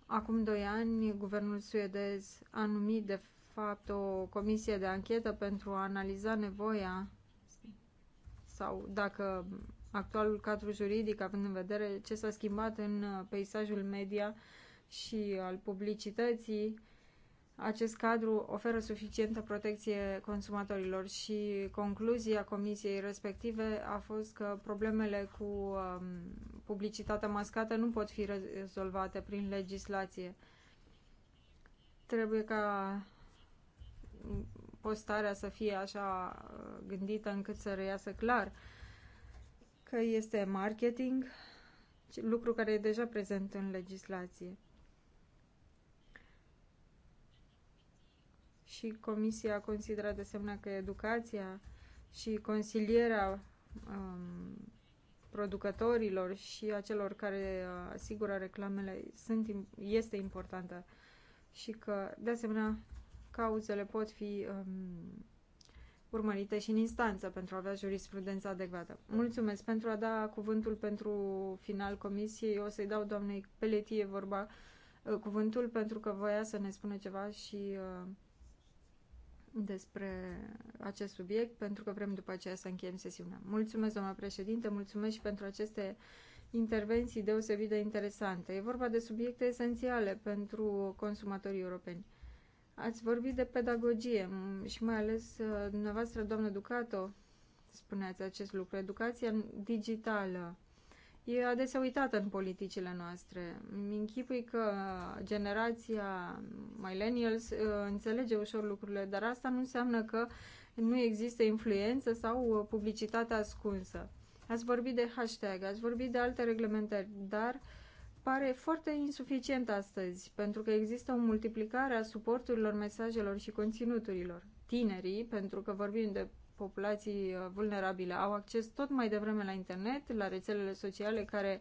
Acum doi ani, guvernul suedez a numit, de fapt, o comisie de anchetă pentru a analiza nevoia sau dacă actualul cadru juridic, având în vedere ce s-a schimbat în peisajul media și al publicității, acest cadru oferă suficientă protecție consumatorilor și concluzia comisiei respective a fost că problemele cu um, publicitatea mascată nu pot fi rezolvate prin legislație. Trebuie ca postarea să fie așa uh, gândită încât să reiasă clar că este marketing, lucru care e deja prezent în legislație. Și Comisia a considerat de asemenea că educația și consilierea um, producătorilor și a celor care uh, asigură reclamele sunt, este importantă și că, de asemenea, cauzele pot fi um, urmărite și în instanță pentru a avea jurisprudența adecvată. Mulțumesc pentru a da cuvântul pentru final comisiei. O să-i dau doamnei Peletie vorba uh, cuvântul pentru că voia să ne spună ceva și uh, despre acest subiect, pentru că vrem după aceea să încheiem sesiunea. Mulțumesc, doamna președinte, mulțumesc și pentru aceste intervenții deosebit de interesante. E vorba de subiecte esențiale pentru consumatorii europeni. Ați vorbit de pedagogie și mai ales uh, dumneavoastră, doamnă Ducato, spuneați acest lucru. Educația digitală e adesea uitată în politicile noastre. Mi închipui că generația millennials uh, înțelege ușor lucrurile, dar asta nu înseamnă că nu există influență sau uh, publicitate ascunsă. Ați vorbit de hashtag, ați vorbit de alte reglementări, dar uh, pare foarte insuficient astăzi, pentru că există o multiplicare a suporturilor, mesajelor și conținuturilor. Tinerii, pentru că vorbim de populații uh, vulnerabile, au acces tot mai devreme la internet, la rețelele sociale care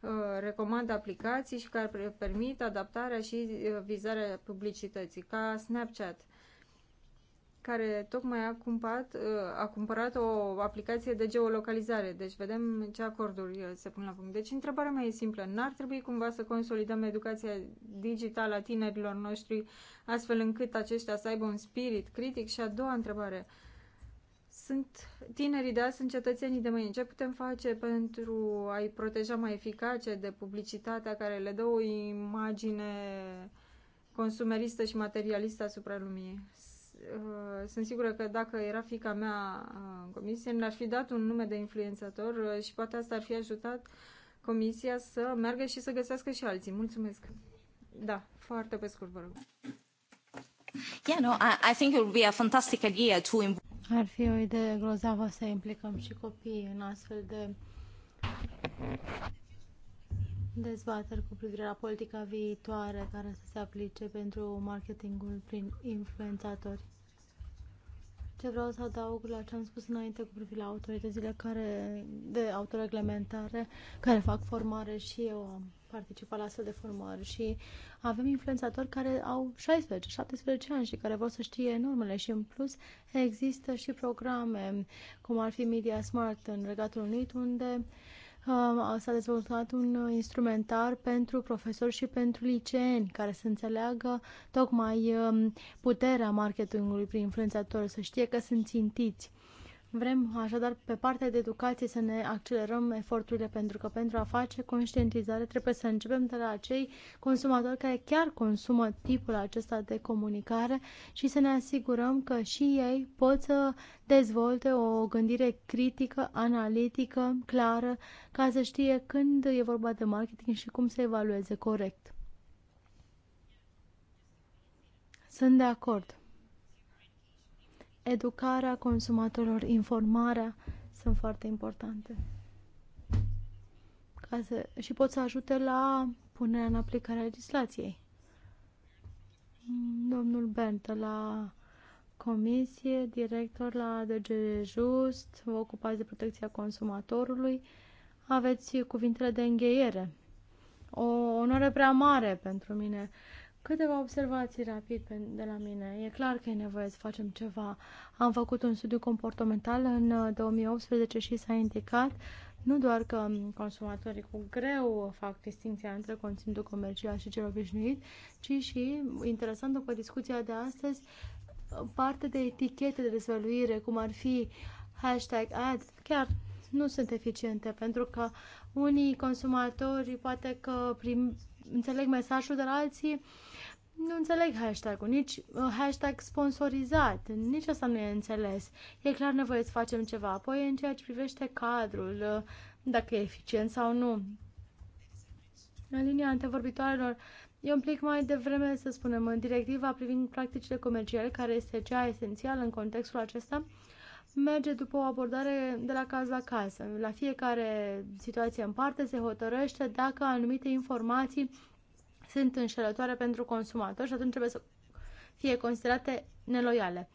uh, recomandă aplicații și care permit adaptarea și uh, vizarea publicității, ca Snapchat – care tocmai a cumpărat, uh, a cumpărat o aplicație de geolocalizare. Deci vedem ce acorduri uh, se pun la punct. Deci întrebarea mea e simplă. N-ar trebui cumva să consolidăm educația digitală a tinerilor noștri astfel încât aceștia să aibă un spirit critic? Și a doua întrebare. Sunt tinerii de da, azi, sunt cetățenii de mâine. Ce putem face pentru a-i proteja mai eficace de publicitatea care le dă o imagine consumeristă și materialistă asupra lumii? Uh, sunt sigură că dacă era fica mea uh, în comisie, mi-aș fi dat un nume de influențator uh, și poate asta ar fi ajutat comisia să meargă și să găsească și alții. Mulțumesc! Da, foarte pe scurt, vă rog. Yeah, no, I, I think it would be a fantastic idea to Ar fi o idee grozavă să implicăm și copiii în astfel de dezbateri cu privire la politica viitoare care să se aplice pentru marketingul prin influențatori. Ce vreau să adaug la ce am spus înainte cu privire la autoritățile care, de autoreglementare care fac formare și eu am participat la astfel de formare și avem influențatori care au 16-17 ani și care vor să știe normele și în plus există și programe cum ar fi Media Smart în Regatul Unit unde uh, s-a dezvoltat un uh, instrumentar pentru profesori și pentru liceeni care să înțeleagă tocmai um, puterea marketingului prin influențatori, să știe că sunt țintiți. Vrem așadar pe partea de educație să ne accelerăm eforturile pentru că pentru a face conștientizare trebuie să începem de la cei consumatori care chiar consumă tipul acesta de comunicare și să ne asigurăm că și ei pot să dezvolte o gândire critică, analitică, clară, ca să știe când e vorba de marketing și cum să evalueze corect. Sunt de acord educarea consumatorilor, informarea sunt foarte importante. Ca să, și pot să ajute la punerea în aplicare a legislației. Domnul Bentă, la comisie, director la DG Just, vă ocupați de protecția consumatorului, aveți cuvintele de îngheiere. O onoare prea mare pentru mine Câteva observații rapid de la mine. E clar că e nevoie să facem ceva. Am făcut un studiu comportamental în 2018 uh, și s-a indicat nu doar că consumatorii cu greu fac distinția între conținutul comercial și cel obișnuit, ci și, interesant după discuția de astăzi, parte de etichete de dezvăluire, cum ar fi hashtag ads, chiar nu sunt eficiente, pentru că unii consumatori poate că prim, înțeleg mesajul, dar alții nu înțeleg hashtag-ul, nici uh, hashtag sponsorizat, nici asta nu e înțeles. E clar nevoie să facem ceva. Apoi, în ceea ce privește cadrul, uh, dacă e eficient sau nu. În linia antevorbitoarelor, eu un pic mai devreme să spunem, în directiva privind practicile comerciale, care este cea esențială în contextul acesta, uh, merge după o abordare de la caz la caz. La fiecare situație în parte se hotărăște dacă anumite informații sunt înșelătoare pentru consumator și atunci trebuie să fie considerate neloiale.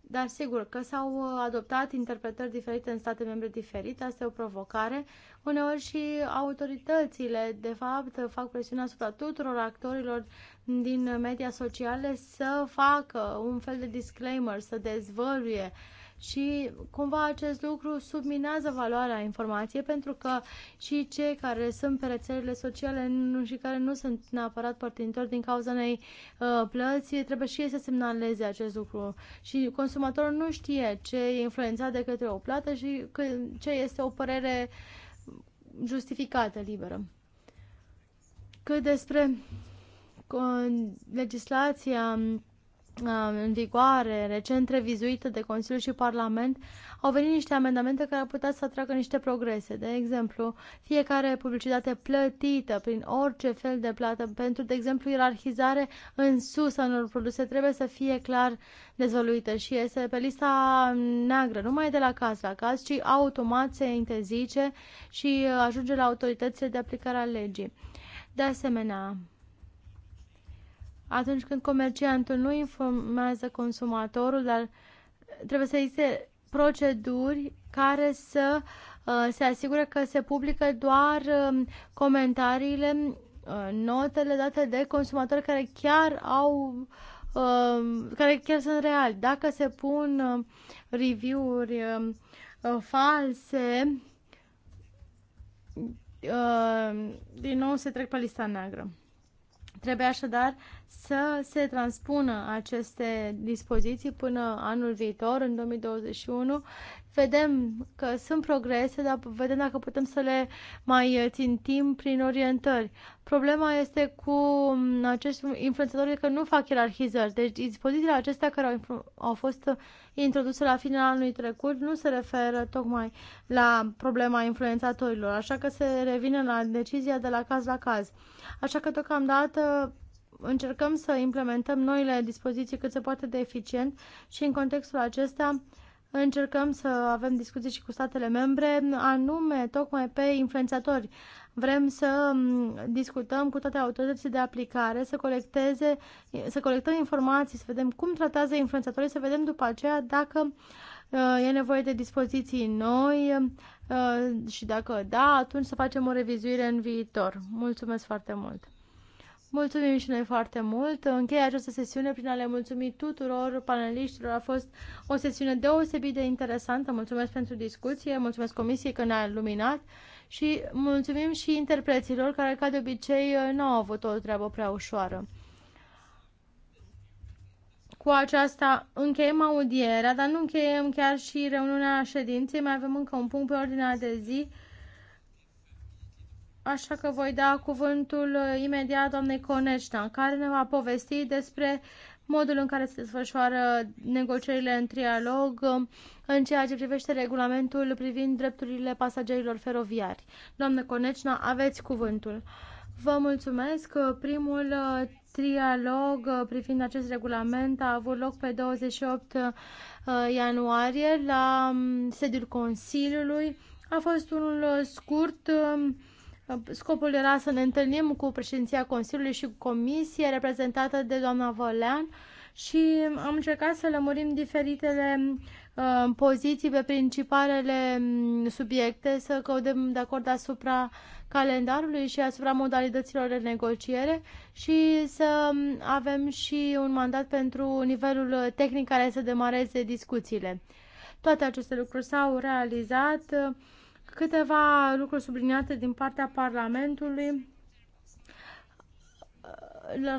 Dar sigur că s-au adoptat interpretări diferite în state membre diferite, asta e o provocare. Uneori și autoritățile, de fapt, fac presiune asupra tuturor actorilor din media sociale să facă un fel de disclaimer, să dezvăluie uh, și cumva acest lucru subminează valoarea informației pentru că și cei care sunt pe rețelele sociale și care nu sunt neapărat părtinitori din cauza unei uh, plăți, trebuie și ei să semnaleze acest lucru și consumatorul nu știe ce e influențat de către o plată și ce este o părere justificată, liberă. Cât despre uh, legislația Uh, în vigoare, recent revizuită de Consiliu și Parlament, au venit niște amendamente care ar putea să atragă niște progrese. De exemplu, fiecare publicitate plătită prin orice fel de plată, pentru, de exemplu, ierarhizare în sus a unor produse, trebuie să fie clar dezvoluită și este pe lista neagră, nu mai de la caz la caz, ci automat se interzice și ajunge la autoritățile de aplicare a legii. De asemenea, atunci când comerciantul nu informează consumatorul, dar trebuie să existe proceduri care să uh, se asigure că se publică doar uh, comentariile, uh, notele date de consumatori care chiar au um, care chiar sunt reali. Dacă se pun uh, review-uri um, uh, false, uh, din nou se trec pe lista neagră. Trebuie așadar să se transpună aceste dispoziții până anul viitor, în 2021, vedem că sunt progrese, dar vedem dacă putem să le mai țintim prin orientări. Problema este cu mm, acești influențători că nu fac ierarhizări. Deci dispozițiile acestea care au, au fost introduse la finalul anului trecut nu se referă tocmai la problema influențatorilor, așa că se revine la decizia de la caz la caz. Așa că deocamdată încercăm să implementăm noile dispoziții cât se poate de eficient și în contextul acesta încercăm să avem discuții și cu statele membre, anume tocmai pe influențatori. Vrem să mm, discutăm cu toate autoritățile de aplicare, să, colecteze, să colectăm informații, să vedem cum tratează influențatorii, să vedem după aceea dacă uh, e nevoie de dispoziții noi uh, și dacă da, atunci să facem o revizuire în viitor. Mulțumesc foarte mult! Mulțumim și noi foarte mult. Închei această sesiune prin a le mulțumi tuturor paneliștilor. A fost o sesiune deosebit de interesantă. Mulțumesc pentru discuție, mulțumesc comisiei că ne-a luminat și mulțumim și interpreților care, ca de obicei, nu au avut o treabă prea ușoară. Cu aceasta încheiem audierea, dar nu încheiem chiar și reuniunea ședinței. Mai avem încă un punct pe ordinea de zi. Așa că voi da cuvântul uh, imediat doamnei Coneșta, care ne va povesti despre modul în care se desfășoară negocierile în trialog uh, în ceea ce privește regulamentul privind drepturile pasagerilor feroviari. Doamne Conecna, aveți cuvântul. Vă mulțumesc. Uh, primul trialog privind acest regulament a avut loc pe 28 ianuarie la um, sediul Consiliului. A fost unul scurt um, Scopul era să ne întâlnim cu președinția Consiliului și cu comisie reprezentată de doamna Volean și am încercat să lămurim diferitele uh, poziții pe principalele mm, subiecte, să căutăm de acord asupra calendarului și asupra modalităților de negociere și să mm, avem și un mandat pentru nivelul tehnic care să demareze discuțiile. Toate aceste lucruri s-au realizat. Uh, Câteva lucruri subliniate din partea Parlamentului.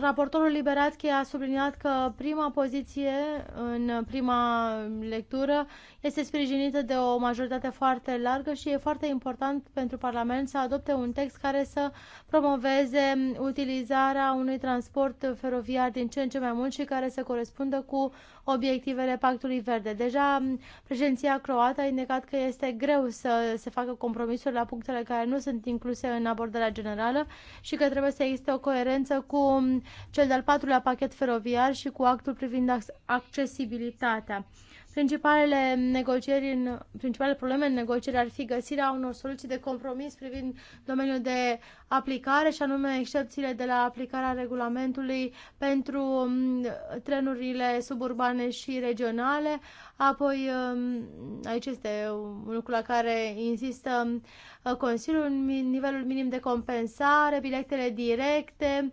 Raportorul care a subliniat că prima poziție în prima lectură este sprijinită de o majoritate foarte largă și e foarte important pentru Parlament să adopte un text care să promoveze utilizarea unui transport feroviar din ce în ce mai mult și care să corespundă cu obiectivele Pactului Verde. Deja președinția croată a indicat că este greu să se facă compromisuri la punctele care nu sunt incluse în abordarea generală și că trebuie să existe o coerență cu cel de-al patrulea pachet feroviar și cu actul privind accesibilitatea. Principalele, negocieri în, principalele probleme în negocieri ar fi găsirea unor soluții de compromis privind domeniul de aplicare și anume excepțiile de la aplicarea regulamentului pentru um, trenurile suburbane și regionale. Apoi, um, aici este un lucru la care insistă uh, Consiliul, nivelul minim de compensare, biletele directe,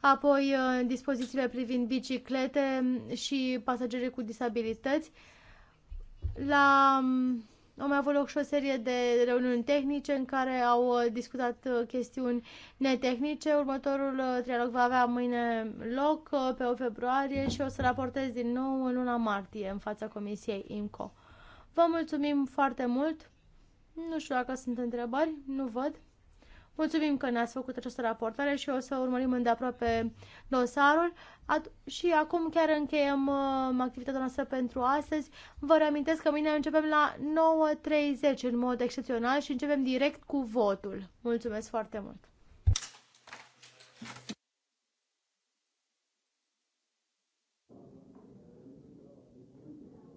apoi uh, dispozițiile privind biciclete și pasagerii cu disabilități. La, am um, avut loc și o serie de reuniuni tehnice în care au uh, discutat uh, chestiuni netehnice. Următorul trialog va avea mâine loc pe 8 februarie și o să raportez din nou în luna martie în fața Comisiei IMCO. Vă mulțumim foarte mult! Nu știu dacă sunt întrebări, nu văd. Mulțumim că ne-ați făcut această raportare și o să urmărim îndeaproape dosarul. At- și acum chiar încheiem uh, activitatea noastră pentru astăzi. Vă reamintesc că mâine începem la 9.30 în mod excepțional și începem direct cu votul. Mulțumesc foarte mult!